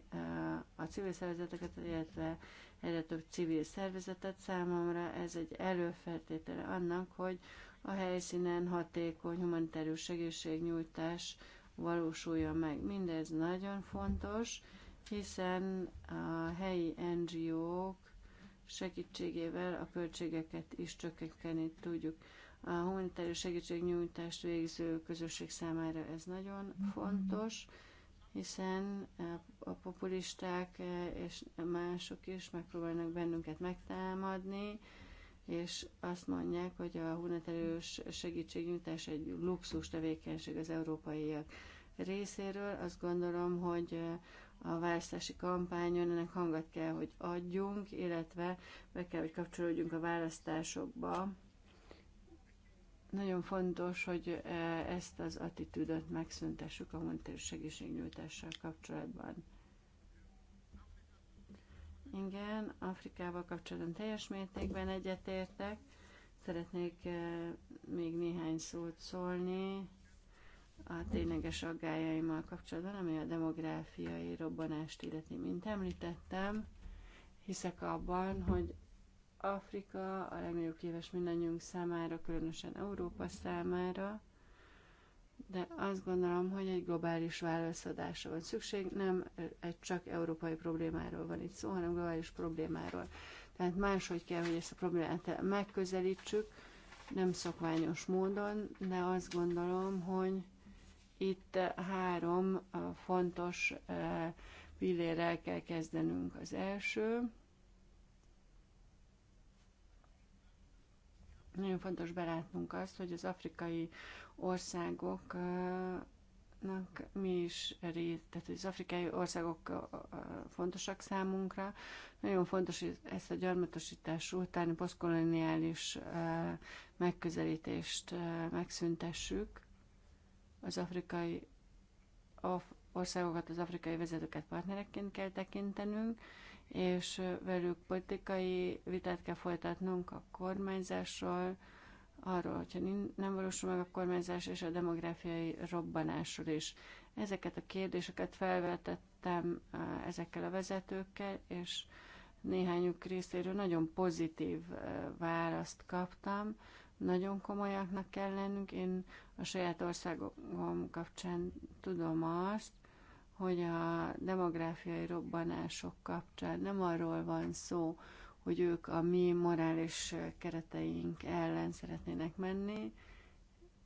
a civil szervezeteket, illetve egyre több civil szervezetet számomra. Ez egy előfeltétele annak, hogy a helyszínen hatékony humanitárius segítségnyújtás valósuljon meg. Mindez nagyon fontos, hiszen a helyi NGO-k segítségével a költségeket is csökkenteni tudjuk. A humanitárius segítségnyújtást végző közösség számára ez nagyon fontos, hiszen a populisták és mások is megpróbálnak bennünket megtámadni, és azt mondják, hogy a humanitárius segítségnyújtás egy luxus tevékenység az európaiak részéről. Azt gondolom, hogy a választási kampányon ennek hangat kell, hogy adjunk, illetve be kell, hogy kapcsolódjunk a választásokba. Nagyon fontos, hogy e, ezt az attitűdöt megszüntessük a humanitárius segítségnyújtással kapcsolatban. Igen, Afrikával kapcsolatban teljes mértékben egyetértek. Szeretnék e, még néhány szót szólni a tényleges aggájaimmal kapcsolatban, ami a demográfiai robbanást illeti, mint említettem. Hiszek abban, hogy Afrika a legnagyobb kihívás mindannyiunk számára, különösen Európa számára, de azt gondolom, hogy egy globális válaszadásra van szükség, nem egy csak európai problémáról van itt szó, hanem globális problémáról. Tehát máshogy kell, hogy ezt a problémát megközelítsük, nem szokványos módon, de azt gondolom, hogy itt három fontos pillérrel kell kezdenünk. Az első, Nagyon fontos belátnunk azt, hogy az afrikai országoknak mi is rész, tehát az afrikai országok fontosak számunkra. Nagyon fontos hogy ezt a gyarmatosítás utáni posztkoloniális megközelítést megszüntessük. Az afrikai országokat, az afrikai vezetőket partnerekként kell tekintenünk, és velük politikai vitát kell folytatnunk a kormányzásról, arról, hogyha nem valósul meg a kormányzás és a demográfiai robbanásról is. Ezeket a kérdéseket felvetettem ezekkel a vezetőkkel, és néhányuk részéről nagyon pozitív választ kaptam. Nagyon komolyaknak kell lennünk. Én a saját országom kapcsán tudom azt, hogy a demográfiai robbanások kapcsán nem arról van szó, hogy ők a mi morális kereteink ellen szeretnének menni.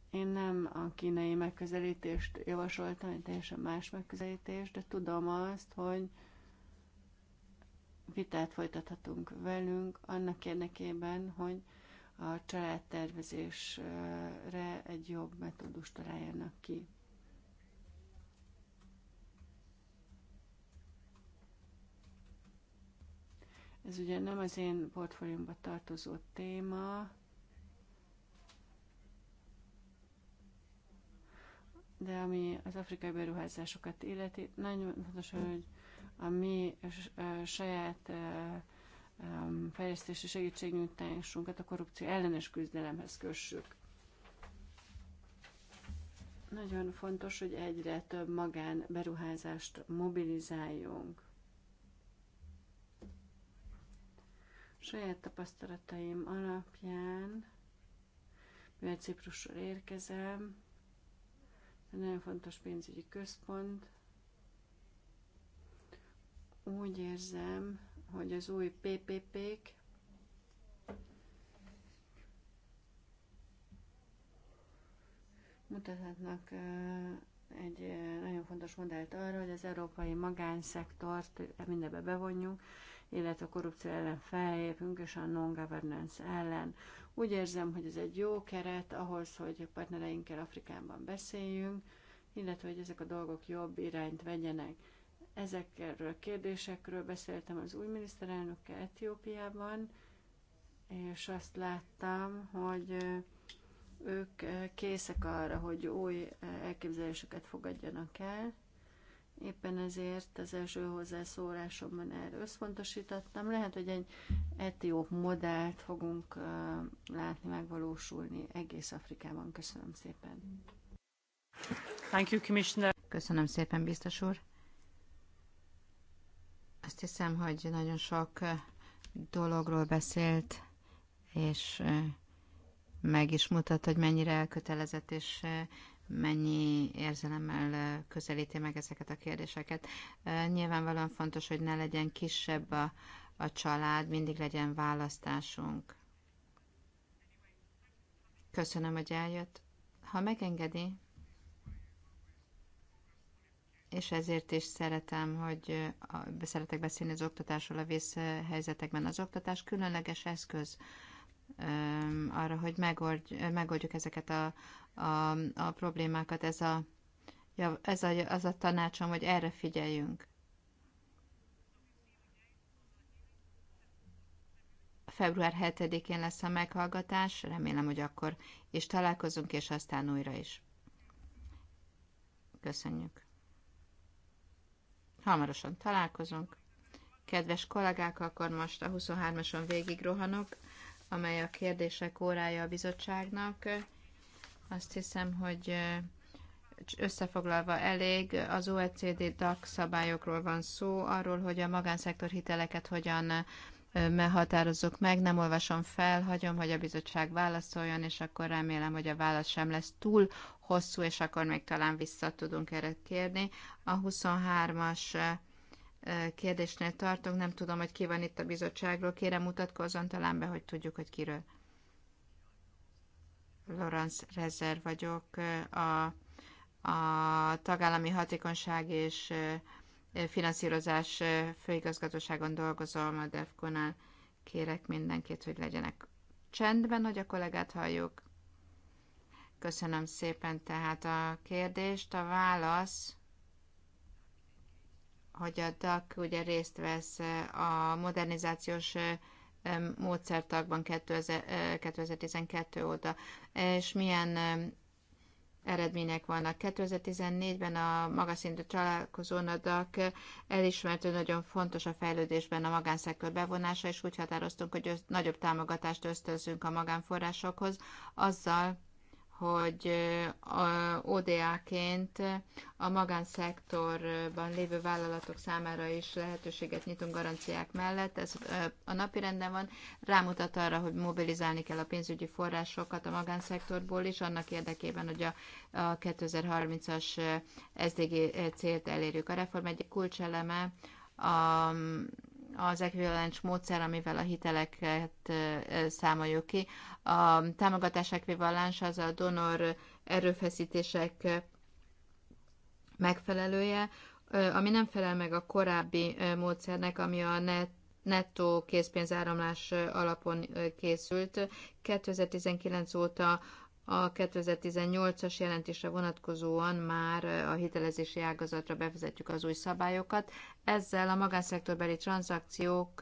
Én nem a kínai megközelítést javasoltam, egy teljesen más megközelítést, de tudom azt, hogy vitát folytathatunk velünk annak érdekében, hogy a családtervezésre egy jobb metódust találjanak ki. Ez ugye nem az én portfóliómba tartozó téma, de ami az afrikai beruházásokat illeti, nagyon fontos, hogy a mi saját um, fejlesztési segítségnyújtásunkat a korrupció ellenes küzdelemhez kössük. Nagyon fontos, hogy egyre több magánberuházást mobilizáljunk. Saját tapasztalataim alapján, mivel Ciprusról érkezem, egy nagyon fontos pénzügyi központ, úgy érzem, hogy az új PPP-k mutathatnak egy nagyon fontos modellt arra, hogy az európai magánszektort mindebbe bevonjuk, illetve a korrupció ellen fellépünk, és a non-governance ellen. Úgy érzem, hogy ez egy jó keret ahhoz, hogy partnereinkkel Afrikában beszéljünk, illetve hogy ezek a dolgok jobb irányt vegyenek. Ezekről a kérdésekről beszéltem az új miniszterelnökkel Etiópiában, és azt láttam, hogy ők készek arra, hogy új elképzeléseket fogadjanak el, Éppen ezért az első hozzászólásomban erre összpontosítottam. Lehet, hogy egy etióp modellt fogunk látni, megvalósulni egész Afrikában. Köszönöm szépen. Thank you, Commissioner. Köszönöm szépen, biztos úr. Azt hiszem, hogy nagyon sok dologról beszélt, és meg is mutat, hogy mennyire elkötelezett és mennyi érzelemmel közelíti meg ezeket a kérdéseket. Nyilvánvalóan fontos, hogy ne legyen kisebb a, a család, mindig legyen választásunk. Köszönöm, hogy eljött. Ha megengedi, és ezért is szeretem, hogy szeretek beszélni az oktatásról a vészhelyzetekben. Az oktatás különleges eszköz arra, hogy megoldj, megoldjuk ezeket a, a, a problémákat. Ez a, ez a, az a tanácsom, hogy erre figyeljünk. Február 7-én lesz a meghallgatás, remélem, hogy akkor is találkozunk, és aztán újra is. Köszönjük. Hamarosan találkozunk. Kedves kollégák, akkor most a 23-ason végig rohanok amely a kérdések órája a bizottságnak. Azt hiszem, hogy összefoglalva elég, az OECD DAC szabályokról van szó, arról, hogy a magánszektor hiteleket hogyan határozzuk meg, nem olvasom fel, hagyom, hogy a bizottság válaszoljon, és akkor remélem, hogy a válasz sem lesz túl hosszú, és akkor még talán vissza tudunk erre kérni. A 23-as kérdésnél tartunk, nem tudom, hogy ki van itt a bizottságról, kérem mutatkozzon talán be, hogy tudjuk, hogy kiről. Lorenz Rezer vagyok, a, a tagállami hatékonyság és finanszírozás főigazgatóságon dolgozom a DEFCON-nál. Kérek mindenkit, hogy legyenek csendben, hogy a kollégát halljuk. Köszönöm szépen tehát a kérdést. A válasz hogy a DAC ugye részt vesz a modernizációs módszertagban 2012 óta, és milyen eredmények vannak. 2014-ben a magaszintű találkozón a DAC elismert, hogy nagyon fontos a fejlődésben a magánszektor bevonása, és úgy határoztunk, hogy nagyobb támogatást ösztönzünk a magánforrásokhoz, azzal, hogy a ODA-ként a magánszektorban lévő vállalatok számára is lehetőséget nyitunk garanciák mellett. Ez a napi renden van. Rámutat arra, hogy mobilizálni kell a pénzügyi forrásokat a magánszektorból is, annak érdekében, hogy a, 2030-as SDG célt elérjük. A reform egyik kulcseleme a az ekvivalens módszer, amivel a hiteleket számoljuk ki. A támogatás ekvivalens az a donor erőfeszítések megfelelője, ami nem felel meg a korábbi módszernek, ami a net nettó készpénzáramlás alapon készült. 2019 óta a 2018-as jelentésre vonatkozóan már a hitelezési ágazatra bevezetjük az új szabályokat. Ezzel a magánszektorbeli tranzakciók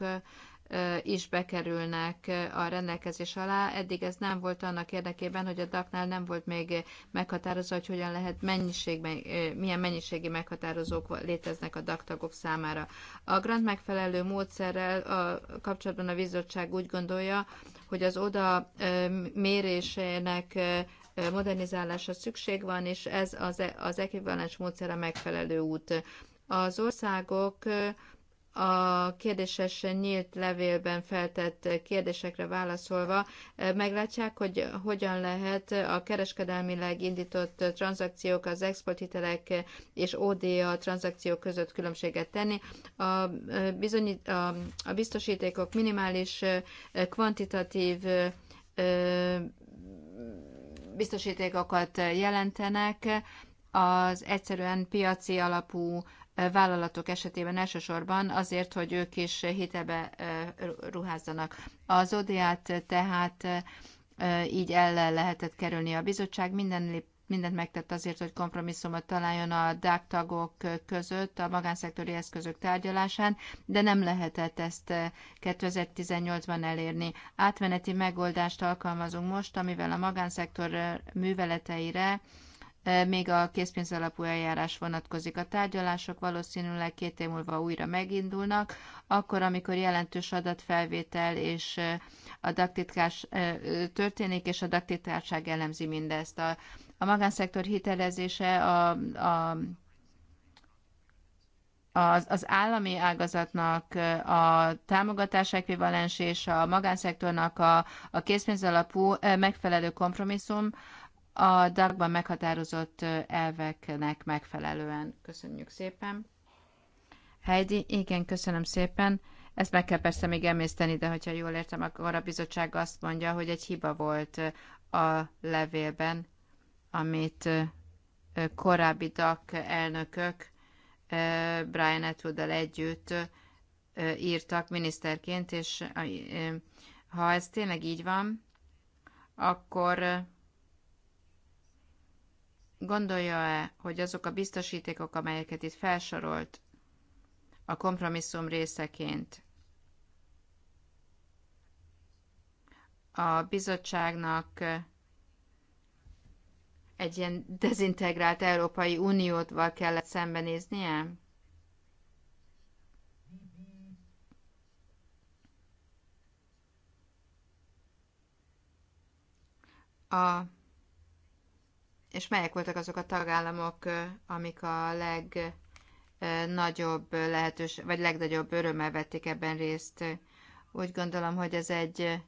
is bekerülnek a rendelkezés alá. Eddig ez nem volt annak érdekében, hogy a DAC-nál nem volt még meghatározva, hogy hogyan lehet mennyiségben, milyen mennyiségi meghatározók léteznek a DAC tagok számára. A grant megfelelő módszerrel a kapcsolatban a bizottság úgy gondolja, hogy az oda mérésének modernizálása szükség van, és ez az, e, az ekvivalens módszer a megfelelő út. Az országok a kérdéses nyílt levélben feltett kérdésekre válaszolva eh, meglátják, hogy hogyan lehet a kereskedelmileg indított tranzakciók, az exporthitelek és ODA tranzakciók között különbséget tenni. A, eh, bizonyít, a, a biztosítékok minimális eh, kvantitatív biztosítékokat jelentenek, az egyszerűen piaci alapú vállalatok esetében elsősorban azért, hogy ők is hitebe ruházzanak. Az odiát tehát így el lehetett kerülni a bizottság. Minden mindent megtett azért, hogy kompromisszumot találjon a DAC tagok között a magánszektori eszközök tárgyalásán, de nem lehetett ezt 2018-ban elérni. Átmeneti megoldást alkalmazunk most, amivel a magánszektor műveleteire E, még a alapú eljárás vonatkozik. A tárgyalások valószínűleg két év múlva újra megindulnak, akkor, amikor jelentős adatfelvétel és e, a daktitkás e, történik, és a daktitkárság elemzi mindezt. A, a magánszektor hitelezése a, a az, az állami ágazatnak a támogatás ekvivalens és a magánszektornak a, a alapú megfelelő kompromisszum, a dagban meghatározott elveknek megfelelően. Köszönjük szépen. Heidi, igen, köszönöm szépen. Ezt meg kell persze még emészteni, de hogyha jól értem, akkor a bizottság azt mondja, hogy egy hiba volt a levélben, amit korábbi DAK elnökök Brian atwood együtt írtak miniszterként, és ha ez tényleg így van, akkor Gondolja-e, hogy azok a biztosítékok, amelyeket itt felsorolt a kompromisszum részeként, a bizottságnak egy ilyen dezintegrált Európai Uniótval kellett szembenéznie? A és melyek voltak azok a tagállamok, amik a legnagyobb lehetős, vagy legnagyobb örömmel vették ebben részt. Úgy gondolom, hogy ez egy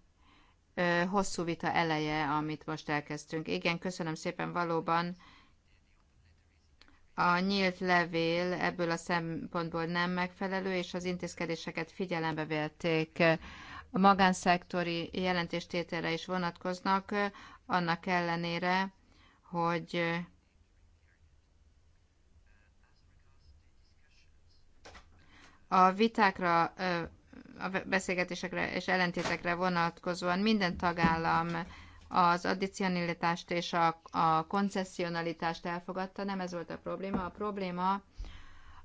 hosszú vita eleje, amit most elkezdtünk. Igen, köszönöm szépen valóban. A nyílt levél ebből a szempontból nem megfelelő, és az intézkedéseket figyelembe vették. A magánszektori jelentéstételre is vonatkoznak, annak ellenére, hogy a vitákra, a beszélgetésekre és ellentétekre vonatkozóan minden tagállam az addicionalitást és a, a koncessionalitást elfogadta, nem ez volt a probléma. A probléma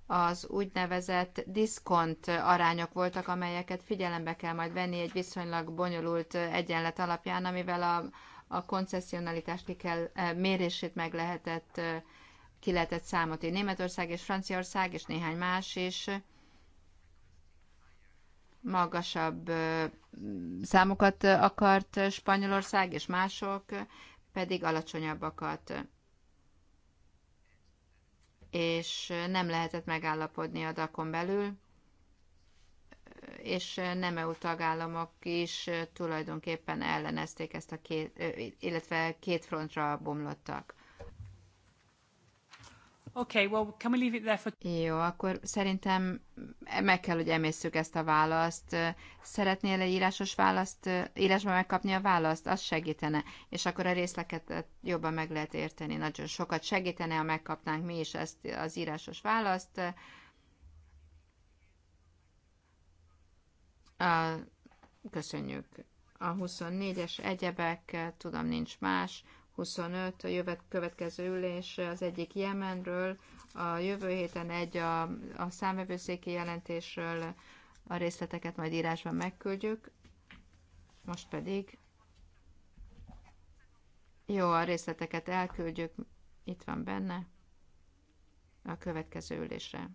az úgynevezett diszkont arányok voltak, amelyeket figyelembe kell majd venni egy viszonylag bonyolult egyenlet alapján, amivel a, a koncessionalitás kell, mérését meg lehetett, ki lehetett én Németország és Franciaország és néhány más is magasabb számokat akart Spanyolország és mások, pedig alacsonyabbakat. És nem lehetett megállapodni a dakon belül és nem EU tagállamok is tulajdonképpen ellenezték ezt a két, illetve két frontra bomlottak. Okay, well, can we leave it there for... Jó, akkor szerintem meg kell, hogy emészszük ezt a választ. Szeretnél egy írásos választ, írásban megkapni a választ? Az segítene. És akkor a részleket jobban meg lehet érteni. Nagyon sokat segítene, ha megkapnánk mi is ezt az írásos választ A, köszönjük. A 24-es egyebek, tudom, nincs más. 25, a jövet, következő ülés az egyik Jemenről, a jövő héten egy a, a számvevőszéki jelentésről, a részleteket majd írásban megküldjük. Most pedig jó, a részleteket elküldjük, itt van benne a következő ülésre.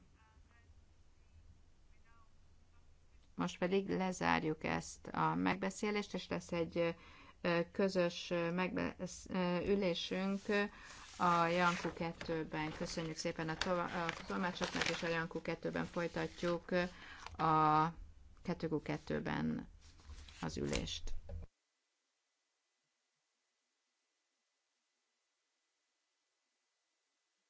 Most pedig lezárjuk ezt a megbeszélést, és lesz egy közös megbesz- ülésünk a Janku 2-ben. Köszönjük szépen a, tova- a tolmácsoknak, és a Janku 2-ben folytatjuk a 2 2-ben az ülést.